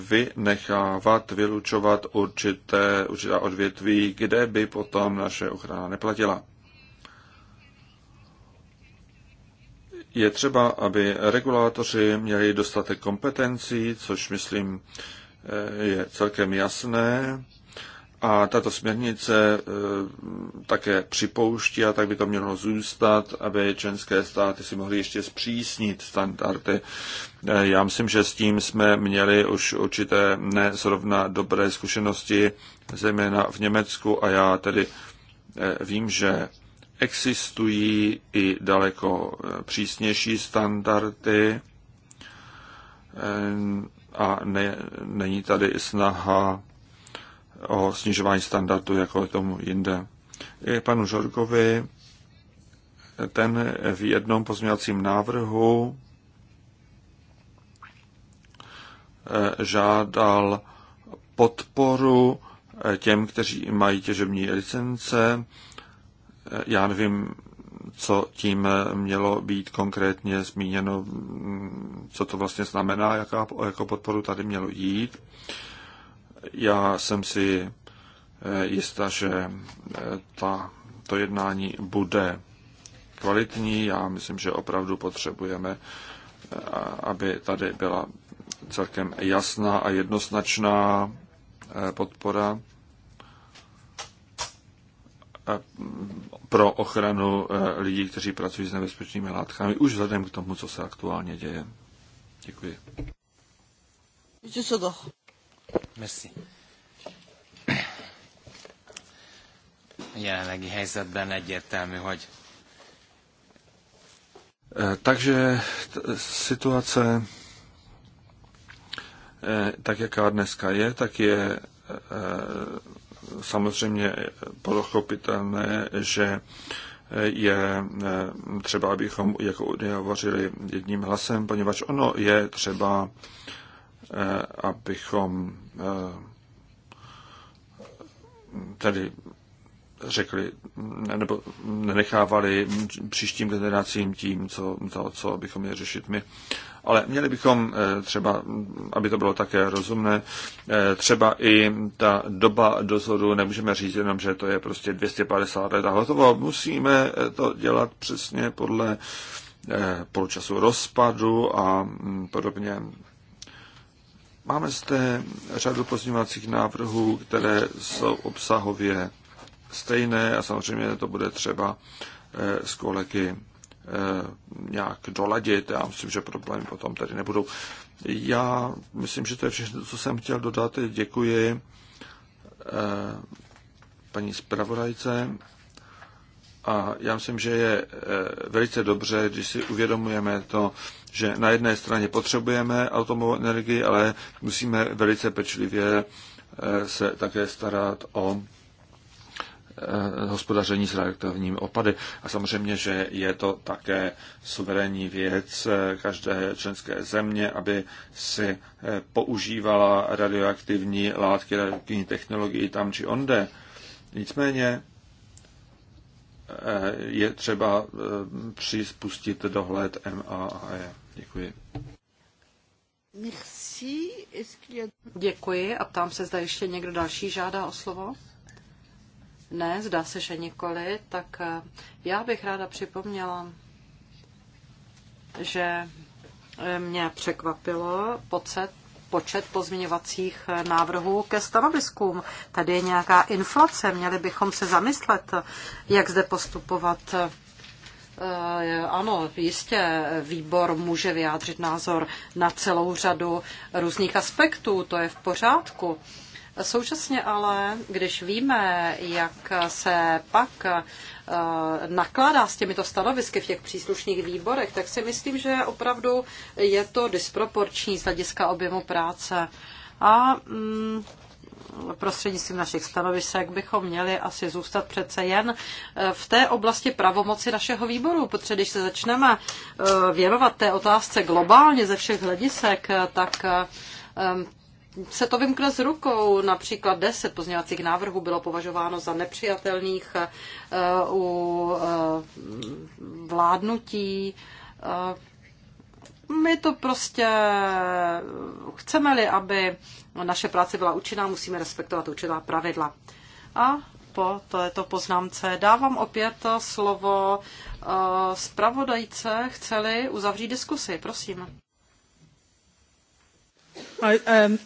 vynechávat, vylučovat určité, určitá odvětví, kde by potom naše ochrana neplatila. Je třeba, aby regulátoři měli dostatek kompetencí, což myslím eh, je celkem jasné. A tato směrnice eh, také připouští, a tak by to mělo zůstat, aby členské státy si mohly ještě zpřísnit standardy. Eh, já myslím, že s tím jsme měli už určité nesrovna dobré zkušenosti, zejména v Německu, a já tedy vím, že existují i daleko eh, přísnější standardy eh, a ne, není tady snaha o snižování standardu, jako je tomu jinde. I panu Žorkovi ten v jednom pozměňovacím návrhu eh, žádal podporu těm, kteří mají těžební licence, já nevím, co tím mělo být konkrétně zmíněno, co to vlastně znamená, jaká, jako podporu tady mělo jít. Já jsem si eh, jistá, že eh, ta, to jednání bude kvalitní. Já myslím, že opravdu potřebujeme, eh, aby tady byla celkem jasná a jednoznačná podpora pro ochranu eh, lidí, kteří pracují s nebezpečnými látkami, už vzhledem k tomu, co se aktuálně děje. Děkuji. Merci. Jelenlegi helyzetben egyértelmű, hogy eh, takže situace, eh, tak jaká dneska je, tak je samozřejmě pochopitelné, že je eh, třeba, abychom jako Unie hovořili jedním hlasem, poněvadž ono je třeba, eh, abychom eh, tedy řekli, nebo nenechávali příštím generacím tím, co, co bychom je řešit my ale měli bychom eh, třeba, aby to bylo také rozumné, eh, třeba i ta doba dozoru, nemůžeme říct jenom, že to je prostě 250 let a hotovo. Musíme eh, to dělat přesně podle poločasu rozpadu a mm, podobně. Máme zde řadu pozměňovacích návrhů, které jsou obsahově stejné a samozřejmě to bude třeba s kolegy Eh, nějak doladit. Já myslím, že problémy potom tady nebudou. Já myslím, že to je všechno, co jsem chtěl dodat. Děkuji eh, paní zpravodajce. A já myslím, že je eh, velice dobře, když si uvědomujeme to, že na jedné straně potřebujeme atomovou energii, ale musíme velice pečlivě se také starat o Eh, hospodaření s radioaktivními opady. A samozřejmě, že je to také suverénní věc eh, každé členské země, aby si eh, používala radioaktivní látky, radioaktivní technologii tam či onde. Nicméně je třeba přispustit dohled MAAE. Děkuji. Děkuji a ptám se, zda ještě někdo další žádá o slovo. Ne, zdá se, že nikoli, tak eh, já bych ráda připomněla, že eh, mě překvapilo pocet, počet pozměňovacích eh, návrhů ke stanoviskům. Tady je nějaká inflace, měli bychom se zamyslet, jak zde postupovat. Ano, jistě výbor může vyjádřit názor na celou řadu různých aspektů, to je v pořádku Současně ale, když víme, jak se pak eh, nakládá s těmito stanovisky v těch příslušných výborech, tak si myslím, že opravdu je to disproporční z hlediska objemu práce. A mm, prostřednictvím našich stanovisek bychom měli asi zůstat přece jen eh, v té oblasti pravomoci našeho výboru, protože když se začneme eh, věnovat té otázce globálně ze všech hledisek, tak se to vymkne z rukou. Například 10 pozměňovacích návrhů bylo považováno za nepřijatelných eh, u eh, vládnutí. Eh, my to prostě chceme-li, aby naše práce byla účinná, musíme respektovat určitá pravidla. A po této poznámce dávám opět slovo zpravodajce, chceli uzavřít diskusi. Prosím. Um,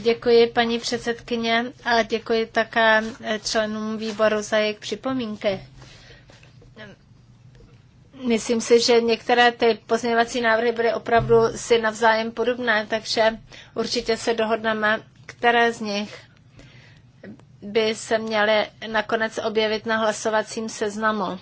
děkuji paní předsedkyně a děkuji také eh, členům výboru za jejich připomínky. Myslím si, že některé ty pozměňovací návrhy byly opravdu si navzájem podobné, takže určitě se dohodneme, které z nich by se měly nakonec objevit na hlasovacím seznamu.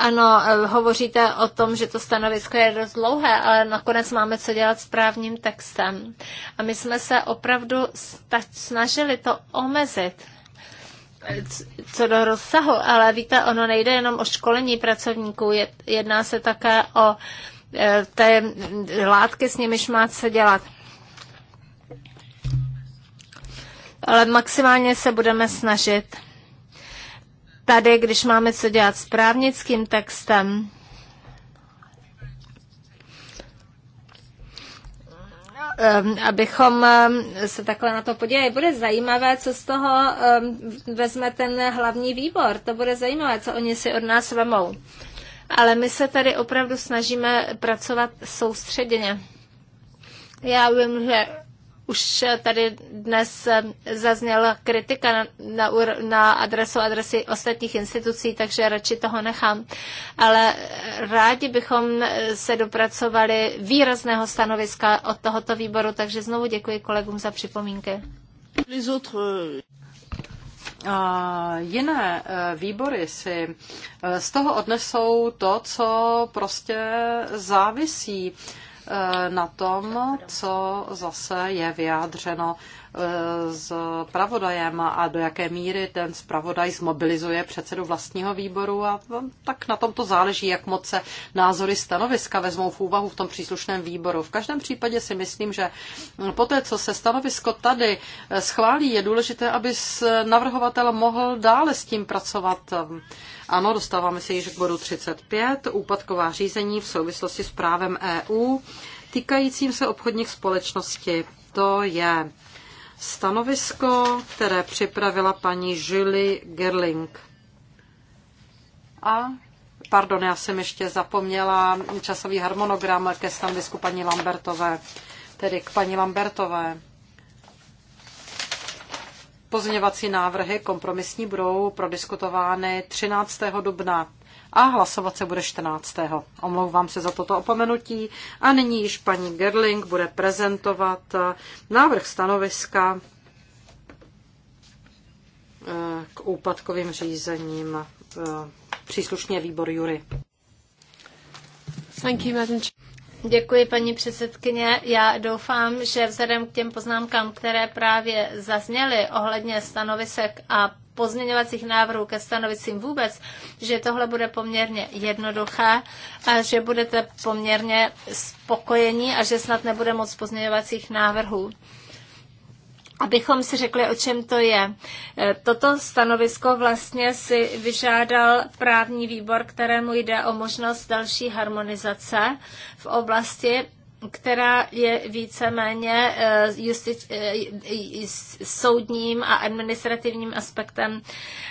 Ano, eh, hovoříte o tom, že to stanovisko je dost dlouhé, ale nakonec máme co dělat s právním textem. A my jsme se opravdu snažili to omezit eh, co do rozsahu, ale víte, ono nejde jenom o školení pracovníků, jedná se také o eh, té látky, s nimiž má se dělat. Ale maximálně se budeme snažit tady, když máme co dělat s právnickým textem, ehm, abychom ehm, se takhle na to podívali. Bude zajímavé, co z toho ehm, vezme ten hlavní výbor. To bude zajímavé, co oni si od nás vemou. Ale my se tady opravdu snažíme pracovat soustředěně. Já vím, že už tady dnes zazněla kritika na, na, na adresu adresy ostatních institucí, takže radši toho nechám. Ale rádi bychom se dopracovali výrazného stanoviska od tohoto výboru, takže znovu děkuji kolegům za připomínky. Eh, a jiné eh, výbory si eh, z toho odnesou to, co prostě závisí na tom, co zase je vyjádřeno Eh, s pravodajem a do jaké míry ten zpravodaj zmobilizuje předsedu vlastního výboru a tak na tomto záleží, jak moc se názory stanoviska vezmou v úvahu v tom příslušném výboru. V každém případě si myslím, že poté, co se stanovisko tady eh, schválí, je důležité, aby navrhovatel mohl dále s tím pracovat. Ano, dostáváme se již k bodu 35, úpadková řízení v souvislosti s právem EU týkajícím se obchodních společností. To je stanovisko, které připravila paní Julie Gerling. A pardon, já jsem ještě zapomněla časový harmonogram ke stanovisku paní Lambertové, tedy k paní Lambertové. Pozměňovací návrhy kompromisní budou prodiskutovány 13. dubna a hlasovat se bude 14. Omlouvám se za toto opomenutí a nyní již paní Gerling bude prezentovat eh, návrh stanoviska eh, k úpadkovým řízením eh, příslušně výbor Jury. Thank you, Madam Děkuji, paní předsedkyně. Já doufám, že vzhledem k těm poznámkám, které právě zazněly ohledně stanovisek a pozměňovacích návrhů ke stanovicím vůbec, že tohle bude poměrně jednoduché a že budete poměrně spokojení a že snad nebude moc pozměňovacích návrhů abychom si řekli, o čem to je. E, toto stanovisko vlastně si vyžádal právní výbor, kterému jde o možnost další harmonizace v oblasti která je víceméně eh, justič, eh, soudním a administrativním aspektem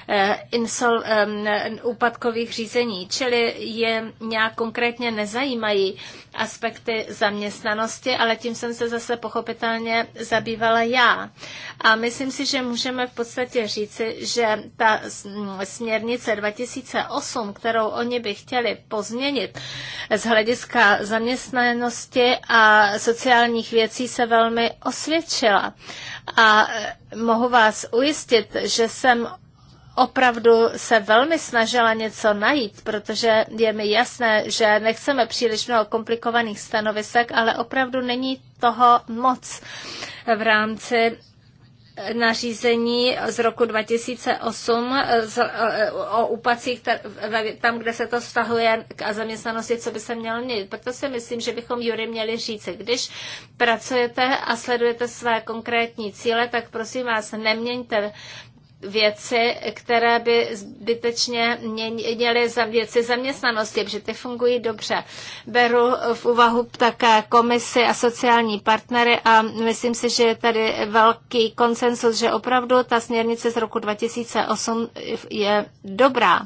eh, insol, úpadkových řízení, čili je nějak konkrétně nezajímají aspekty zaměstnanosti, ale tím jsem se zase pochopitelně zabývala já. A myslím si, že můžeme v podstatě říci, že ta směrnice 2008, kterou oni by chtěli pozměnit z hlediska zaměstnanosti a sociálních věcí se velmi osvědčila. A eh, mohu vás ujistit, že jsem opravdu se velmi snažila něco najít, protože je mi jasné, že nechceme příliš mnoho komplikovaných stanovisek, ale opravdu není toho moc v rámci nařízení z roku 2008 eh, eh, o úpacích, tam, kde se to vztahuje a zaměstnanosti, co by se mělo měnit. Proto si myslím, že bychom Jury měli říct, když pracujete a sledujete své konkrétní cíle, tak prosím vás, neměňte věci, které by zbytečně měnily za věci zaměstnanosti, protože ty fungují dobře. Beru v úvahu také komisy a sociální partnery a myslím si, že je tady velký konsensus, že opravdu ta směrnice z roku 2008 je dobrá.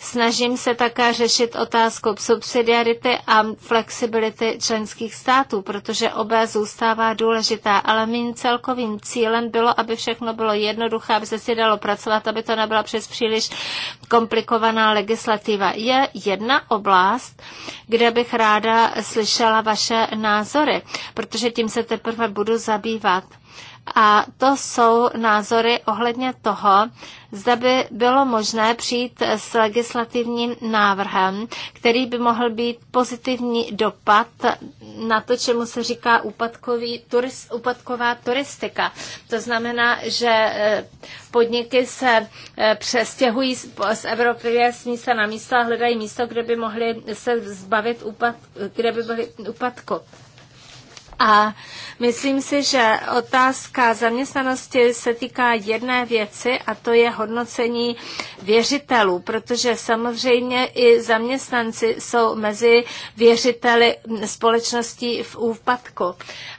Snažím se také řešit otázku subsidiarity a flexibility členských států, protože obé zůstává důležitá, ale mým celkovým cílem bylo, aby všechno bylo jednoduché, aby se si dalo pracovat, aby to nebyla přes příliš komplikovaná legislativa. Je jedna oblast, kde bych ráda slyšela vaše názory, protože tím se teprve budu zabývat. A to jsou názory ohledně toho, zda by bylo možné přijít s legislativním návrhem, který by mohl být pozitivní dopad na to, čemu se říká úpadkový, turist, úpadková turistika. To znamená, že eh, podniky se eh, přestěhují z Evropy z místa na místa a hledají místo, kde by mohly se zbavit úpad, kde by byly úpadku. A myslím si, že otázka zaměstnanosti se týká jedné věci a to je hodnocení věřitelů, protože samozřejmě i zaměstnanci jsou mezi věřiteli společností v úpadku.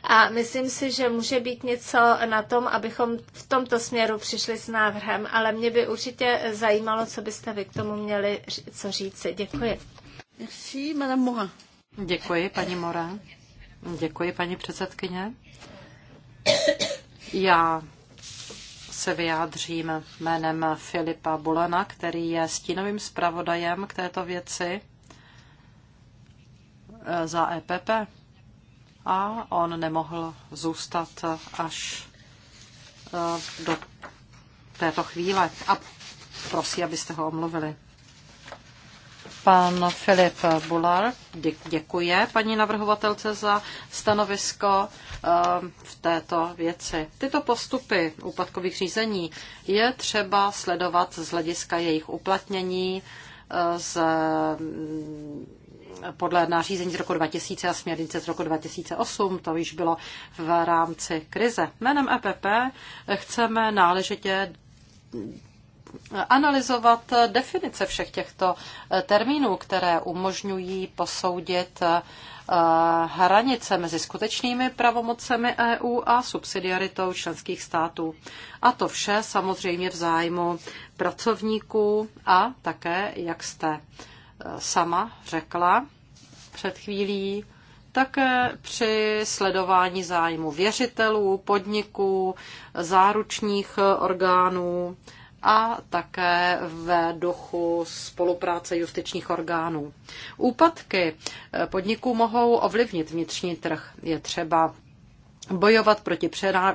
A myslím si, že může být něco na tom, abychom v tomto směru přišli s návrhem, ale mě by určitě zajímalo, co byste vy k tomu měli co říci. Děkuji. Merci, Madame Morin. Děkuji, paní Morin. Děkuji, paní předsedkyně. Já se vyjádřím jménem Filipa Bulena, který je stínovým zpravodajem k této věci e, za EPP. A on nemohl zůstat až e, do této chvíle. A prosím, abyste ho omluvili. Pan Filip Bular děkuje paní navrhovatelce za stanovisko ehm, v této věci. Tyto postupy úpadkových řízení je třeba sledovat z hlediska jejich uplatnění eh, z, mm, podle nařízení z roku 2000 a směrnice z roku 2008, to již bylo v rámci krize. Jménem EPP chceme náležitě analyzovat definice všech těchto eh, termínů, které umožňují posoudit eh, hranice mezi skutečnými pravomocemi EU a subsidiaritou členských států. A to vše samozřejmě v zájmu pracovníků a také, jak jste eh, sama řekla před chvílí, také při sledování zájmu věřitelů, podniků, záručních orgánů a také ve duchu spolupráce justičních orgánů. Úpadky podniků mohou ovlivnit vnitřní trh. Je třeba bojovat proti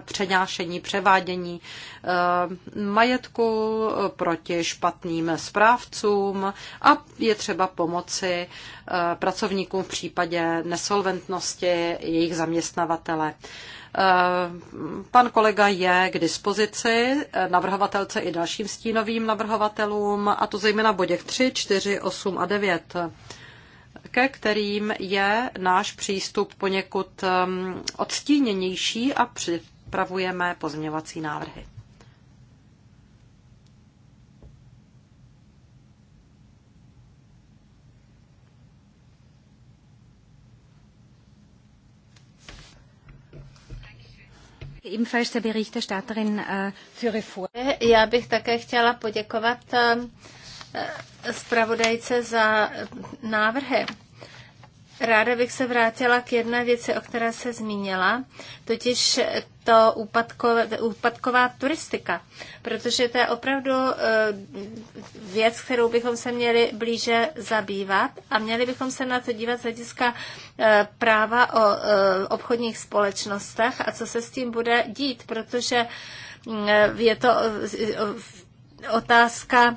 přenášení, převádění eh, majetku, proti špatným správcům a je třeba pomoci eh, pracovníkům v případě nesolventnosti jejich zaměstnavatele. Eh, pan kolega je k dispozici eh, navrhovatelce i dalším stínovým navrhovatelům, a to zejména v bodech 3, 4, 8 a 9 ke kterým je náš přístup poněkud ehm, odstíněnější a připravujeme pozměňovací návrhy. Äh, Já bych také chtěla poděkovat äh, zpravodajce za äh, návrhy. Ráda bych se vrátila k jedné věci, o které se zmínila, totiž to úpadko, úpadková turistika, protože to je opravdu eh, věc, kterou bychom se měli blíže zabývat a měli bychom se na to dívat z hlediska eh, práva o eh, obchodních společnostech a co se s tím bude dít, protože mm, je to otázka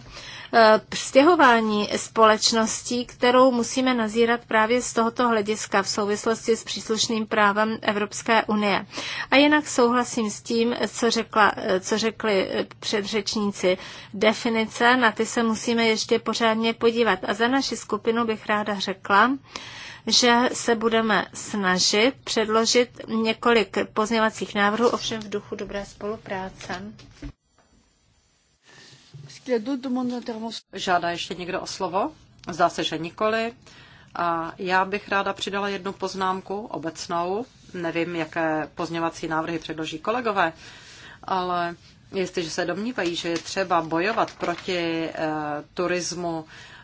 Eh, stěhování společností, kterou musíme nazírat právě z tohoto hlediska v souvislosti s příslušným právem Evropské unie. A jinak souhlasím s tím, co, řekla, eh, co řekli eh, předřečníci. Definice, na ty se musíme ještě pořádně podívat. A za naši skupinu bych ráda řekla, že se budeme snažit předložit několik pozněvacích návrhů, ovšem v duchu dobré spolupráce. Žádá ještě někdo o slovo? Zdá se, že nikoli. A já bych ráda přidala jednu poznámku obecnou. Nevím, jaké pozněvací návrhy předloží kolegové, ale jestliže se domnívají, že je třeba bojovat proti eh, turismu eh,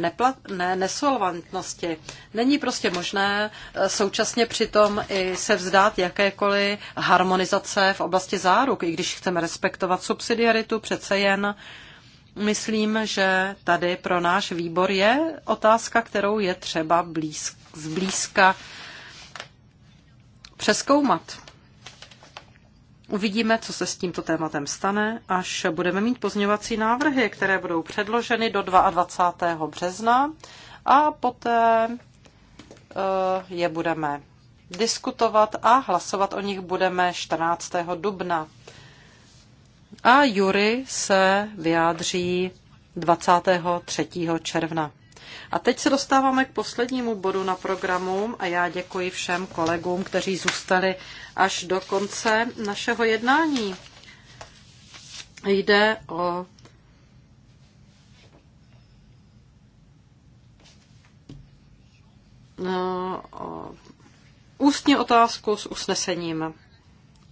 neplat, ne, nesolventnosti. Není prostě možné eh, současně přitom i se vzdát jakékoliv harmonizace v oblasti záruk, i když chceme respektovat subsidiaritu, přece jen myslím, že tady pro náš výbor je otázka, kterou je třeba blíz, zblízka přeskoumat. Uvidíme, co se s tímto tématem stane, až budeme mít pozměňovací návrhy, které budou předloženy do 22. března a poté eh, je budeme diskutovat a hlasovat o nich budeme 14. dubna. A Jury se vyjádří 23. června. A teď se dostáváme k poslednímu bodu na programu a já děkuji všem kolegům, kteří zůstali až do konce našeho jednání. Jde o no, ústní otázku s usnesením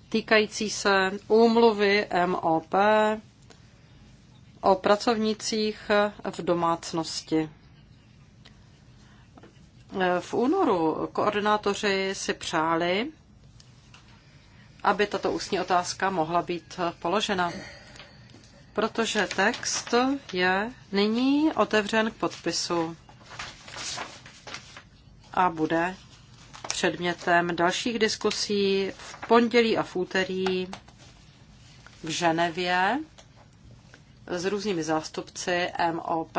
týkající se úmluvy MOP o pracovnicích v domácnosti. V únoru koordinátoři si přáli, aby tato ústní otázka mohla být položena, protože text je nyní otevřen k podpisu a bude předmětem dalších diskusí v pondělí a v úterý v Ženevě s různými zástupci MOP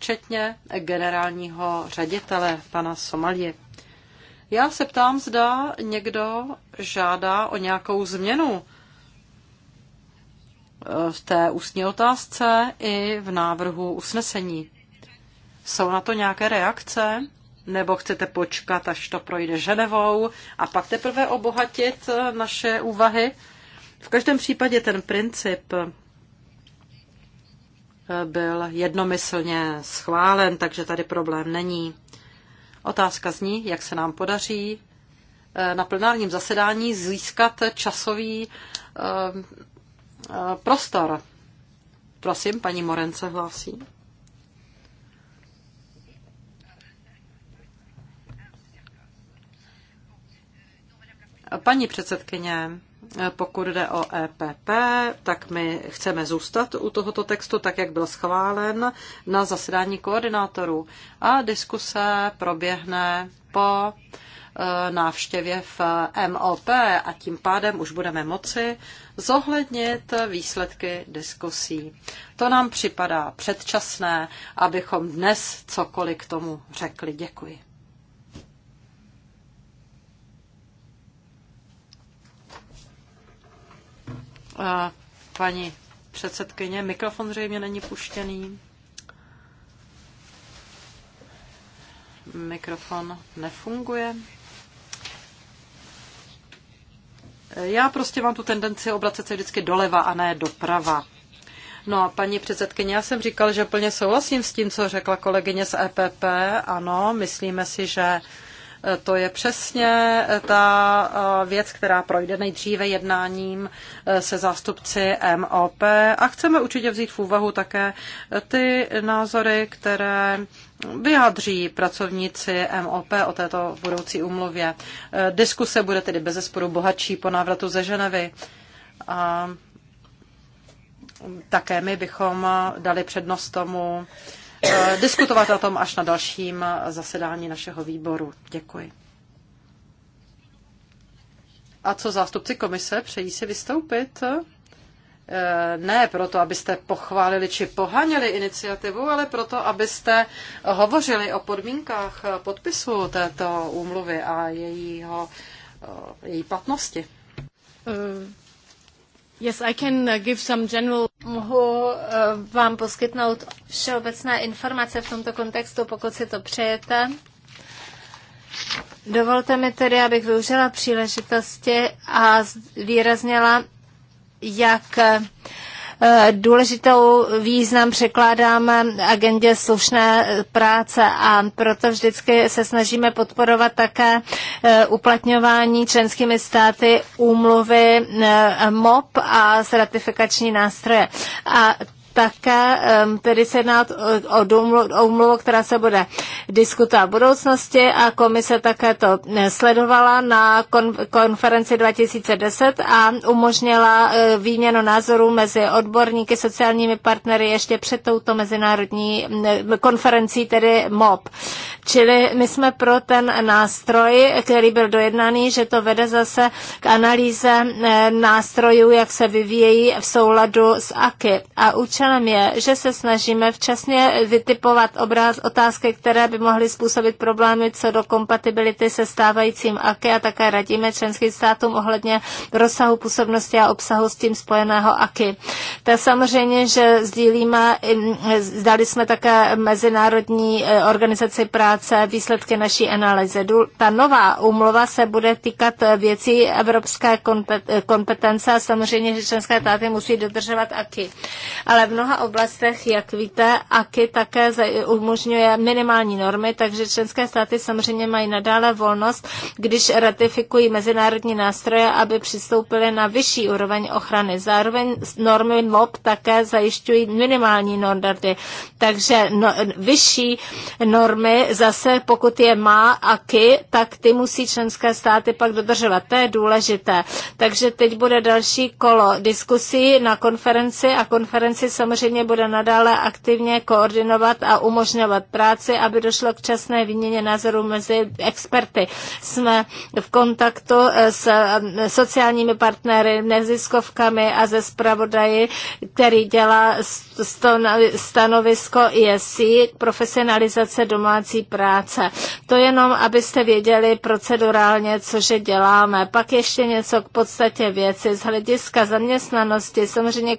včetně generálního ředitele pana Somalie. Já se ptám, zda někdo žádá o nějakou změnu eh, v té ústní otázce i v návrhu usnesení. Jsou na to nějaké reakce? Nebo chcete počkat, až to projde Ženevou a pak teprve obohatit eh, naše úvahy? V každém případě ten princip byl jednomyslně schválen, takže tady problém není. Otázka zní, jak se nám podaří eh, na plenárním zasedání získat časový eh, eh, prostor. Prosím, paní Morence hlásí. Paní předsedkyně, Eh, pokud jde o EPP, tak my chceme zůstat u tohoto textu, tak jak byl schválen na zasedání koordinátorů. A diskuse proběhne po eh, návštěvě v MOP a tím pádem už budeme moci zohlednit výsledky diskusí. To nám připadá předčasné, abychom dnes cokoliv k tomu řekli. Děkuji. Paní předsedkyně, mikrofon zřejmě není puštěný. Mikrofon nefunguje. Já prostě mám tu tendenci obracet se vždycky doleva a ne doprava. No a paní předsedkyně, já jsem říkal, že plně souhlasím s tím, co řekla kolegyně z EPP. Ano, myslíme si, že to je přesně eh, ta eh, věc, která projde nejdříve jednáním eh, se zástupci MOP a chceme určitě vzít v úvahu také ty názory, které vyjádří pracovníci MOP o této budoucí umluvě. Diskuse bude tedy bezesporu bohatší po návratu ze Ženevy. A také my bychom dali přednost tomu, Eh, diskutovat o tom až na dalším eh, zasedání našeho výboru. Děkuji. A co zástupci komise? Přejí si vystoupit? Eh, ne proto, abyste pochválili či pohaněli iniciativu, ale proto, abyste hovořili o podmínkách podpisu této úmluvy a jejího, její platnosti. Yes, I can uh, give some general... Mohu uh, vám poskytnout všeobecné informace v tomto kontextu, pokud si to přejete. Dovolte mi tedy, abych využila příležitosti a výraznila, jak důležitou význam překládáme agendě slušné práce a proto vždycky se snažíme podporovat také eh, uplatňování členskými státy úmluvy eh, MOP a ratifikační nástroje. A také tedy se jedná o, o umluvu, která se bude diskutovat v budoucnosti a komise také to eh, sledovala na konferenci 2010 a umožnila eh, výměnu názorů mezi odborníky, sociálními partnery ještě před touto mezinárodní eh, konferencí, tedy MOB. Čili my jsme pro ten nástroj, který byl dojednaný, že to vede zase k analýze nástrojů, jak se vyvíjejí v souladu s AKY a uč Účelem je, že se snažíme včasně vytipovat obraz otázky, které by mohly způsobit problémy co do kompatibility se stávajícím AKE a také radíme členským státům ohledně rozsahu působnosti a obsahu s tím spojeného AKE. Tak samozřejmě, že sdílíme, zdali jsme také Mezinárodní eh, organizaci práce výsledky naší analýzy. Ta nová úmluva se bude týkat eh, věcí evropské eh, kompetence a samozřejmě, že členské státy musí dodržovat AKE. Ale v mnoha oblastech, jak víte, AKI také umožňuje minimální normy, takže členské státy samozřejmě mají nadále volnost, když ratifikují mezinárodní nástroje, aby přistoupily na vyšší úroveň ochrany. Zároveň normy MOP také zajišťují minimální normy, takže no, vyšší normy zase, pokud je má AKI, tak ty musí členské státy pak dodržovat. To je důležité. Takže teď bude další kolo diskusí na konferenci a konferenci samozřejmě bude nadále aktivně koordinovat a umožňovat práci, aby došlo k časné výměně názorů mezi experty. Jsme v kontaktu eh, s eh, sociálními partnery, neziskovkami a ze zpravodaji, který dělá stanovisko ISI k profesionalizace domácí práce. To jenom, abyste věděli procedurálně, cože děláme. Pak ještě něco k podstatě věci. Z hlediska zaměstnanosti samozřejmě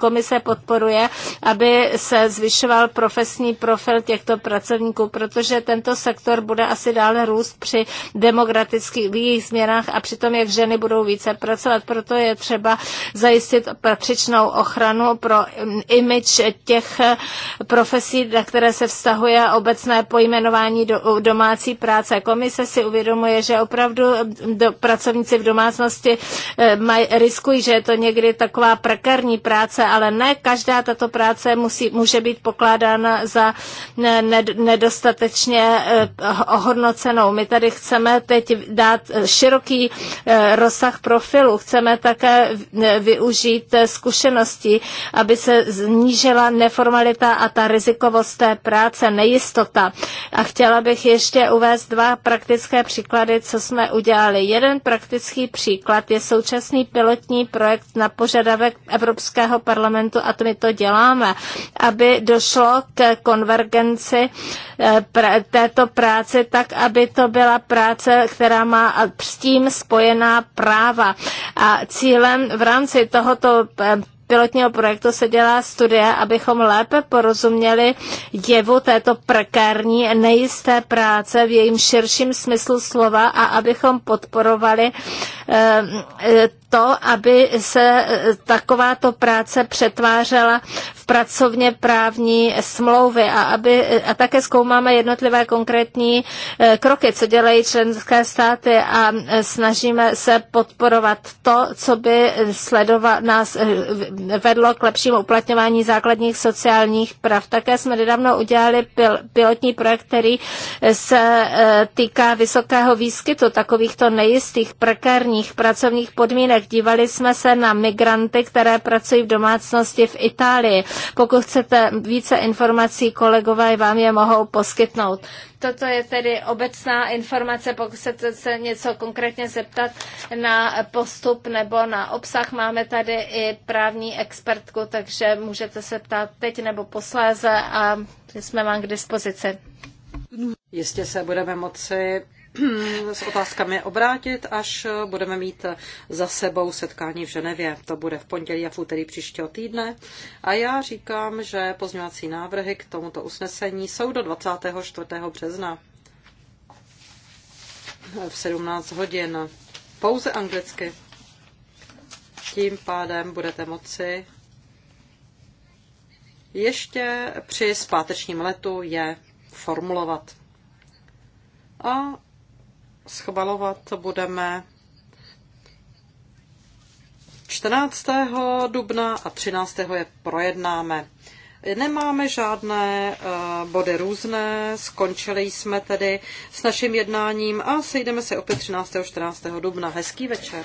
komise podporuje podporuje, aby se zvyšoval profesní profil těchto pracovníků, protože tento sektor bude asi dále růst při demokratických změnách a přitom, jak ženy budou více pracovat. Proto je třeba zajistit patřičnou ochranu pro image těch profesí, na které se vztahuje obecné pojmenování do, domácí práce. Komise si uvědomuje, že opravdu do, pracovníci v domácnosti eh, maj, riskují, že je to někdy taková prekární práce, ale ne každý každá tato práce musí, může být pokládána za nedostatečně eh, ohodnocenou. My tady chceme teď dát eh, široký eh, rozsah profilu, chceme také využít zkušenosti, aby se znížila neformalita a ta rizikovost té práce, nejistota. A chtěla bych ještě uvést dva praktické příklady, co jsme udělali. Jeden praktický příklad je současný pilotní projekt na požadavek Evropského parlamentu a to my to děláme, aby došlo k konvergenci eh, této práce tak, aby to byla práce, která má s tím spojená práva. A cílem v rámci tohoto eh, pilotního projektu se dělá studie, abychom lépe porozuměli jevu této prekární nejisté práce v jejím širším smyslu slova a abychom podporovali eh, eh, to, aby se eh, takováto práce přetvářela v pracovně právní smlouvy a, aby, a také zkoumáme jednotlivé konkrétní kroky, co dělají členské státy a snažíme se podporovat to, co by sledova, nás vedlo k lepšímu uplatňování základních sociálních práv. Také jsme nedávno udělali pil, pilotní projekt, který se e, týká vysokého výskytu takovýchto nejistých, prekérních pracovních podmínek. Dívali jsme se na migranty, které pracují v domácnosti v Itálii. Pokud chcete více informací, kolegové vám je mohou poskytnout. Toto je tedy obecná informace, pokud chcete se něco konkrétně zeptat na postup nebo na obsah, máme tady i právní expertku, takže můžete se ptát teď nebo posléze a jsme vám k dispozici. Jistě se budeme moci Hmm, s otázkami obrátit, až budeme mít za sebou setkání v Ženevě. To bude v pondělí a v úterý příštího týdne. A já říkám, že pozměňovací návrhy k tomuto usnesení jsou do 24. března v 17 hodin. Pouze anglicky. Tím pádem budete moci ještě při zpátečním letu je formulovat. A schvalovat budeme 14. dubna a 13. je projednáme. Nemáme žádné eh, body různé, skončili jsme tedy s naším jednáním a sejdeme se opět 13. a 14. dubna. Hezký večer.